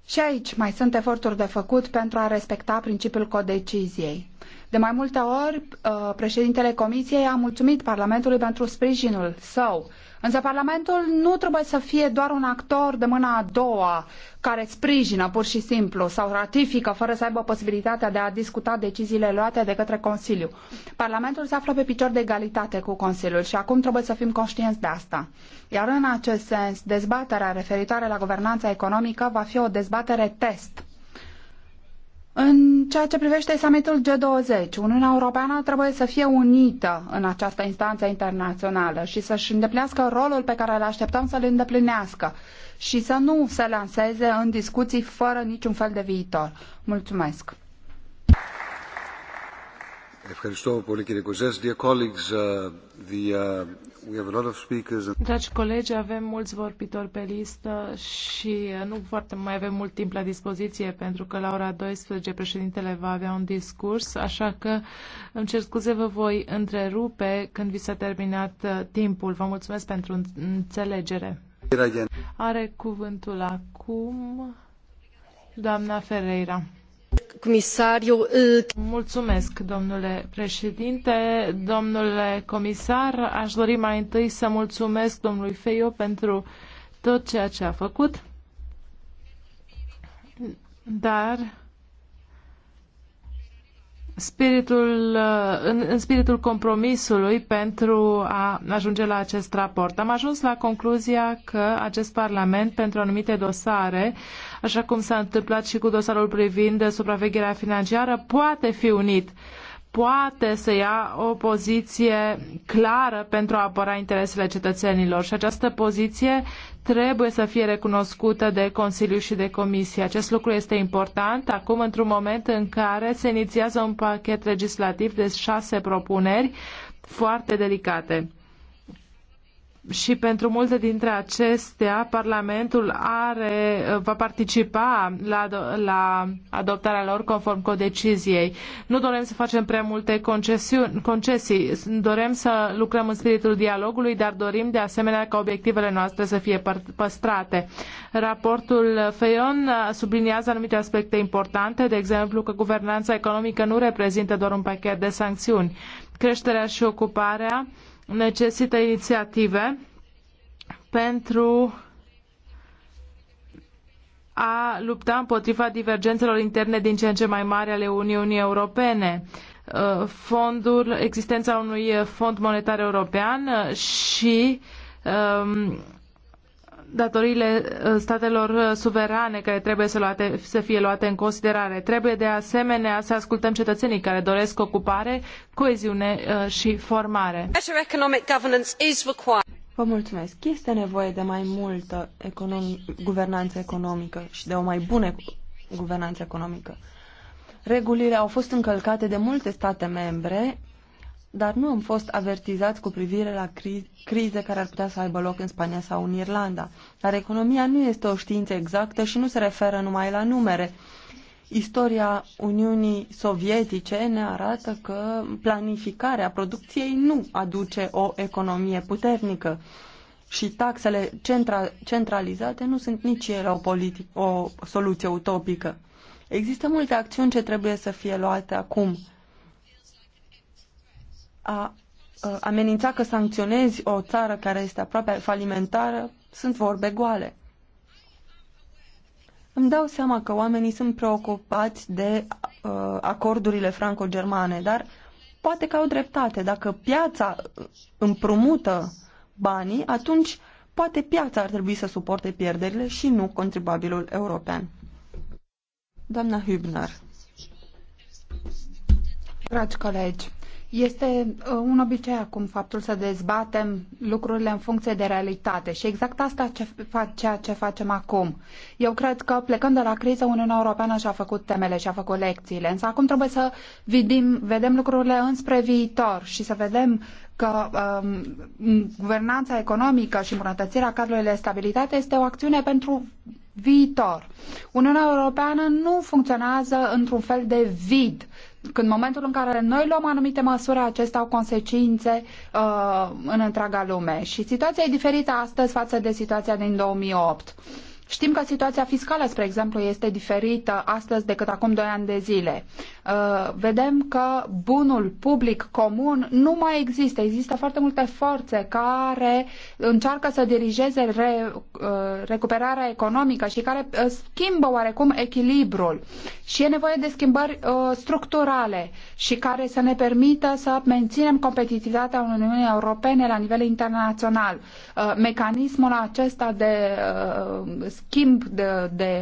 Și aici mai sunt eforturi de făcut pentru a respecta principiul codeciziei. De mai multe ori, uh, președintele Comisiei a mulțumit Parlamentului pentru sprijinul său. Însă Parlamentul nu trebuie să fie doar un actor de mâna a doua care sprijină pur și simplu sau ratifică fără să aibă posibilitatea de a discuta deciziile luate de către Consiliu. Parlamentul se află pe picior de egalitate cu Consiliul și acum trebuie să fim conștienți de asta. Iar în acest sens, dezbaterea referitoare la guvernanța economică va fi o dezbatere test în ceea ce privește summitul G20, Uniunea Europeană trebuie să fie unită în această instanță internațională și să-și îndeplinească rolul pe care îl așteptăm să-l îndeplinească și să nu se lanseze în discuții fără niciun fel de viitor. Mulțumesc! Dragi colegi, avem mulți vorbitori pe listă și uh, nu foarte mai avem mult timp la dispoziție pentru că la ora 12 președintele va avea un discurs, așa că îmi cer scuze, vă voi întrerupe când vi s-a terminat uh, timpul. Vă mulțumesc pentru înțelegere. Are cuvântul acum doamna Ferreira. Comisariu... Mulțumesc, domnule președinte. Domnule comisar, aș dori mai întâi să mulțumesc domnului Feio pentru tot ceea ce a făcut, dar spiritul, în, în spiritul compromisului pentru a ajunge la acest raport. Am ajuns la concluzia că acest Parlament, pentru anumite dosare, așa cum s-a întâmplat și cu dosarul privind supravegherea financiară, poate fi unit poate să ia o poziție clară pentru a apăra interesele cetățenilor și această poziție trebuie să fie recunoscută de Consiliu și de Comisie. Acest lucru este important acum într-un moment în care se inițiază un pachet legislativ de șase propuneri foarte delicate și pentru multe dintre acestea Parlamentul are, va participa la, la adoptarea lor conform codeciziei. Nu dorem să facem prea multe concesii, dorem să lucrăm în spiritul dialogului, dar dorim de asemenea ca obiectivele noastre să fie păstrate. Raportul Feion subliniază anumite aspecte importante, de exemplu că guvernanța economică nu reprezintă doar un pachet de sancțiuni. Creșterea și ocuparea necesită inițiative pentru a lupta împotriva divergențelor interne din ce în ce mai mari ale Uniunii Europene. Uh, fondul, existența unui fond monetar european și um, datoriile uh, statelor uh, suverane care trebuie să, luate, să fie luate în considerare. Trebuie de asemenea să ascultăm cetățenii care doresc ocupare, coeziune uh, și formare. Vă mulțumesc. Este nevoie de mai multă econom- guvernanță economică și de o mai bună guvernanță economică. Regulile au fost încălcate de multe state membre dar nu am fost avertizați cu privire la cri crize care ar putea să aibă loc în Spania sau în Irlanda. Dar economia nu este o știință exactă și nu se referă numai la numere. Istoria Uniunii Sovietice ne arată că planificarea producției nu aduce o economie puternică și taxele centra centralizate nu sunt nici ele o, o soluție utopică. Există multe acțiuni ce trebuie să fie luate acum a amenința că sancționezi o țară care este aproape falimentară sunt vorbe goale. Îmi dau seama că oamenii sunt preocupați de uh, acordurile franco-germane, dar poate că au dreptate. Dacă piața împrumută banii, atunci poate piața ar trebui să suporte pierderile și nu contribuabilul european. Doamna Hübner. Dragi colegi, este uh, un obicei acum faptul să dezbatem lucrurile în funcție de realitate și exact asta ce, ceea ce facem acum. Eu cred că plecând de la criză, Uniunea Europeană și-a făcut temele și-a făcut lecțiile, însă acum trebuie să vidim, vedem lucrurile înspre viitor și să vedem că um, guvernanța economică și îmbunătățirea cadrului de stabilitate este o acțiune pentru viitor. Uniunea Europeană nu funcționează într-un fel de vid când momentul în care noi luăm anumite măsuri, acestea au consecințe uh, în întreaga lume. Și situația e diferită astăzi față de situația din 2008. Știm că situația fiscală, spre exemplu, este diferită astăzi decât acum 2 ani de zile. Uh, vedem că bunul public comun nu mai există. Există foarte multe forțe care încearcă să dirigeze re, uh, recuperarea economică și care uh, schimbă oarecum echilibrul. Și e nevoie de schimbări structurale și care să ne permită să menținem competitivitatea Uniunii Europene la nivel internațional. Mecanismul acesta de schimb, de, de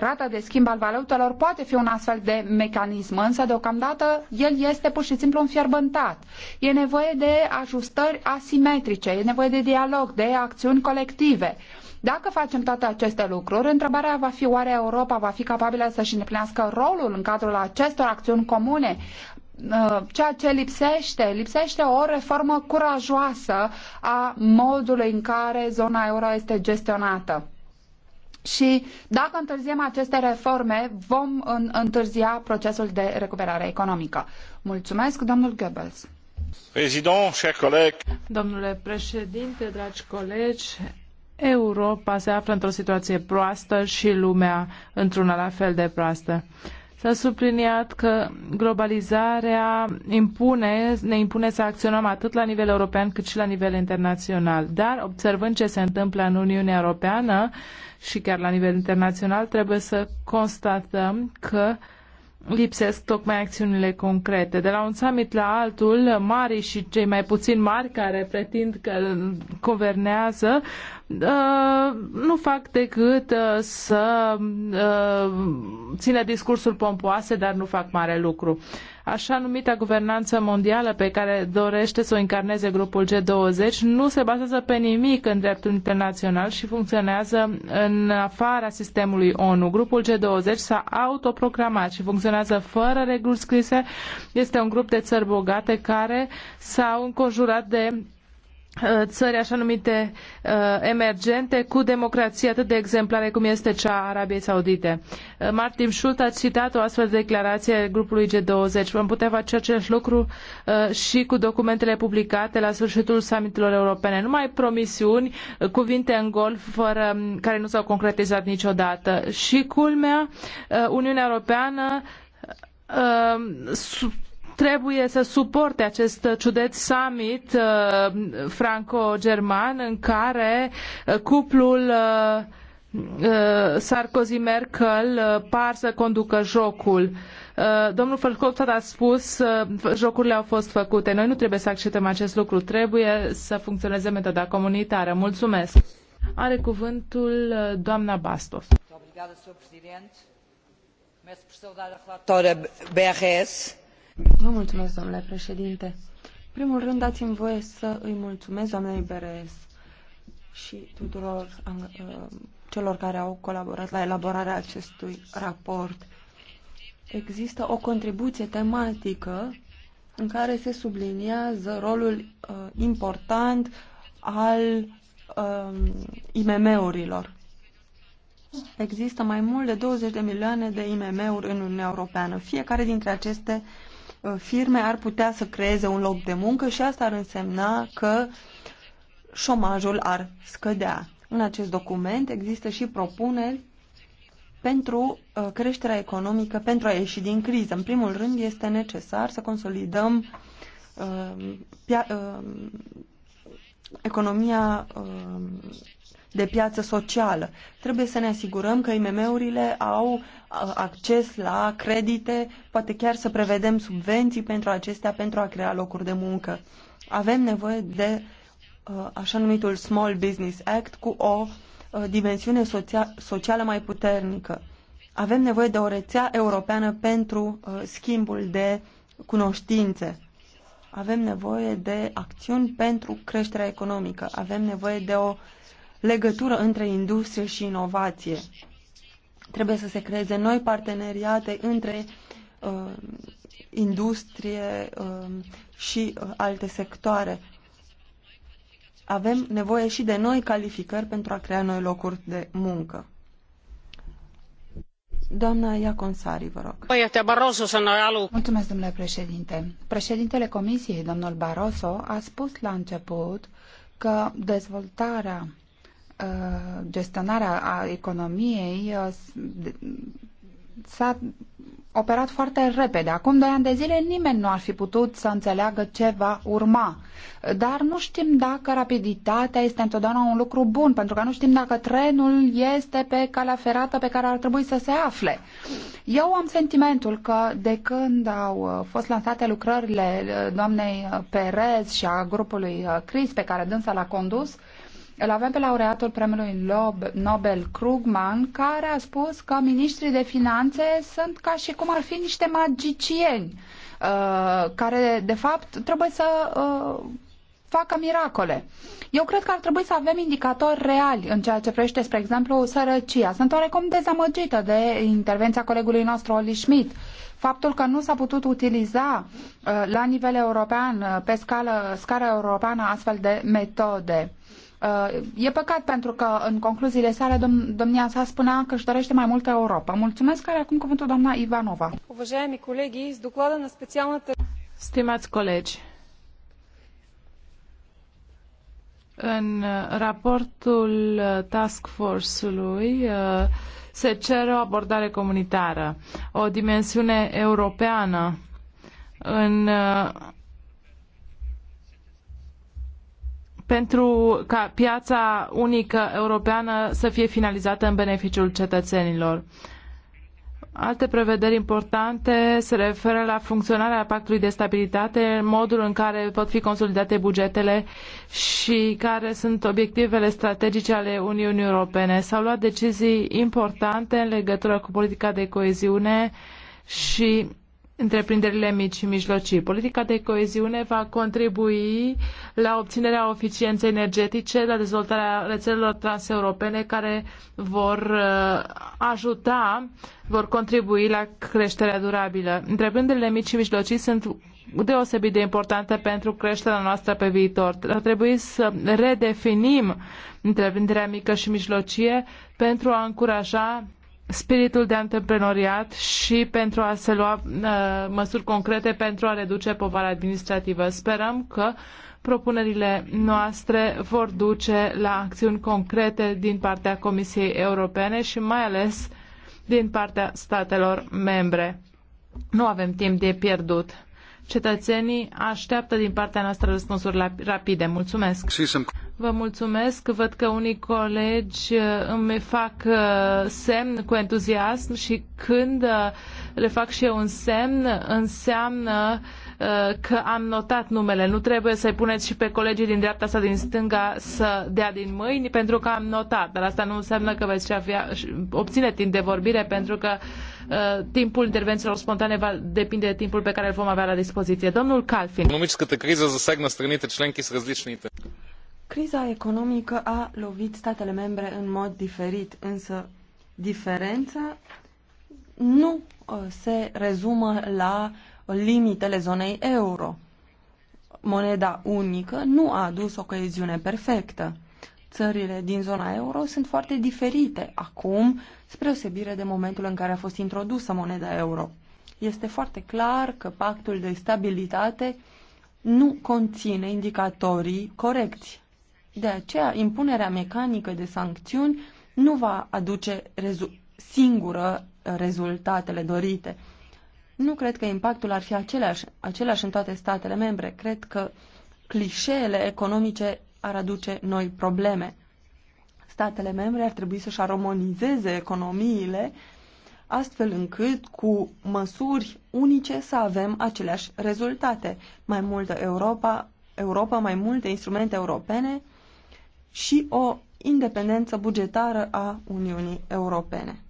rata de schimb al valutelor poate fi un astfel de mecanism însă deocamdată el este pur și simplu înfierbântat. E nevoie de ajustări asimetrice, e nevoie de dialog, de acțiuni colective. Dacă facem toate aceste lucruri, întrebarea va fi oare Europa va fi capabilă să-și îndeplinească rolul în cadrul acestor acțiuni comune uh, ceea ce lipsește, lipsește o reformă curajoasă a modului în care zona euro este gestionată și dacă întârziem aceste reforme, vom întârzia procesul de recuperare economică. Mulțumesc, domnul Goebbels. Président, cher coleg. Domnule președinte, dragi colegi, Europa se află într-o situație proastă și lumea într-una la fel de proastă. S-a subliniat că globalizarea impune, ne impune să acționăm atât la nivel european cât și la nivel internațional. Dar observând ce se întâmplă în Uniunea Europeană, și chiar la nivel internațional, trebuie să constatăm că lipsesc tocmai acțiunile concrete. De la un summit la altul, mari și cei mai puțin mari care pretind că guvernează Uh, nu fac decât uh, să uh, țină discursuri pompoase, dar nu fac mare lucru. Așa numita guvernanță mondială pe care dorește să o încarneze grupul G20 nu se bazează pe nimic în dreptul internațional și funcționează în afara sistemului ONU. Grupul G20 s-a autoprogramat și funcționează fără reguli scrise. Este un grup de țări bogate care s-au înconjurat de Uh, țări așa numite uh, emergente cu democrații atât de exemplare cum este cea a Arabiei Saudite. Uh, Martin Schulz a citat o astfel de declarație grupului G20. Vom putea face același lucru și cu documentele publicate la sfârșitul summitelor europene. Numai promisiuni, cuvinte în gol fără, um, care nu s-au concretizat niciodată. Și culmea, Uniunea Europeană trebuie să suporte acest ciudat summit uh, franco-german în care uh, cuplul uh, Sarkozy-Merkel par să conducă jocul. Domnul Verhofstadt a spus jocurile au fost făcute. Noi nu trebuie să acceptăm acest lucru. Trebuie să funcționeze metoda comunitară. Mulțumesc. Are cuvântul doamna Bastos. Obrigada, BRS Vă mulțumesc, domnule președinte. În primul rând, dați-mi voie să îi mulțumesc doamnei Beres și tuturor uh, celor care au colaborat la elaborarea acestui raport. Există o contribuție tematică în care se subliniază rolul uh, important al uh, IMM-urilor. Există mai mult de 20 de milioane de IMM-uri în Uniunea Europeană. Fiecare dintre aceste Uh, firme ar putea să creeze un loc de muncă și asta ar însemna că șomajul ar scădea. În acest document există și propuneri pentru uh, creșterea economică, pentru a ieși din criză. În primul rând este necesar să consolidăm uh, pia, uh, economia uh, de piață socială. Trebuie să ne asigurăm că IMM-urile au acces la credite, poate chiar să prevedem subvenții pentru acestea pentru a crea locuri de muncă. Avem nevoie de așa numitul Small Business Act cu o dimensiune socială mai puternică. Avem nevoie de o rețea europeană pentru schimbul de cunoștințe. Avem nevoie de acțiuni pentru creșterea economică. Avem nevoie de o legătură între industrie și inovație. Trebuie să se creeze noi parteneriate între uh, industrie uh, și uh, alte sectoare. Avem nevoie și de noi calificări pentru a crea noi locuri de muncă. Doamna Iaconsari, vă rog. Mulțumesc, domnule președinte. Președintele Comisiei, domnul Barroso, a spus la început că dezvoltarea Uh, gestionarea a economiei uh, s-a operat foarte repede. Acum doi ani de zile nimeni nu ar fi putut să înțeleagă ce va urma. Dar nu știm dacă rapiditatea este întotdeauna un lucru bun, pentru că nu știm dacă trenul este pe calea ferată pe care ar trebui să se afle. Eu am sentimentul că de când au uh, fost lansate lucrările doamnei Perez și a grupului CRIS pe care dânsa l-a condus, uh, îl avem pe laureatul premiului Nobel Krugman, care a spus că ministrii de finanțe sunt ca și cum ar fi niște magicieni, uh, care de fapt trebuie să uh, facă miracole. Eu cred că ar trebui să avem indicatori reali în ceea ce privește, spre exemplu, sărăcia. Sunt oarecum dezamăgită de intervenția colegului nostru, Oli Schmidt. Faptul că nu s-a putut utiliza uh, la nivel european, uh, pe scală, scară europeană, astfel de metode. Uh, e păcat pentru că în concluziile sale dom domnia sa spunea că își dorește mai multă Europa. Mulțumesc care acum cuvântul doamna Ivanova. Stimați colegi, în raportul task force-ului uh, se cere o abordare comunitară, o dimensiune europeană în uh, pentru ca piața unică europeană să fie finalizată în beneficiul cetățenilor. Alte prevederi importante se referă la funcționarea pactului de stabilitate, modul în care pot fi consolidate bugetele și care sunt obiectivele strategice ale Uniunii Europene. S-au luat decizii importante în legătură cu politica de coeziune și întreprinderile mici și mijlocii. Politica de coeziune va contribui la obținerea eficienței energetice, la dezvoltarea rețelelor transeuropene care vor uh, ajuta, vor contribui la creșterea durabilă. Întreprinderile mici și mijlocii sunt deosebit de importante pentru creșterea noastră pe viitor. Ar trebui să redefinim întreprinderea mică și mijlocie pentru a încuraja spiritul de antreprenoriat și pentru a se lua uh, măsuri concrete pentru a reduce povara administrativă. Sperăm că propunerile noastre vor duce la acțiuni concrete din partea Comisiei Europene și mai ales din partea statelor membre. Nu avem timp de pierdut. Cetățenii așteaptă din partea noastră răspunsuri rapide. Mulțumesc! Vă mulțumesc. Văd că unii colegi uh, îmi fac uh, semn cu entuziasm și când uh, le fac și eu un semn, înseamnă Uh, că am notat numele. Nu trebuie să-i puneți și pe colegii din dreapta sau din stânga să dea din mâini pentru că am notat. Dar asta nu înseamnă că veți avea, obține timp de vorbire pentru că uh, timpul intervențiilor spontane va depinde de timpul pe care îl vom avea la dispoziție. Domnul Calfin. Economicată criză засегна страните членки с различните. Criza economică a lovit statele membre în mod diferit, însă diferența nu uh, se rezumă la limitele zonei euro. Moneda unică nu a adus o coeziune perfectă. Țările din zona euro sunt foarte diferite acum, spre osebire de momentul în care a fost introdusă moneda euro. Este foarte clar că pactul de stabilitate nu conține indicatorii corecți. De aceea, impunerea mecanică de sancțiuni nu va aduce rezu- singură rezultatele dorite. Nu cred că impactul ar fi același, același în toate statele membre. Cred că clișeele economice ar aduce noi probleme. Statele membre ar trebui să-și aromonizeze economiile astfel încât cu măsuri unice să avem aceleași rezultate. Mai multă Europa, Europa mai multe instrumente europene și o independență bugetară a Uniunii Europene.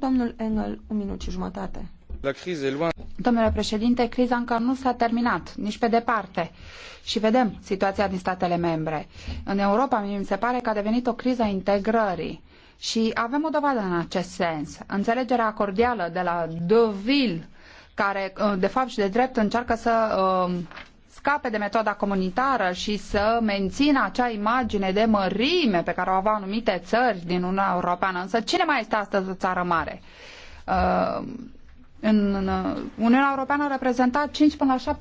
Domnul Engel, un minut și jumătate. Domnule președinte, criza încă nu s-a terminat, nici pe departe. Și vedem situația din statele membre. În Europa, mi se pare că a devenit o criză a integrării. Și avem o dovadă în acest sens. Înțelegerea cordială de la Deauville, care uh, de fapt și de drept încearcă să uh, scape de metoda comunitară și să mențină acea imagine de mărime pe care o aveau anumite țări din Uniunea Europeană. Însă cine mai este astăzi o țară mare? Uh, în uh, Uniunea Europeană a reprezentat 5 până la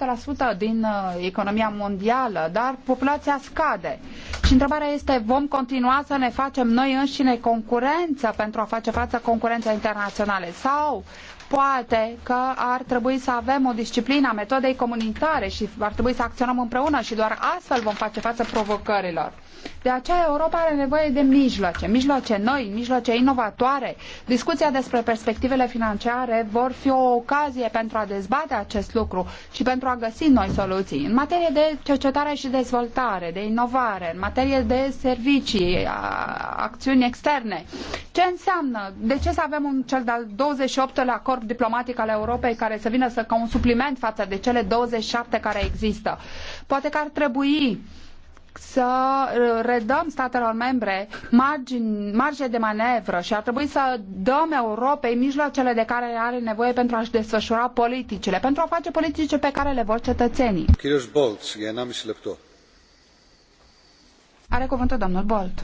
7% din uh, economia mondială, dar populația scade. Și întrebarea este, vom continua să ne facem noi înșine concurență pentru a face față concurenței internaționale sau poate că ar trebui să avem o disciplină a metodei comunitare și ar trebui să acționăm împreună și doar astfel vom face față provocărilor. De aceea Europa are nevoie de mijloace, mijloace noi, mijloace inovatoare. Discuția despre perspectivele financiare vor fi o ocazie pentru a dezbate acest lucru și pentru a găsi noi soluții. În materie de cercetare și dezvoltare, de inovare, în materie de servicii, acțiuni externe, ce înseamnă? De ce să avem un cel de-al 28-lea acord corp diplomatic al Europei care să vină să, ca un supliment față de cele 27 care există. Poate că ar trebui să uh, redăm statelor membre margini, marge de manevră și ar trebui să dăm Europei mijloacele de care are nevoie pentru a-și desfășura politicile, pentru a face politice pe care le vor cetățenii. Are cuvântul domnul Bolt.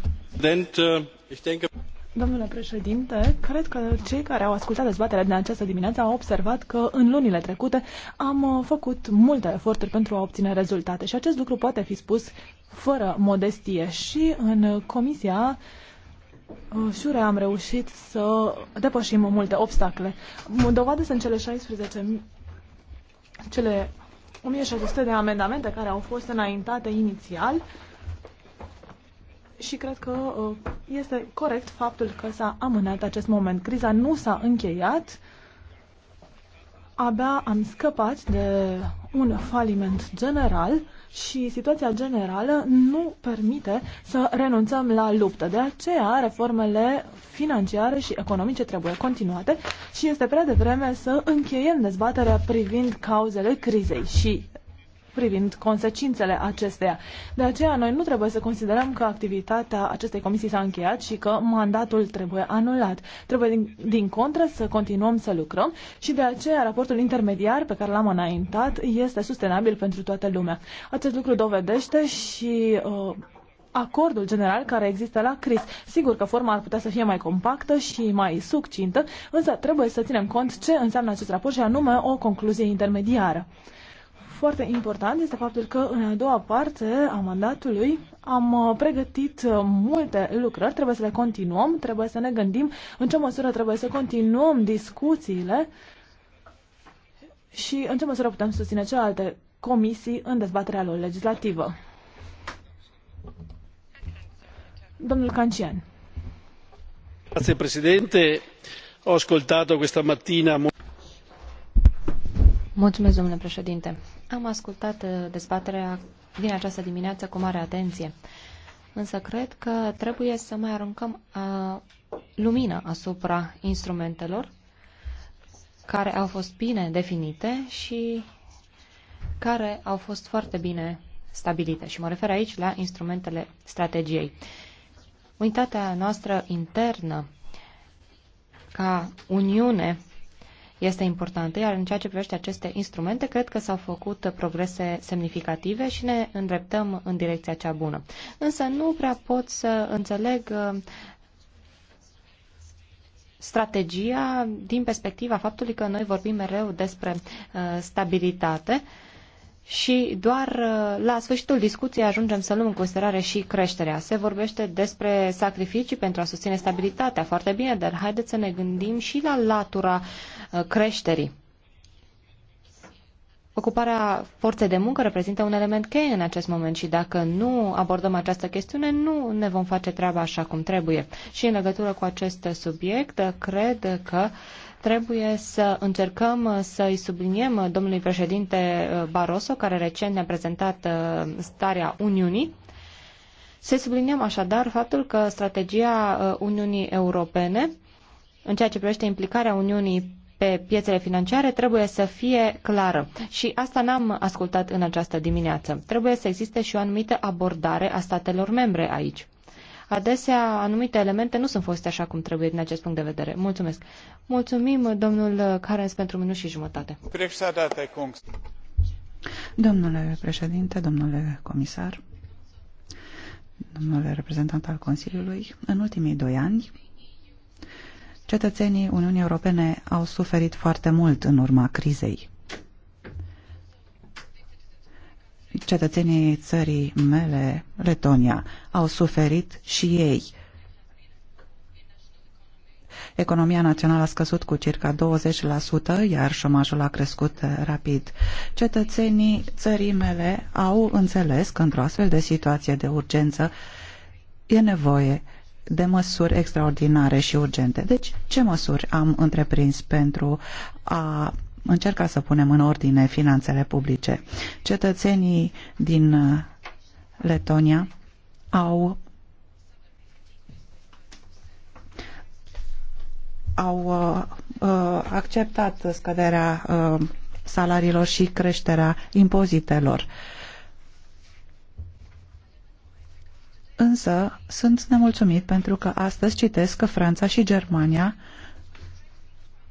Domnule președinte, cred că cei care au ascultat dezbaterea din această dimineață au observat că în lunile trecute am uh, făcut multe eforturi pentru a obține rezultate și acest lucru poate fi spus fără modestie și în comisia uh, Șure am reușit să depășim multe obstacole. Dovadă sunt cele 16 cele 1600 de amendamente care au fost înaintate inițial și cred că uh, este corect faptul că s-a amânat acest moment. Criza nu s-a încheiat. Abia am scăpat de un faliment general și situația generală nu permite să renunțăm la luptă. De aceea, reformele financiare și economice trebuie continuate și este prea devreme să încheiem dezbaterea privind cauzele crizei și privind consecințele acesteia. De aceea, noi nu trebuie să considerăm că activitatea acestei comisii s-a încheiat și că mandatul trebuie anulat. Trebuie, din, din contră, să continuăm să lucrăm și de aceea raportul intermediar pe care l-am înaintat este sustenabil pentru toată lumea. Acest lucru dovedește și uh, acordul general care există la CRIS. Sigur că forma ar putea să fie mai compactă și mai succintă, însă trebuie să ținem cont ce înseamnă acest raport și anume o concluzie intermediară. Foarte important este faptul că în a doua parte a mandatului am uh, pregătit uh, multe lucrări, trebuie să le continuăm, trebuie să ne gândim în ce măsură trebuie să continuăm discuțiile și în ce măsură putem susține celelalte comisii în dezbaterea lor legislativă. Domnul Cancian. Grazie Presidente, ho ascoltato questa mattina... Mulțumesc, domnule președinte. Am ascultat uh, dezbaterea din această dimineață cu mare atenție, însă cred că trebuie să mai aruncăm uh, lumină asupra instrumentelor care au fost bine definite și care au fost foarte bine stabilite. Și mă refer aici la instrumentele strategiei. Unitatea noastră internă ca Uniune este importantă, iar în ceea ce privește aceste instrumente, cred că s-au făcut progrese semnificative și ne îndreptăm în direcția cea bună. Însă nu prea pot să înțeleg uh, strategia din perspectiva faptului că noi vorbim mereu despre uh, stabilitate, și doar uh, la sfârșitul discuției ajungem să luăm în considerare și creșterea. Se vorbește despre sacrificii pentru a susține stabilitatea, foarte bine, dar haideți să ne gândim și la latura uh, creșterii. Ocuparea forței de muncă reprezintă un element cheie în acest moment și dacă nu abordăm această chestiune, nu ne vom face treaba așa cum trebuie. Și în legătură cu acest subiect, cred că uh, Trebuie să încercăm uh, să-i subliniem uh, domnului președinte uh, Barroso, care recent ne-a prezentat starea Uniunii, să subliniem așadar faptul că strategia Uniunii Europene, în ceea ce privește implicarea Uniunii pe piețele financiare, trebuie să fie clară. Și asta n-am ascultat în această dimineață. Trebuie să existe și o anumită abordare a statelor membre aici. Adesea, anumite elemente nu sunt foste așa cum trebuie din acest punct de vedere. Mulțumesc. Mulțumim, domnul Carens, pentru minut și jumătate. Domnule președinte, domnule comisar, domnule reprezentant al Consiliului, în ultimii doi ani, cetățenii Uniunii Europene au suferit foarte mult în urma crizei. cetățenii țării mele, Letonia, au suferit și ei. Economia națională a scăzut cu circa 20%, iar șomajul a crescut rapid. Cetățenii țării mele au înțeles că într-o astfel de situație de urgență e nevoie de măsuri extraordinare și urgente. Deci, ce măsuri am întreprins pentru a încerca să punem în ordine finanțele publice. Cetățenii din uh, Letonia au au uh, uh, acceptat scăderea uh, salariilor și creșterea impozitelor. Însă sunt nemulțumit pentru că astăzi citesc că Franța și Germania uh,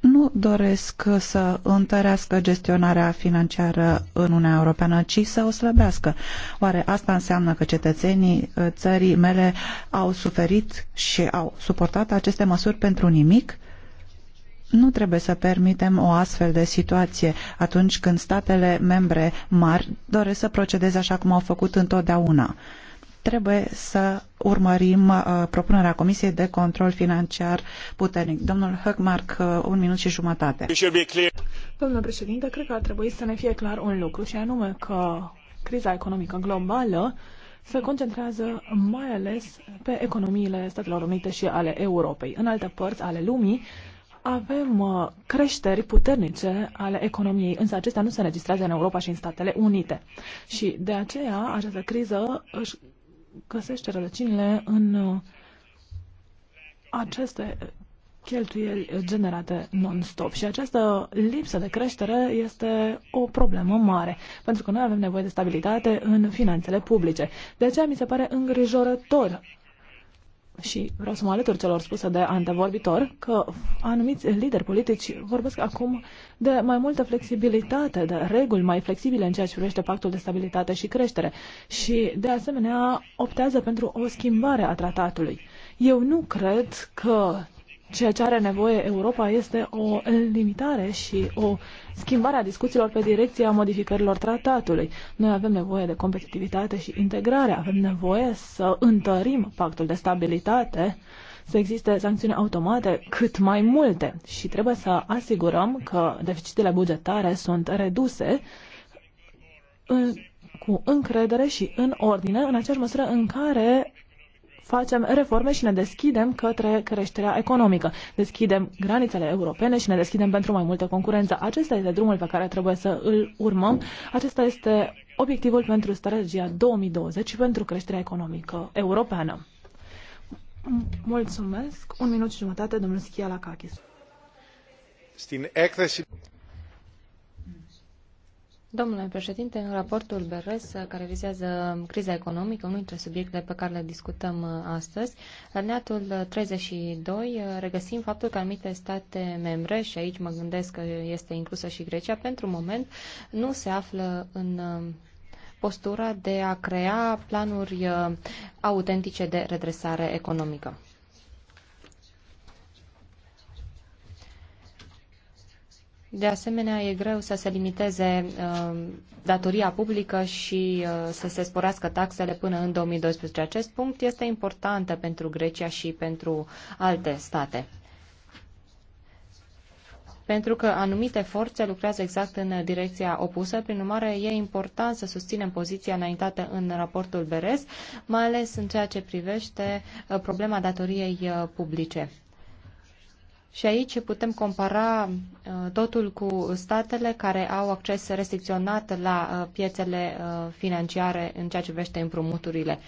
nu doresc să întărească gestionarea financiară în Uniunea Europeană, ci să o slăbească. Oare asta înseamnă că cetățenii uh, țării mele au suferit și au suportat aceste măsuri pentru nimic? Nu trebuie să permitem o astfel de situație atunci când statele membre mari doresc să procedeze așa cum au făcut întotdeauna trebuie să urmărim uh, propunerea Comisiei de control financiar puternic. Domnul Höckmark, uh, un minut și jumătate. Domnule președinte, cred că ar trebui să ne fie clar un lucru și anume că criza economică globală se concentrează mai ales pe economiile Statelor Unite și ale Europei. În alte părți ale lumii avem uh, creșteri puternice ale economiei, însă acestea nu se înregistrează în Europa și în Statele Unite. Și de aceea această criză își găsește rădăcinile în uh, aceste cheltuieli generate non-stop. Și această lipsă de creștere este o problemă mare, pentru că noi avem nevoie de stabilitate în finanțele publice. De aceea mi se pare îngrijorător și vreau să mă alătur celor spuse de antevorbitor că anumiți lideri politici vorbesc acum de mai multă flexibilitate, de reguli mai flexibile în ceea ce privește pactul de stabilitate și creștere și, de asemenea, optează pentru o schimbare a tratatului. Eu nu cred că Ceea ce are nevoie Europa este o limitare și o schimbare a discuțiilor pe direcția modificărilor tratatului. Noi avem nevoie de competitivitate și integrare, avem nevoie să întărim pactul de stabilitate, să existe sancțiuni automate cât mai multe și trebuie să asigurăm că deficitele bugetare sunt reduse în, cu încredere și în ordine, în aceeași măsură în care facem reforme și ne deschidem către creșterea economică. Deschidem granițele europene și ne deschidem pentru mai multă concurență. Acesta este drumul pe care trebuie să îl urmăm. Acesta este obiectivul pentru strategia 2020 și pentru creșterea economică europeană. Mulțumesc. Un minut și jumătate, domnul Schia Lakakis. Στην έκθεση Domnule președinte, în raportul BRS, care vizează criza economică, unul dintre subiectele pe care le discutăm uh, astăzi, la neatul 32 regăsim faptul că anumite state membre, și aici mă gândesc că este inclusă și Grecia, pentru moment nu se află în uh, postura de a crea planuri uh, autentice de redresare economică. De asemenea, e greu să se limiteze uh, datoria publică și uh, să se sporească taxele până în 2012. Acest punct este important pentru Grecia și pentru alte state. Pentru că anumite forțe lucrează exact în direcția opusă, prin urmare e important să susținem poziția înaintată în raportul Beres, mai ales în ceea ce privește uh, problema datoriei uh, publice. Și aici putem compara uh, totul cu statele care au acces restricționat la uh, piețele uh, financiare în ceea ce privește împrumuturile.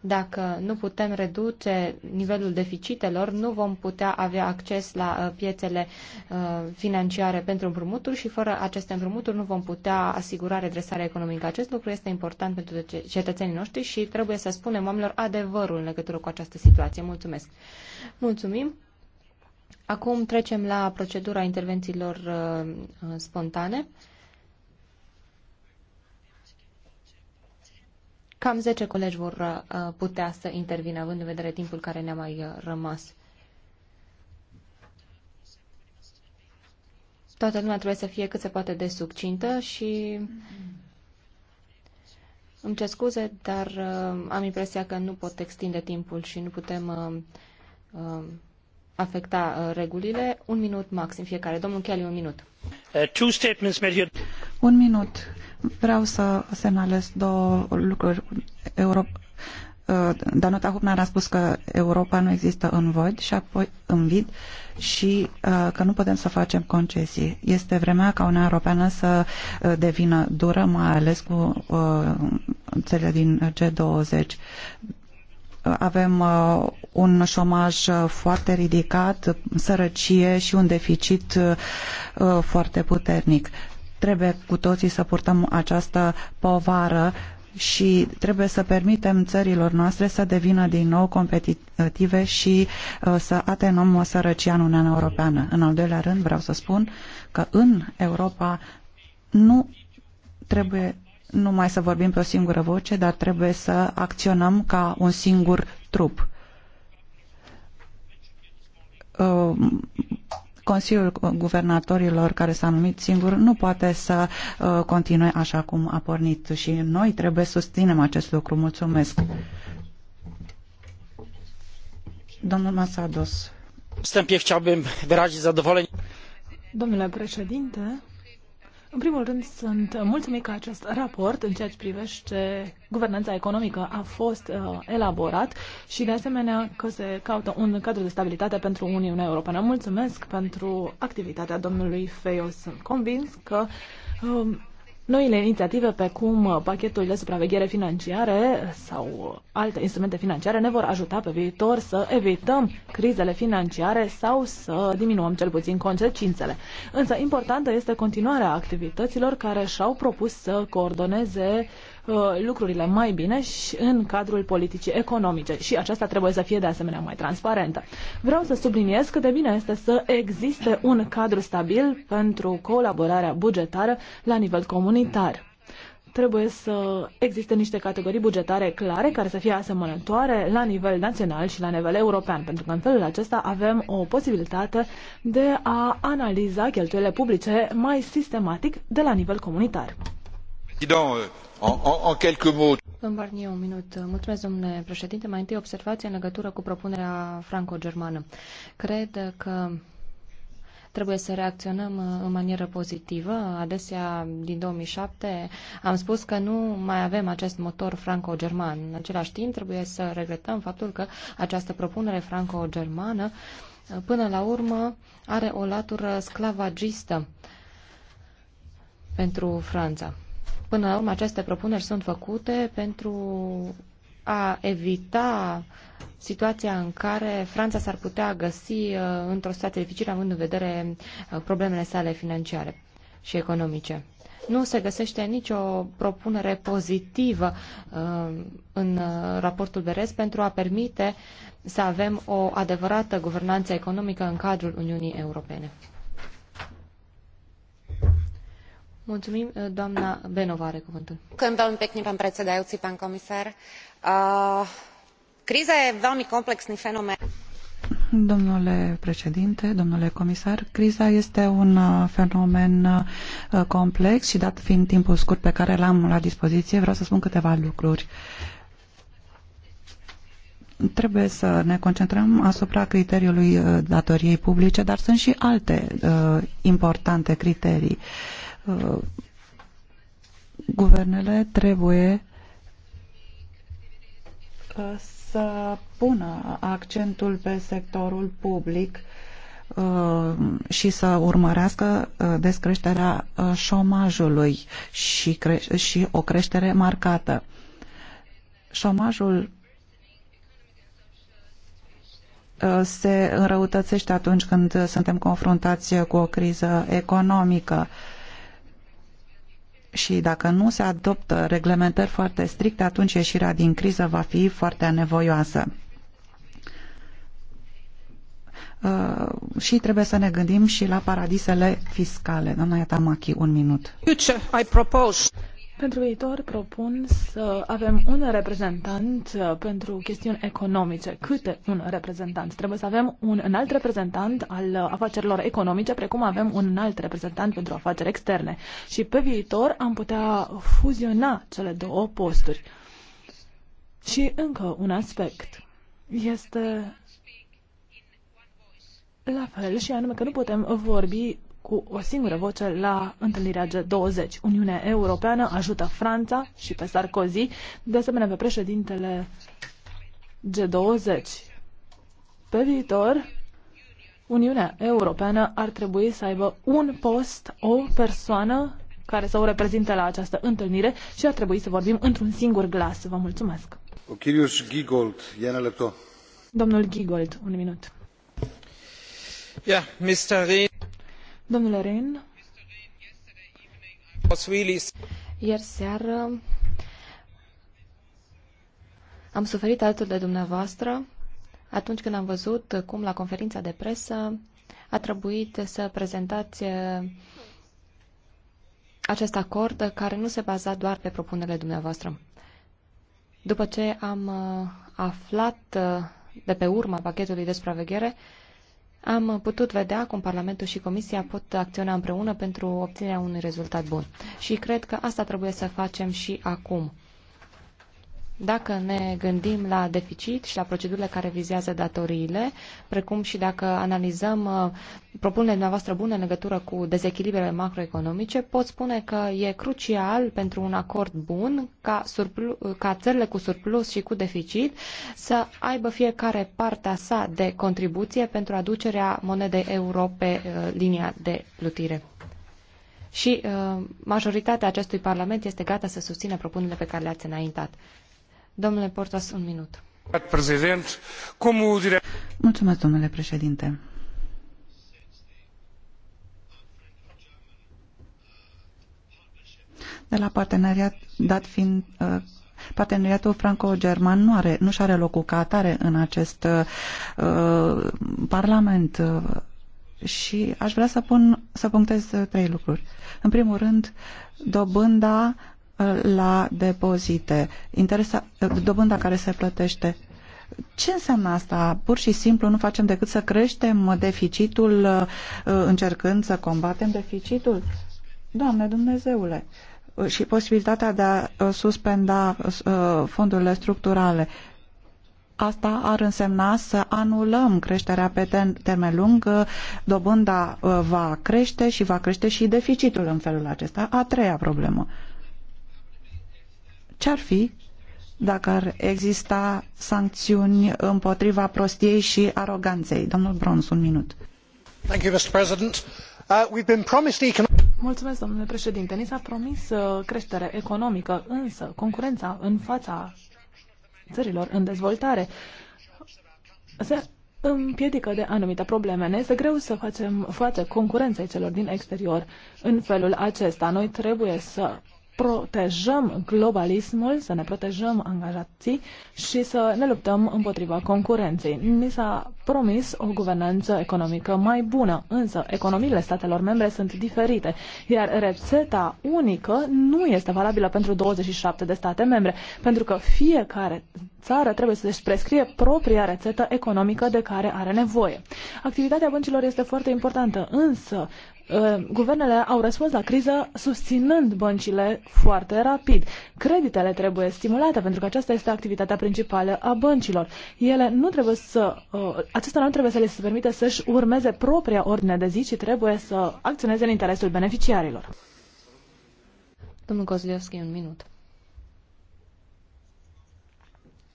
Dacă nu putem reduce nivelul deficitelor, nu vom putea avea acces la piețele financiare pentru împrumuturi și fără aceste împrumuturi nu vom putea asigura redresarea economică. Acest lucru este important pentru cetățenii noștri și trebuie să spunem oamenilor adevărul în legătură cu această situație. Mulțumesc! Mulțumim! Acum trecem la procedura intervențiilor uh, spontane. Cam 10 colegi vor uh, putea să intervină, având în vedere timpul care ne-a mai uh, rămas. Toată lumea trebuie să fie cât se poate de succintă și îmi cer scuze, dar uh, am impresia că nu pot extinde timpul și nu putem uh, uh, afecta uh, regulile. Un minut maxim fiecare. Domnul Kelly, un minut. Uh, un minut. Vreau să semnalez două lucruri. Euro... Uh, Danuta Hubner a spus că Europa nu există în vod și apoi în vid și că nu putem să facem concesii. Este vremea ca Uniunea Europeană să devină dură, mai ales cu țările din G20 avem uh, un șomaj uh, foarte ridicat, sărăcie și un deficit uh, foarte puternic. Trebuie cu toții să purtăm această povară și trebuie să permitem țărilor noastre să devină din nou competitive și să atenuăm sărăcia în Uniunea Europeană. În al doilea rând vreau să spun că în Europa nu trebuie numai să vorbim pe o singură voce, dar trebuie să acționăm ca un singur trup. Uh, Consiliul Guvernatorilor, care s-a numit singur, nu poate să uh, continue așa cum a pornit și noi trebuie să susținem acest lucru. Mulțumesc. Domnul Masados. Wstępie chciałbym wyrazić zadowolenie. Domnule președinte, în primul rând, sunt mulțumit că acest raport în ceea ce privește guvernanța economică a fost uh, elaborat și, de asemenea, că se caută un cadru de stabilitate pentru Uniunea Europeană. Mulțumesc pentru activitatea domnului Feo. Sunt convins că uh, Noile inițiative, pe cum uh, pachetul de supraveghere financiare sau uh, alte instrumente financiare, ne vor ajuta pe viitor să evităm crizele financiare sau să diminuăm cel puțin consecințele. Însă importantă este continuarea activităților care și-au propus să coordoneze uh, Uh, lucrurile mai bine și în cadrul politicii economice și aceasta trebuie să fie de asemenea mai transparentă. Vreau să subliniez cât de bine este să existe un cadru stabil pentru colaborarea bugetară la nivel comunitar trebuie să existe niște categorii bugetare clare care să fie asemănătoare la nivel național și la nivel european, pentru că în felul acesta avem o posibilitate de a analiza cheltuielile publice mai sistematic de la nivel comunitar. În quelques mots. Barnier, un minut. Mulțumesc, domnule președinte. Mai întâi observație în legătură cu propunerea franco-germană. Cred că trebuie să reacționăm uh, în manieră pozitivă. Adesea, din 2007, am spus că nu mai avem acest motor franco-german. În același timp, trebuie să regretăm faptul că această propunere franco-germană, uh, până la urmă, are o latură sclavagistă pentru Franța. Până la urmă, aceste propuneri sunt făcute pentru a evita situația în care Franța s-ar putea găsi uh, într-o situație dificilă, având în vedere uh, problemele sale financiare și economice. Nu se găsește nicio propunere pozitivă uh, în raportul Beres pentru a permite să avem o adevărată guvernanță economică în cadrul Uniunii Europene. Mulțumim, eh, doamna Benova are cuvântul. Mulțumim veľmi pekne, pán predsedajúci, pán komisár. Uh, criza e veľmi komplexný fenomen. Domnule președinte, domnule comisar, criza este un uh, fenomen uh, complex și dat fiind timpul scurt pe care l-am la dispoziție, vreau să spun câteva lucruri trebuie să ne concentrăm asupra criteriului uh, datoriei publice, dar sunt și alte uh, importante criterii. Uh, Uh, guvernele trebuie uh, să pună accentul pe sectorul public uh, și să urmărească descreșterea șomajului și, și o creștere marcată. Șomajul se înrăutățește atunci când suntem confruntați cu o criză economică și dacă nu se adoptă reglementări foarte stricte, atunci ieșirea din criză va fi foarte anevoioasă. Uh, și trebuie să ne gândim și la paradisele fiscale. Doamna Iatamachi, un minut. Pentru viitor propun să avem un reprezentant uh, pentru chestiuni economice. Câte un reprezentant? Trebuie să avem un înalt reprezentant al uh, afacerilor economice, precum avem un înalt reprezentant pentru afaceri externe. Și pe viitor am putea fuziona cele două posturi. Și încă un aspect. Este la fel și anume că nu putem vorbi cu o singură voce la întâlnirea G20. Uniunea Europeană ajută Franța și pe Sarkozy, de asemenea pe președintele G20. Pe viitor, Uniunea Europeană ar trebui să aibă un post, o persoană care să o reprezinte la această întâlnire și ar trebui să vorbim într-un singur glas. Vă mulțumesc. Giegold, Domnul Gigold, un minut. Yeah, Mr. Rehn. Domnule ieri seară am suferit alături de dumneavoastră atunci când am văzut cum la conferința de presă a trebuit să prezentați eh, acest acord care nu se baza doar pe propunerile dumneavoastră. După ce am eh, aflat eh, de pe urma pachetului de supraveghere, am putut vedea cum Parlamentul și Comisia pot acționa împreună pentru obținerea unui rezultat bun. Și cred că asta trebuie să facem și acum. Dacă ne gândim la deficit și la procedurile care vizează datoriile, precum și dacă analizăm uh, propunerile dumneavoastră bune în legătură cu dezechilibrele macroeconomice, pot spune că e crucial pentru un acord bun ca, surplu- uh, ca țările cu surplus și cu deficit să aibă fiecare partea sa de contribuție pentru aducerea monedei euro pe uh, linia de plutire și uh, majoritatea acestui Parlament este gata să susțină propunerile pe care le-ați înaintat. Domnule domnule președinte. De la parteneriat, dat fiind uh, parteneriatul franco-german nu, are, nu și are locul ca atare în acest uh, parlament și aș vrea să pun să punctez trei lucruri. În primul rând, dobânda la depozite, interesa, dobânda care se plătește. Ce înseamnă asta? Pur și simplu nu facem decât să creștem deficitul uh, încercând să combatem deficitul? Doamne Dumnezeule! Uh, și posibilitatea de a uh, suspenda fondurile structurale. Asta ar însemna să anulăm creșterea pe termen lung, dobânda va crește și va crește și deficitul în felul acesta. A treia problemă ce-ar fi dacă ar exista sancțiuni împotriva prostiei și aroganței? Domnul Brons, un minut. Thank you, Mr. President. Uh, we've been promised economic... Mulțumesc, domnule președinte. Ni s-a promis uh, creștere economică, însă concurența în fața țărilor în dezvoltare se împiedică de anumite probleme. Ne este greu să facem față concurenței celor din exterior. În felul acesta, noi trebuie să protejăm globalismul, să ne protejăm angajații și să ne luptăm împotriva concurenței. Mi s-a promis o guvernanță economică mai bună, însă economiile statelor membre sunt diferite, iar rețeta unică nu este valabilă pentru 27 de state membre, pentru că fiecare țară trebuie să-și prescrie propria rețetă economică de care are nevoie. Activitatea băncilor este foarte importantă, însă Uh, guvernele au răspuns la criză susținând băncile foarte rapid. Creditele trebuie stimulate pentru că aceasta este activitatea principală a băncilor. Ele nu trebuie să, uh, acestora nu trebuie să le se permită să-și urmeze propria ordine de zi, ci trebuie să acționeze în interesul beneficiarilor. Domnul Kozliovski, un minut.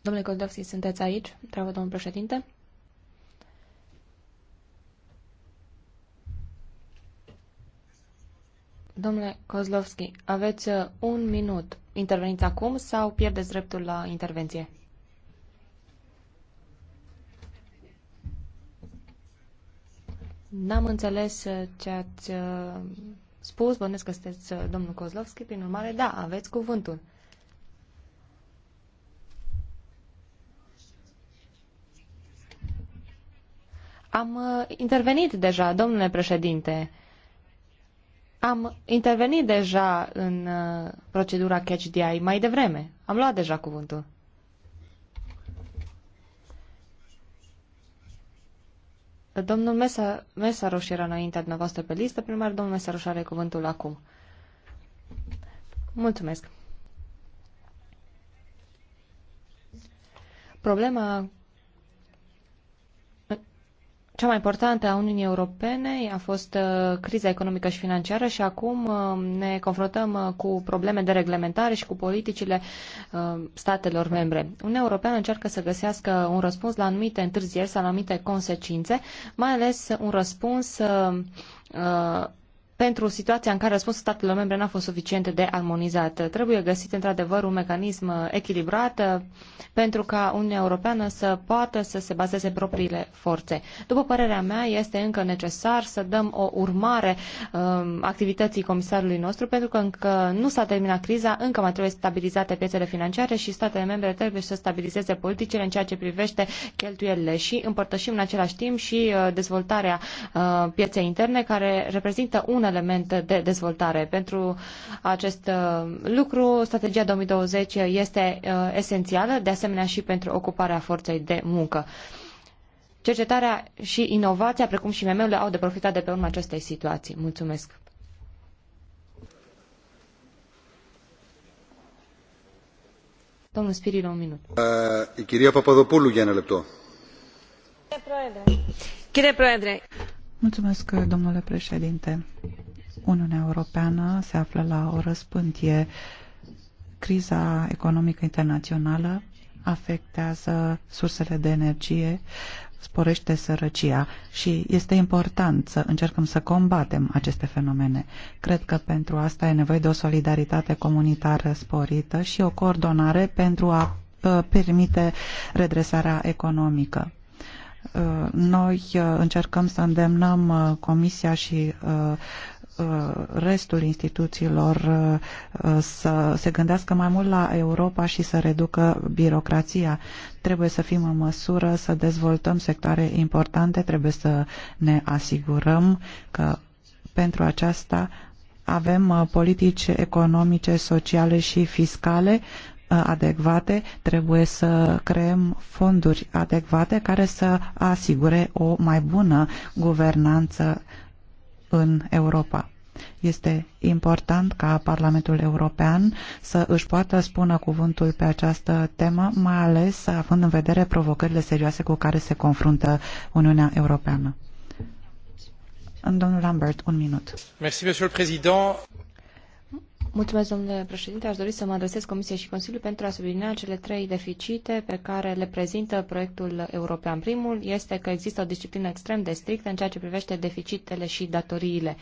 Domnule Kozlovski, sunteți aici? Treabă, domnul președinte. Domnule Kozlovski, aveți uh, un minut. Interveniți acum sau pierdeți dreptul la intervenție? N-am înțeles uh, ce ați uh, spus, bănesc că sunteți domnul Kozlovski, prin urmare, da, aveți cuvântul. Am intervenit deja, domnule președinte. Am intervenit deja în uh, procedura Catch DI mai devreme. Am luat deja cuvântul. Domnul Mesa, Mesaroș era înaintea dumneavoastră pe listă, primar. domnul Mesaroș are cuvântul acum. Mulțumesc. Problema cea mai importantă a Uniunii Europene a fost uh, criza economică și financiară și acum uh, ne confruntăm uh, cu probleme de reglementare și cu politicile statelor membre. Uniunea Europeană încearcă să găsească un răspuns la anumite întârzieri sau la anumite consecințe, mai ales un răspuns pentru situația în care răspunsul statelor membre n-a fost suficient de armonizat. Trebuie găsit într-adevăr un mecanism echilibrat uh, pentru ca Uniunea Europeană să poată să se bazeze propriile forțe. După părerea mea, este încă necesar să dăm o urmare um, activității comisarului nostru pentru că încă nu s-a terminat criza, încă mai trebuie stabilizate piețele financiare și statele membre trebuie să stabilizeze politicile în ceea ce privește cheltuielile și împărtășim în același timp și uh, dezvoltarea uh, pieței interne care reprezintă una element de dezvoltare. Pentru acest uh, lucru, strategia 2020 este uh, esențială, de asemenea și pentru ocuparea forței de muncă. Cercetarea și inovația, precum și MM-urile, au de profitat de pe urma acestei situații. Mulțumesc! Domnul Spirilo, un minut. Uh, Chiria Papadopoulou, για ένα λεπτό. Proedre, Mulțumesc, domnule președinte. Uniunea Europeană se află la o răspântie. Criza economică internațională afectează sursele de energie, sporește sărăcia și este important să încercăm să combatem aceste fenomene. Cred că pentru asta e nevoie de o solidaritate comunitară sporită și o coordonare pentru a uh, permite redresarea economică Uh, noi uh, încercăm să îndemnăm uh, Comisia și restul instituțiilor să se gândească mai mult la Europa și să reducă birocrația. Trebuie să fim în măsură să dezvoltăm sectoare importante, trebuie să ne asigurăm că pentru aceasta avem politici economice, sociale și fiscale Uh, adecvate, trebuie să creăm fonduri adecvate care să asigure o mai bună guvernanță în Europa. Este important ca Parlamentul European să își poată spune cuvântul pe această temă, mai ales având în vedere provocările serioase cu care se confruntă Uniunea Europeană. Domnul Lambert, un minut. Mersi, Mulțumesc, domnule președinte. Aș dori să mă adresez Comisiei și Consiliului pentru a sublinia cele trei deficite pe care le prezintă proiectul european. Primul este că există o disciplină extrem de strictă în ceea ce privește deficitele și datoriile.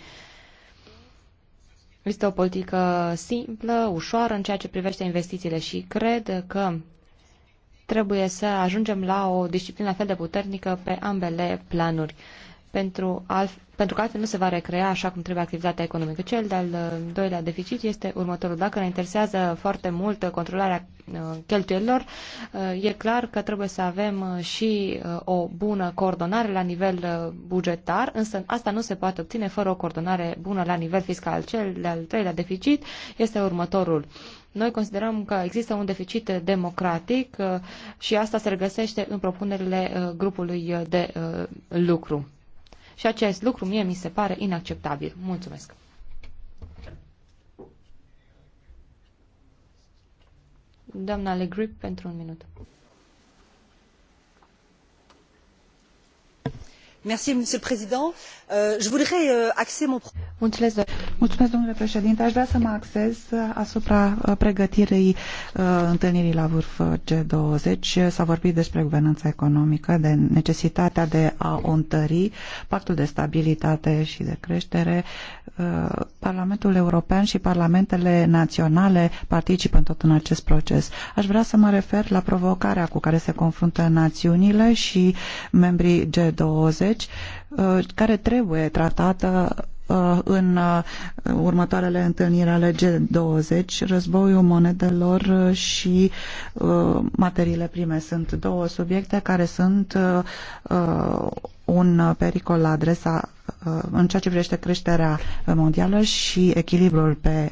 Este o politică simplă, ușoară în ceea ce privește investițiile și cred că trebuie să ajungem la o disciplină fel de puternică pe ambele planuri pentru, al, pentru că altfel nu se va recrea așa cum trebuie activitatea economică. Cel de-al uh, doilea deficit este următorul. Dacă ne interesează foarte mult controlarea uh, cheltuielilor, uh, e clar că trebuie să avem și o bună coordonare la nivel bugetar, însă asta nu se poate obține fără o coordonare bună la nivel fiscal. Cel de-al treilea deficit este următorul. Noi considerăm că există un deficit democratic și asta se regăsește în propunerile grupului de lucru. Și acest lucru mie mi se pare inacceptabil. Mulțumesc! Doamna Legrip, pentru un minut. Mulțumesc, domnule președinte. Aș vrea să mă axez uh, asupra uh, pregătirii uh, întâlnirii la vârf G20. S-a vorbit despre guvernanța economică, de necesitatea de a o întări, pactul de stabilitate și de creștere. Parlamentul European și parlamentele naționale participă în tot în acest proces. Aș vrea să mă refer la provocarea cu care se confruntă națiunile și membrii G20 2020 uh, care trebuie tratată uh, în uh, următoarele întâlniri ale G20, războiul monedelor și materiile prime. Sunt două subiecte care sunt un pericol la adresa în ceea ce privește creșterea mondială și echilibrul pe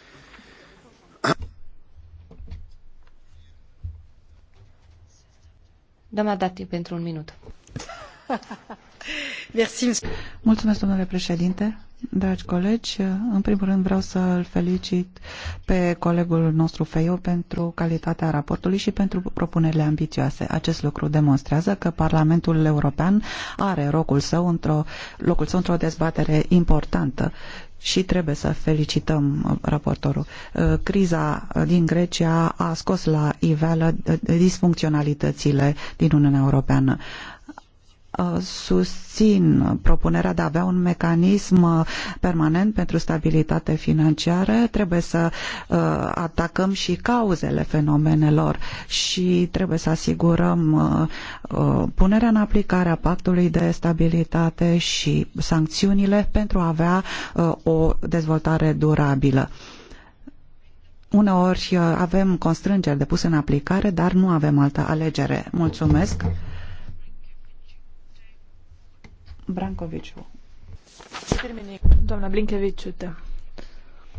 Doamna Dati, pentru un minut. Mulțumesc, domnule președinte. Dragi colegi, în primul rând vreau să îl felicit pe colegul nostru Feio pentru calitatea raportului și pentru propunerile ambițioase. Acest lucru demonstrează că Parlamentul European are locul său într-o, locul său într-o dezbatere importantă și trebuie să felicităm uh, raportorul. Uh, criza uh, din Grecia a scos la iveală disfuncționalitățile din Uniunea Europeană. Uh, susțin propunerea de a avea un mecanism uh, permanent pentru stabilitate financiară. Trebuie să uh, atacăm și cauzele fenomenelor și trebuie să asigurăm punerea în aplicare a pactului de stabilitate și sancțiunile pentru a avea o dezvoltare durabilă uneori avem constrângeri de pus în aplicare, dar nu avem altă alegere. Mulțumesc! Brankoviciu. Doamna Blinkevičiūtė.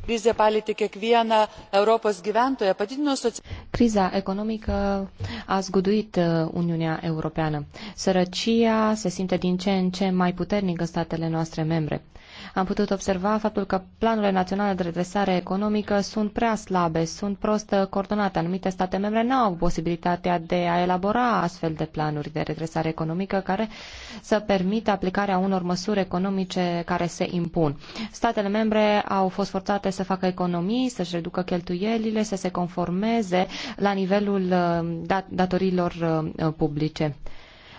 Krizė palėtė kiekvieną Europos gyventoją, padidino socialinį. Criza economică a zguduit uh, Uniunea Europeană. Sărăcia se simte din ce în ce mai puternic în statele noastre membre. Am putut observa faptul că planurile naționale de redresare economică sunt prea slabe, sunt prost coordonate. Anumite state membre nu au posibilitatea de a elabora astfel de planuri de redresare economică care să permită aplicarea unor măsuri economice care se impun. Statele membre au fost forțate să facă economii, să-și reducă cheltuielile, să se conformeze la nivelul uh, dat- datoriilor uh, publice.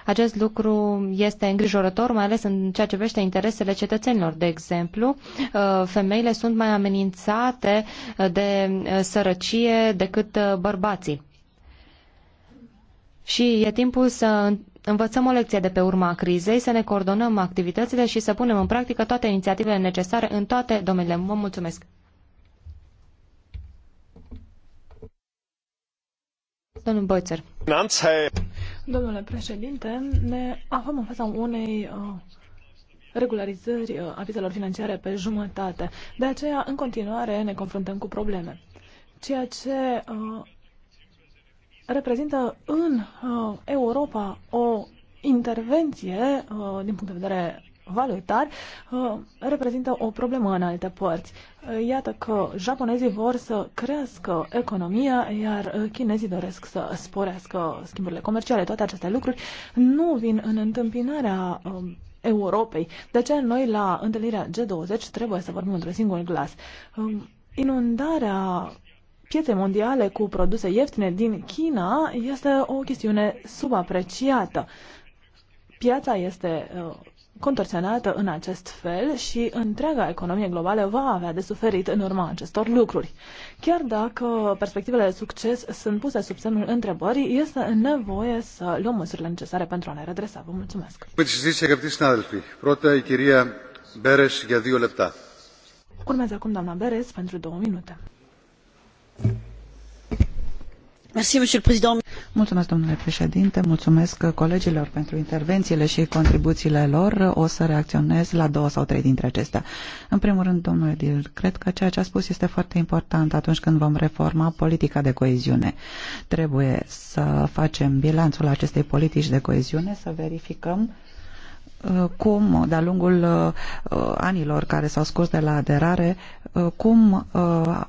Acest lucru este îngrijorător, mai ales în ceea ce privește interesele cetățenilor. De exemplu, uh, femeile sunt mai amenințate uh, de uh, sărăcie decât bărbații. Și e timpul să învățăm o lecție de pe urma crizei, să ne coordonăm activitățile și să punem în practică toate inițiativele necesare în toate domeniile. Vă mulțumesc! Domnul Boițer. Domnule președinte, ne aflăm în fața unei uh, regularizări uh, a vizelor financiare pe jumătate. De aceea, în continuare, ne confruntăm cu probleme. Ceea ce uh, reprezintă în Europa o intervenție din punct de vedere valutar uh, reprezintă o problemă în alte părți. Uh, iată că japonezii vor să crească economia, iar uh, chinezii doresc să sporească schimburile comerciale. Toate aceste lucruri nu vin în întâmpinarea um, Europei. De aceea noi la întâlnirea G20 trebuie să vorbim într-un singur glas. Um, inundarea pieței mondiale cu produse ieftine din China este o chestiune subapreciată. Piața este contorsionată în acest fel și întreaga economie globală va avea de suferit în urma acestor lucruri. Chiar dacă perspectivele de succes sunt puse sub semnul întrebării, este nevoie să luăm măsurile necesare pentru a ne redresa. Vă mulțumesc! Urmează acum doamna Beres pentru două minute. Mulțumesc, domnule președinte, mulțumesc colegilor pentru intervențiile și contribuțiile lor. O să reacționez la două sau trei dintre acestea. În primul rând, domnule Dil, cred că ceea ce a spus este foarte important atunci când vom reforma politica de coeziune. Trebuie să facem bilanțul acestei politici de coeziune, să verificăm Uh, cum, de-a lungul uh, uh, anilor care s-au scurs de la aderare, cum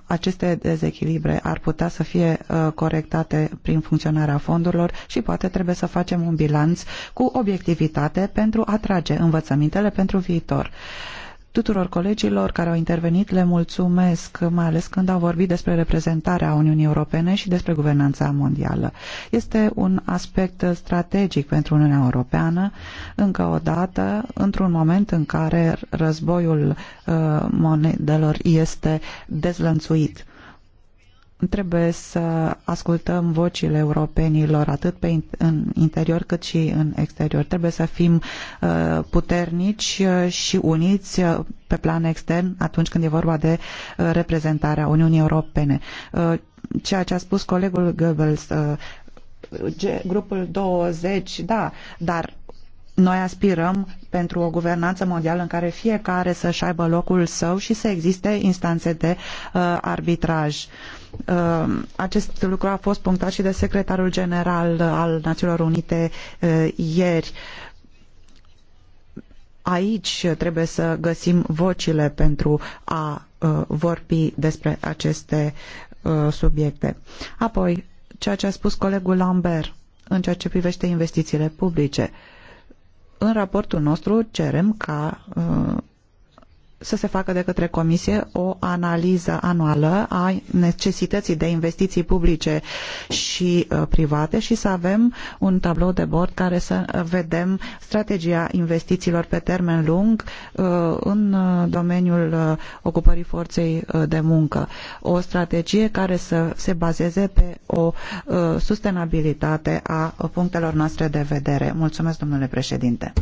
aceste dezechilibre ar putea să fie corectate prin funcționarea fondurilor și poate trebuie să facem un bilanț cu obiectivitate pentru a trage învățămintele pentru viitor. Uh, Tuturor colegilor care au intervenit le mulțumesc, mai ales când au vorbit despre reprezentarea Uniunii Europene și despre guvernanța mondială. Este un aspect strategic pentru Uniunea Europeană, încă o dată, într-un moment în care războiul uh, monedelor este dezlănțuit trebuie să ascultăm vocile europenilor atât pe in, în interior cât și în exterior. Trebuie să fim uh, puternici uh, și uniți uh, pe plan extern atunci când e vorba de uh, reprezentarea Uniunii Europene. Uh, ceea ce a spus colegul Goebbels, uh, grupul 20, da, dar noi aspirăm pentru o guvernanță mondială în care fiecare să-și aibă locul său și să existe instanțe de uh, arbitraj. Uh, Um, acest lucru a fost punctat și de secretarul general al Națiunilor Unite uh, ieri. Aici trebuie să găsim vocile pentru a uh, vorbi despre aceste uh, subiecte. Apoi, ceea ce a spus colegul Lambert în ceea ce privește investițiile publice. În raportul nostru cerem ca să se facă de către Comisie o analiză anuală a necesității de investiții publice și uh, private și să avem un tablou de bord care să vedem strategia investițiilor pe termen lung uh, în uh, domeniul ocupării forței de muncă. O strategie care să se bazeze pe o sustenabilitate a punctelor noastre de vedere. Mulțumesc, domnule președinte.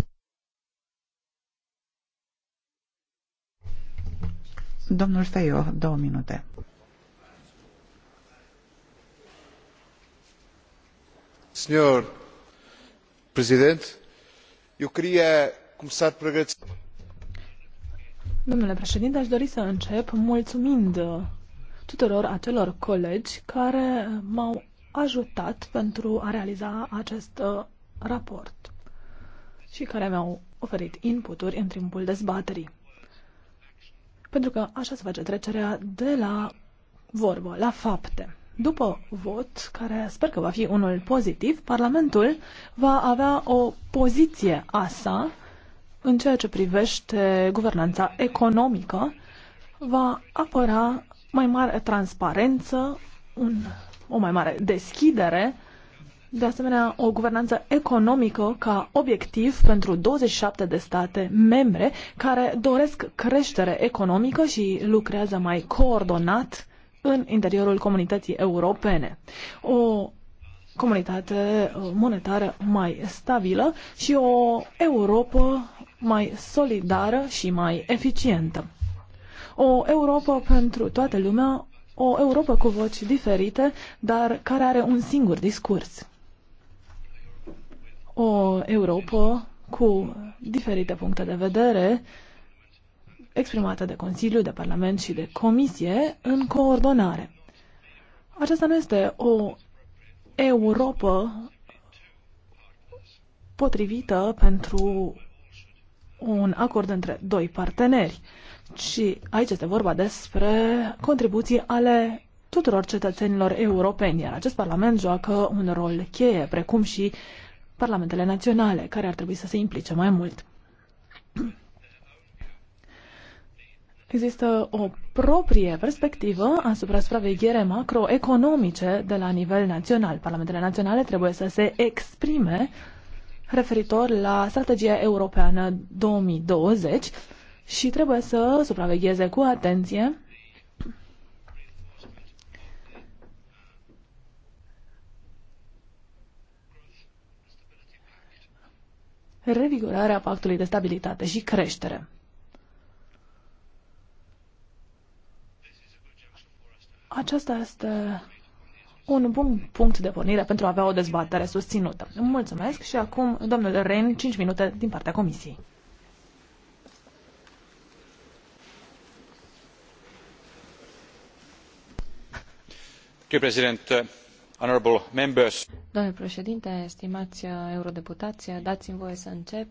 Domnul Feio, două minute. Senhor Presidente, eu queria começar por agradecer. Domnule președinte, aș dori să încep mulțumind tuturor acelor colegi care m-au ajutat pentru a realiza acest uh, raport și care mi-au oferit inputuri în timpul dezbaterii pentru că așa se face trecerea de la vorbă la fapte. După vot, care sper că va fi unul pozitiv, Parlamentul va avea o poziție a sa în ceea ce privește guvernanța economică, va apăra mai mare transparență, un, o mai mare deschidere de asemenea o guvernanță economică ca obiectiv pentru 27 de state membre care doresc creștere economică și lucrează mai coordonat în interiorul comunității europene. O comunitate uh, monetară mai stabilă și o Europa mai solidară și mai eficientă. O Europa pentru toată lumea, o Europa cu voci diferite, dar care are un singur discurs o Europa cu diferite puncte de vedere exprimate de Consiliu, de Parlament și de Comisie în coordonare. Aceasta nu este o Europa potrivită pentru un acord între doi parteneri. Și aici este vorba despre contribuții ale tuturor cetățenilor europeni, iar acest Parlament joacă un rol cheie, precum și parlamentele naționale, care ar trebui să se implice mai mult. Există o proprie perspectivă asupra supraveghere macroeconomice de la nivel național. Parlamentele naționale trebuie să se exprime referitor la strategia europeană 2020 și trebuie să supravegheze cu atenție revigorarea pactului de stabilitate și creștere. Aceasta este un bun punct de pornire pentru a avea o dezbatere susținută. Mulțumesc și acum, domnul Ren, 5 minute din partea Comisiei. Președinte. Domnule președinte, stimați uh, eurodeputați, uh, dați-mi voie să încep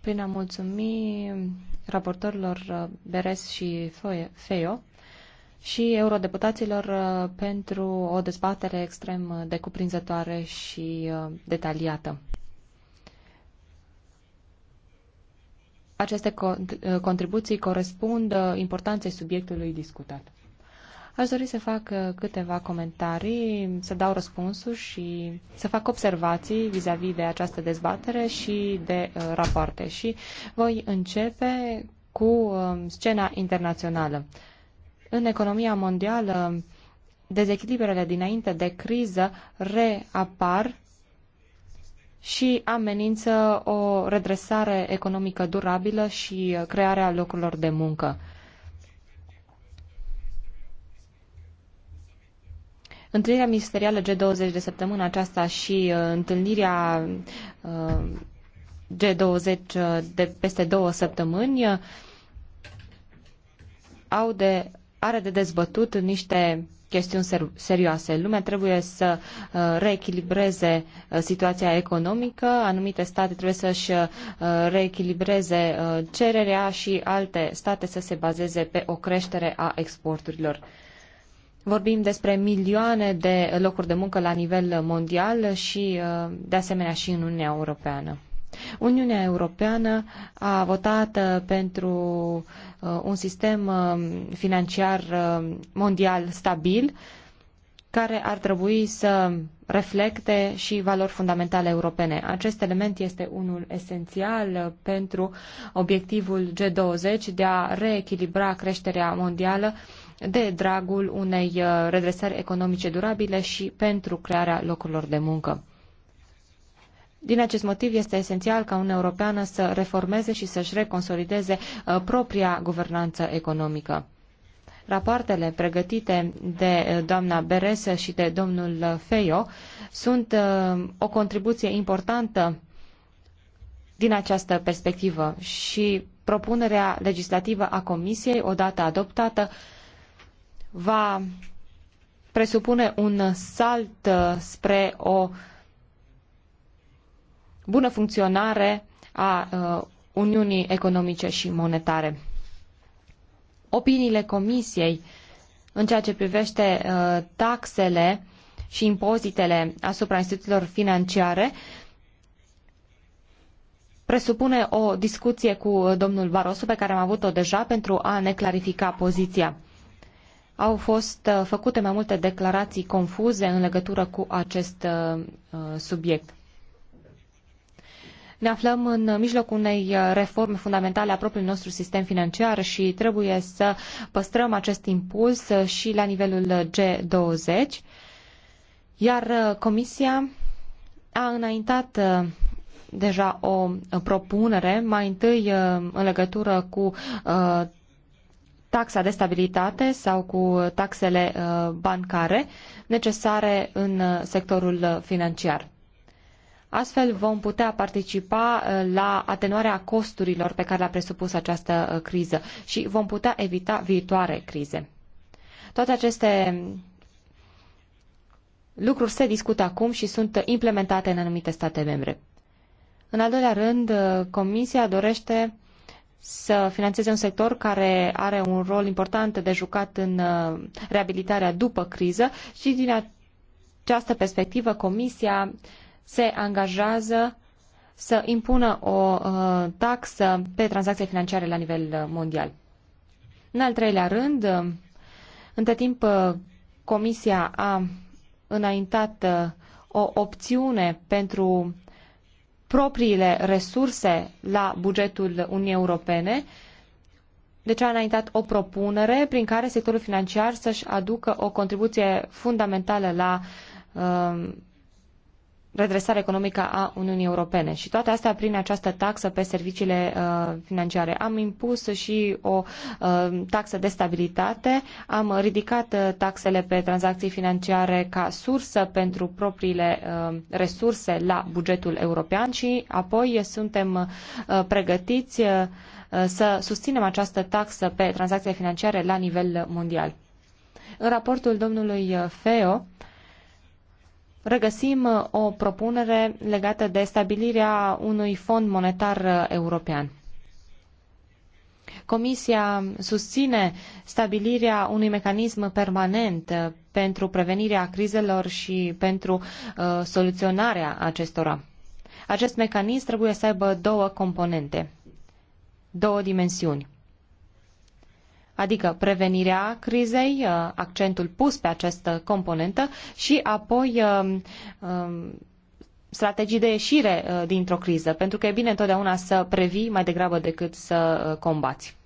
prin a mulțumi uh, raportorilor Beres și Feio și eurodeputaților pentru o dezbatere extrem de cuprinzătoare și detaliată. Aceste contribuții corespund importanței subiectului discutat. Aș dori să fac uh, câteva comentarii, să dau răspunsuri și să fac observații vis-a-vis -vis de această dezbatere și de uh, rapoarte. Și voi începe cu um, scena internațională. În economia mondială, dezechilibrele dinainte de criză reapar și amenință o redresare economică durabilă și uh, crearea locurilor de muncă. Întâlnirea ministerială G20 de săptămâna aceasta și uh, întâlnirea uh, G20 uh, de peste două săptămâni au de, are de dezbătut niște chestiuni ser- serioase. Lumea trebuie să uh, reechilibreze uh, situația economică, anumite state trebuie să-și uh, reechilibreze uh, cererea și alte state să se bazeze pe o creștere a exporturilor. Uh, Vorbim despre milioane de locuri de muncă la nivel mondial și, uh, de asemenea, și în Uniunea Europeană. Uniunea Europeană a votat uh, pentru uh, un sistem financiar mondial stabil care ar trebui să reflecte și valori fundamentale europene. Acest element este unul esențial pentru obiectivul G20 de a reechilibra creșterea mondială de dragul unei uh, redresări economice durabile și pentru crearea locurilor de muncă. Din acest motiv este esențial ca Uniunea Europeană să reformeze și să-și reconsolideze uh, propria guvernanță economică. Rapoartele pregătite de uh, doamna Beres și de domnul Feio sunt o contribuție importantă din această perspectivă și propunerea legislativă a Comisiei, odată adoptată, va presupune un salt uh, spre o bună funcționare a uh, Uniunii Economice și Monetare. Opiniile Comisiei în ceea ce privește uh, taxele și impozitele asupra instituțiilor financiare presupune o discuție cu domnul Barroso pe care am avut-o deja pentru a ne clarifica poziția. Au fost uh, făcute mai multe declarații confuze în legătură cu acest uh, uh, subiect. Ne aflăm în mijlocul unei reforme fundamentale a propriului nostru sistem financiar și trebuie să păstrăm acest impuls și la nivelul G20. Iar Comisia a înaintat deja o propunere, mai întâi în legătură cu taxa de stabilitate sau cu taxele uh, bancare necesare în uh, sectorul uh, financiar. Astfel vom putea participa la atenuarea costurilor pe care le-a presupus această criză și vom putea evita viitoare crize. Toate aceste lucruri se discută acum și sunt implementate în anumite state membre. În al doilea rând, Comisia dorește să financeze un sector care are un rol important de jucat în uh, reabilitarea după criză și din această perspectivă Comisia se angajează să impună o uh, taxă pe tranzacții financiare la nivel uh, mondial. În al treilea rând, între timp, Comisia a înaintat o opțiune pentru propriile resurse la bugetul Uniunii Europene, deci a înaintat o propunere prin care sectorul financiar să-și aducă o contribuție fundamentală la uh, redresare economică a Uniunii Europene și toate astea prin această taxă pe serviciile uh, financiare. Am impus și o uh, taxă de stabilitate, am ridicat uh, taxele pe tranzacții financiare ca sursă pentru propriile uh, resurse la bugetul european și apoi suntem uh, pregătiți uh, să susținem această taxă pe tranzacțiile financiare la nivel mondial. În raportul domnului Feo, regăsim uh, o propunere legată de stabilirea unui fond monetar uh, european. Comisia susține stabilirea unui mecanism permanent uh, pentru prevenirea crizelor și pentru uh, soluționarea acestora. Acest mecanism trebuie să aibă două componente, două dimensiuni adică prevenirea crizei, uh, accentul pus pe această componentă și apoi uh, um, strategii de ieșire uh, dintr-o criză, pentru că e bine întotdeauna să previi mai degrabă decât să combați.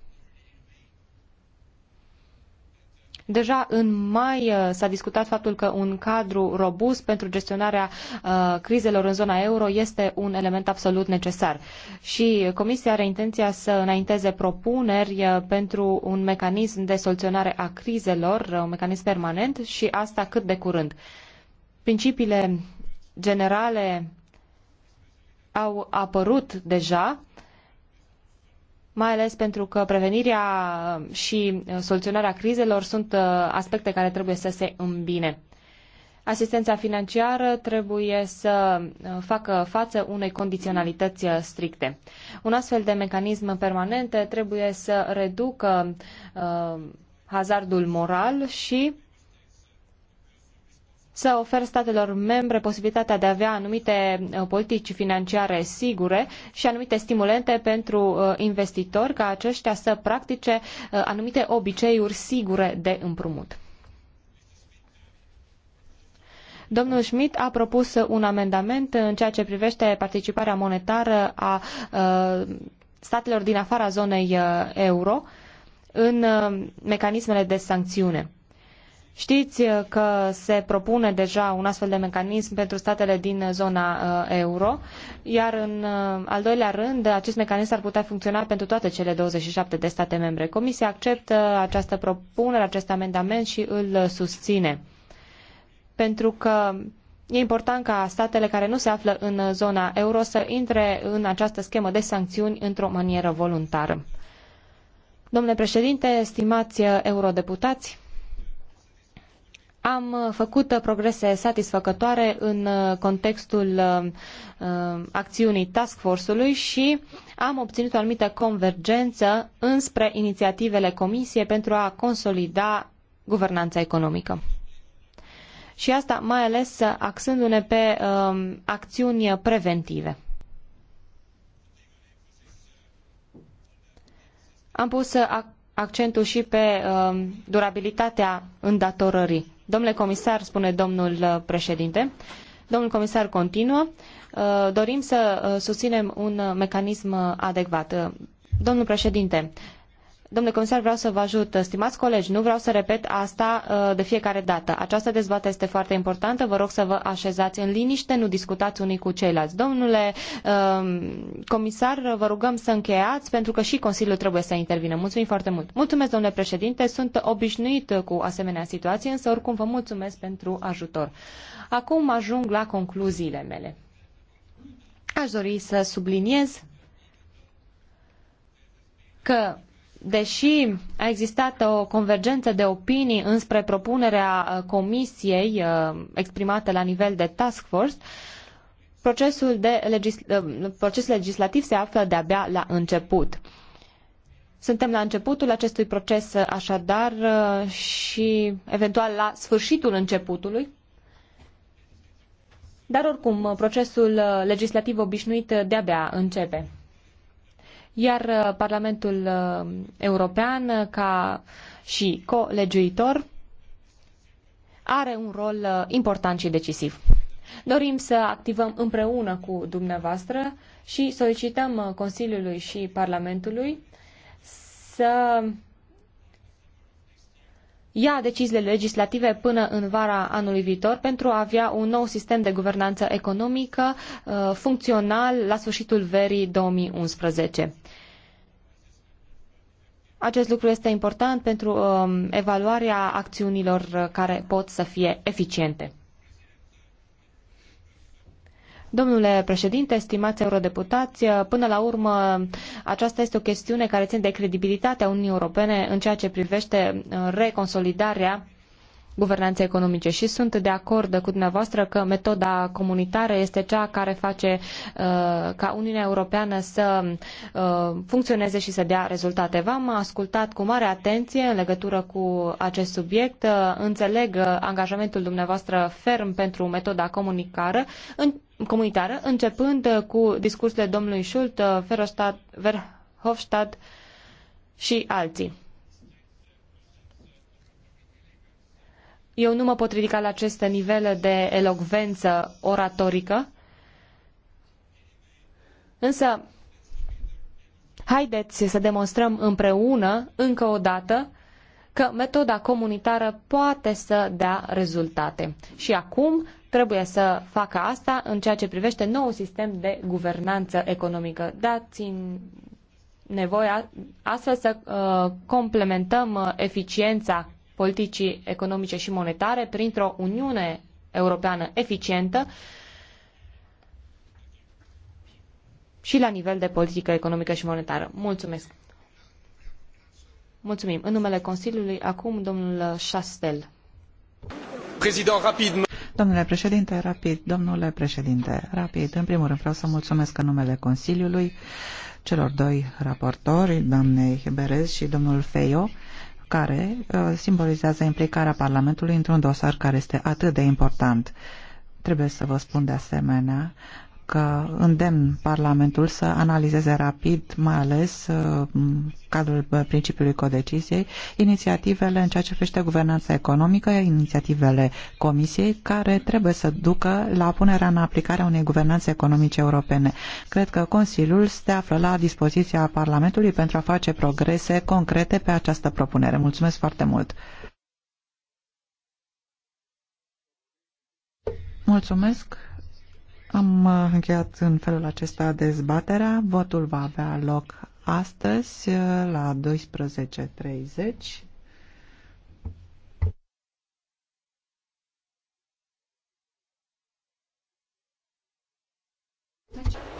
Deja în mai uh, s-a discutat faptul că un cadru robust pentru gestionarea uh, crizelor în zona euro este un element absolut necesar. Și Comisia are intenția să înainteze propuneri uh, pentru un mecanism de soluționare a crizelor, un mecanism permanent și asta cât de curând. Principiile generale au apărut deja mai ales pentru că prevenirea și soluționarea crizelor sunt uh, aspecte care trebuie să se îmbine. Asistența financiară trebuie să uh, facă față unei condiționalități uh, stricte. Un astfel de mecanism permanent trebuie să reducă hazardul moral și să ofer statelor membre posibilitatea de a avea anumite uh, politici financiare sigure și anumite stimulente pentru uh, investitori ca aceștia să practice uh, anumite obiceiuri sigure de împrumut. Domnul Schmidt a propus un amendament în ceea ce privește participarea monetară a statelor din afara zonei euro în mecanismele de sancțiune. Știți uh, că se propune deja un astfel de mecanism pentru statele din uh, zona uh, euro, iar în al doilea rând, acest mecanism ar putea funcționa pentru toate cele 27 de state membre. Comisia acceptă această propunere, acest amendament și îl susține. Pentru că e important ca statele care nu se află în zona euro să intre în această schemă de sancțiuni într-o manieră voluntară. Domnule președinte, stimați eurodeputați, am uh, făcut uh, progrese satisfăcătoare în uh, contextul acțiunii task force-ului și am obținut o anumită convergență înspre inițiativele Comisiei pentru a consolida guvernanța economică. Și asta mai ales axându-ne pe um, acțiuni preventive. Am pus accentul și pe um, durabilitatea îndatorării Domnule comisar, spune domnul uh, președinte, domnul comisar continuă, uh, dorim să uh, susținem un mecanism adecvat. Domnul președinte, Domnule comisar, vreau să vă ajut. Stimați colegi, nu vreau să repet asta uh, de fiecare dată. Această dezbatere este foarte importantă. Vă rog să vă așezați în liniște, nu discutați unii cu ceilalți. Domnule uh, comisar, vă rugăm să încheiați, pentru că și Consiliul trebuie să intervină. Mulțumim foarte mult. Mulțumesc, domnule președinte. Sunt obișnuit cu asemenea situații, însă oricum vă mulțumesc pentru ajutor. Acum ajung la concluziile mele. Aș dori să subliniez că deși a existat o convergență de opinii înspre propunerea uh, comisiei uh, exprimată la nivel de task force, procesul, de legis uh, procesul legislativ se află de-abia la început. Suntem la începutul acestui proces, așadar, și eventual la sfârșitul începutului. Dar oricum, procesul legislativ obișnuit de-abia începe iar uh, Parlamentul uh, European, uh, ca și colegiuitor, are un rol important și decisiv. Dorim să activăm împreună cu dumneavoastră și solicităm Consiliului și Parlamentului să ia deciziile legislative până în vara anului viitor pentru a avea un nou sistem de guvernanță economică uh, funcțional la sfârșitul verii 2011. Acest lucru este important pentru um, evaluarea acțiunilor care pot să fie eficiente. Domnule președinte, stimați eurodeputați, până la urmă aceasta este o chestiune care ține de credibilitatea Uniunii Europene în ceea ce privește uh, reconsolidarea guvernanței economice și sunt de acord cu dumneavoastră că metoda comunitară este cea care face uh, ca Uniunea Europeană să uh, funcționeze și să dea rezultate. V-am ascultat cu mare atenție în legătură cu acest subiect. Uh, înțeleg uh, angajamentul dumneavoastră ferm pentru metoda comunicară, în, comunitară, începând uh, cu discursurile domnului Schult, uh, Verhofstadt, Verhofstadt și alții. Eu nu mă pot ridica la aceste nivele de elocvență oratorică, însă haideți să demonstrăm împreună, încă o dată, că metoda comunitară poate să dea rezultate. Și acum trebuie să facă asta în ceea ce privește nou sistem de guvernanță economică. Dați-mi nevoia astfel să uh, complementăm uh, eficiența politicii economice și monetare printr-o Uniune Europeană eficientă și la nivel de politică economică și monetară. Mulțumesc! Mulțumim. În numele Consiliului, acum domnul Chastel. Prezident, rapid. Domnule președinte, rapid, domnule președinte, rapid. În primul rând vreau să mulțumesc în numele Consiliului celor doi raportori, doamnei Heberez și domnul Feio, care uh, simbolizează implicarea Parlamentului într-un dosar care este atât de important. Trebuie să vă spun de asemenea că îndemn Parlamentul să analizeze rapid, mai ales în uh, cadrul uh, principiului codeciziei, inițiativele în ceea ce privește guvernanța economică, inițiativele Comisiei, care trebuie să ducă la punerea în aplicare a unei guvernanțe economice europene. Cred că Consiliul se află la dispoziția Parlamentului pentru a face progrese concrete pe această propunere. Mulțumesc foarte mult! Mulțumesc! Am uh, încheiat în felul acesta dezbaterea. Votul va avea loc astăzi uh, la 12.30. Thank you.